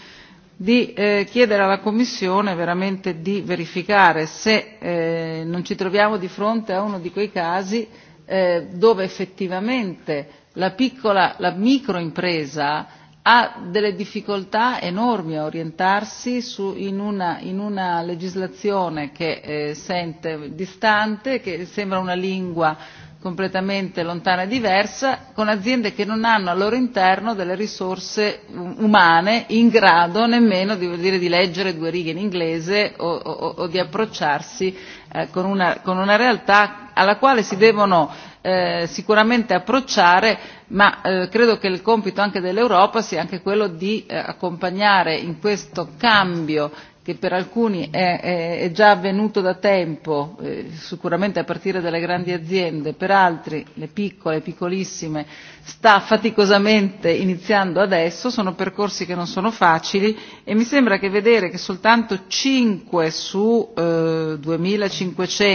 di eh, chiedere alla Commissione veramente di verificare se eh, non ci troviamo di fronte a uno di quei casi eh, dove effettivamente la piccola, la microimpresa ha delle difficoltà enormi a orientarsi su, in, una, in una legislazione che eh, sente distante, che sembra una lingua completamente lontana e diversa, con aziende che non hanno al loro interno delle risorse umane in grado nemmeno di, dire, di leggere due righe in inglese o, o, o di approcciarsi eh, con, una, con una realtà alla quale si devono eh, sicuramente approcciare, ma eh, credo che il compito anche dell'Europa sia anche quello di eh, accompagnare in questo cambio che per alcuni è, è, è già avvenuto da tempo, eh, sicuramente a partire dalle grandi aziende, per altri, le piccole, piccolissime, sta faticosamente iniziando adesso, sono percorsi che non sono facili e mi sembra che vedere che soltanto 5 su eh, 2500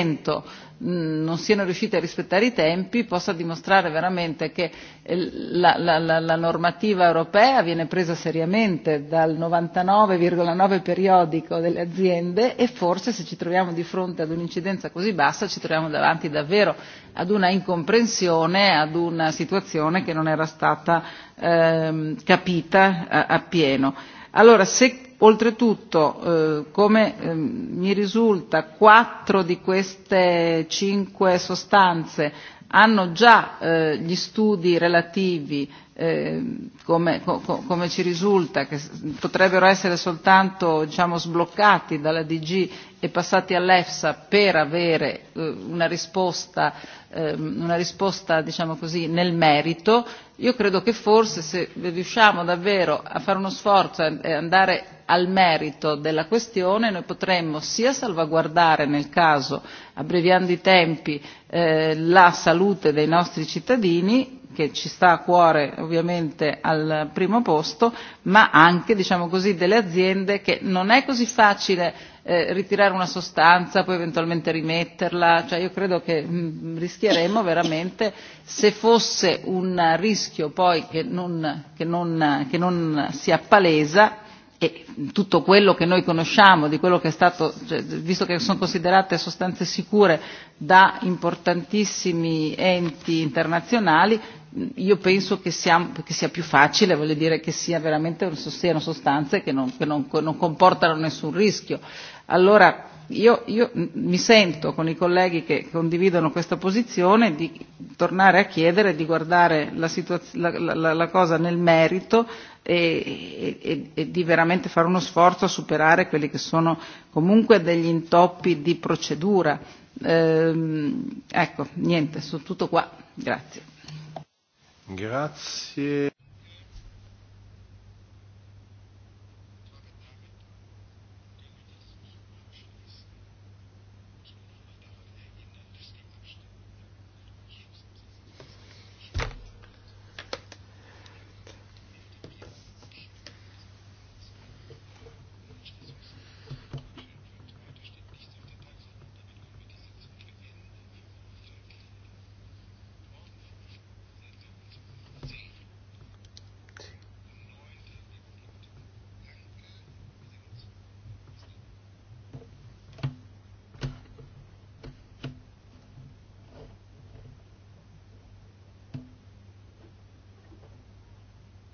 non siano riusciti a rispettare i tempi possa dimostrare veramente che la, la, la, la normativa europea viene presa seriamente dal 99,9 periodico delle aziende e forse se ci troviamo di fronte ad un'incidenza così bassa ci troviamo davanti davvero ad una incomprensione, ad una situazione che non era stata ehm, capita appieno. Allora, se Oltretutto, come mi risulta, quattro di queste cinque sostanze hanno già eh, gli studi relativi, eh, come, co, come ci risulta, che potrebbero essere soltanto diciamo, sbloccati dalla DG e passati all'EFSA per avere eh, una risposta, eh, una risposta diciamo così, nel merito. Io credo che forse se riusciamo davvero a fare uno sforzo e andare al merito della questione noi potremmo sia salvaguardare nel caso abbreviando i tempi eh, la salute dei nostri cittadini che ci sta a cuore ovviamente al primo posto, ma anche diciamo così, delle aziende che non è così facile eh, ritirare una sostanza, poi eventualmente rimetterla, cioè io credo che mh, rischieremmo veramente se fosse un rischio poi che non, che non, che non si appalesa e tutto quello che noi conosciamo, di quello che è stato, cioè, visto che sono considerate sostanze sicure da importantissimi enti internazionali, io penso che sia, che sia più facile, voglio dire che sia veramente, siano sostanze che non, che non, non comportano nessun rischio. Allora io, io mi sento con i colleghi che condividono questa posizione di tornare a chiedere di guardare la, la, la, la cosa nel merito, e, e, e di veramente fare uno sforzo a superare quelli che sono comunque degli intoppi di procedura. Ehm, ecco, niente, sono tutto qua. Grazie. Grazie.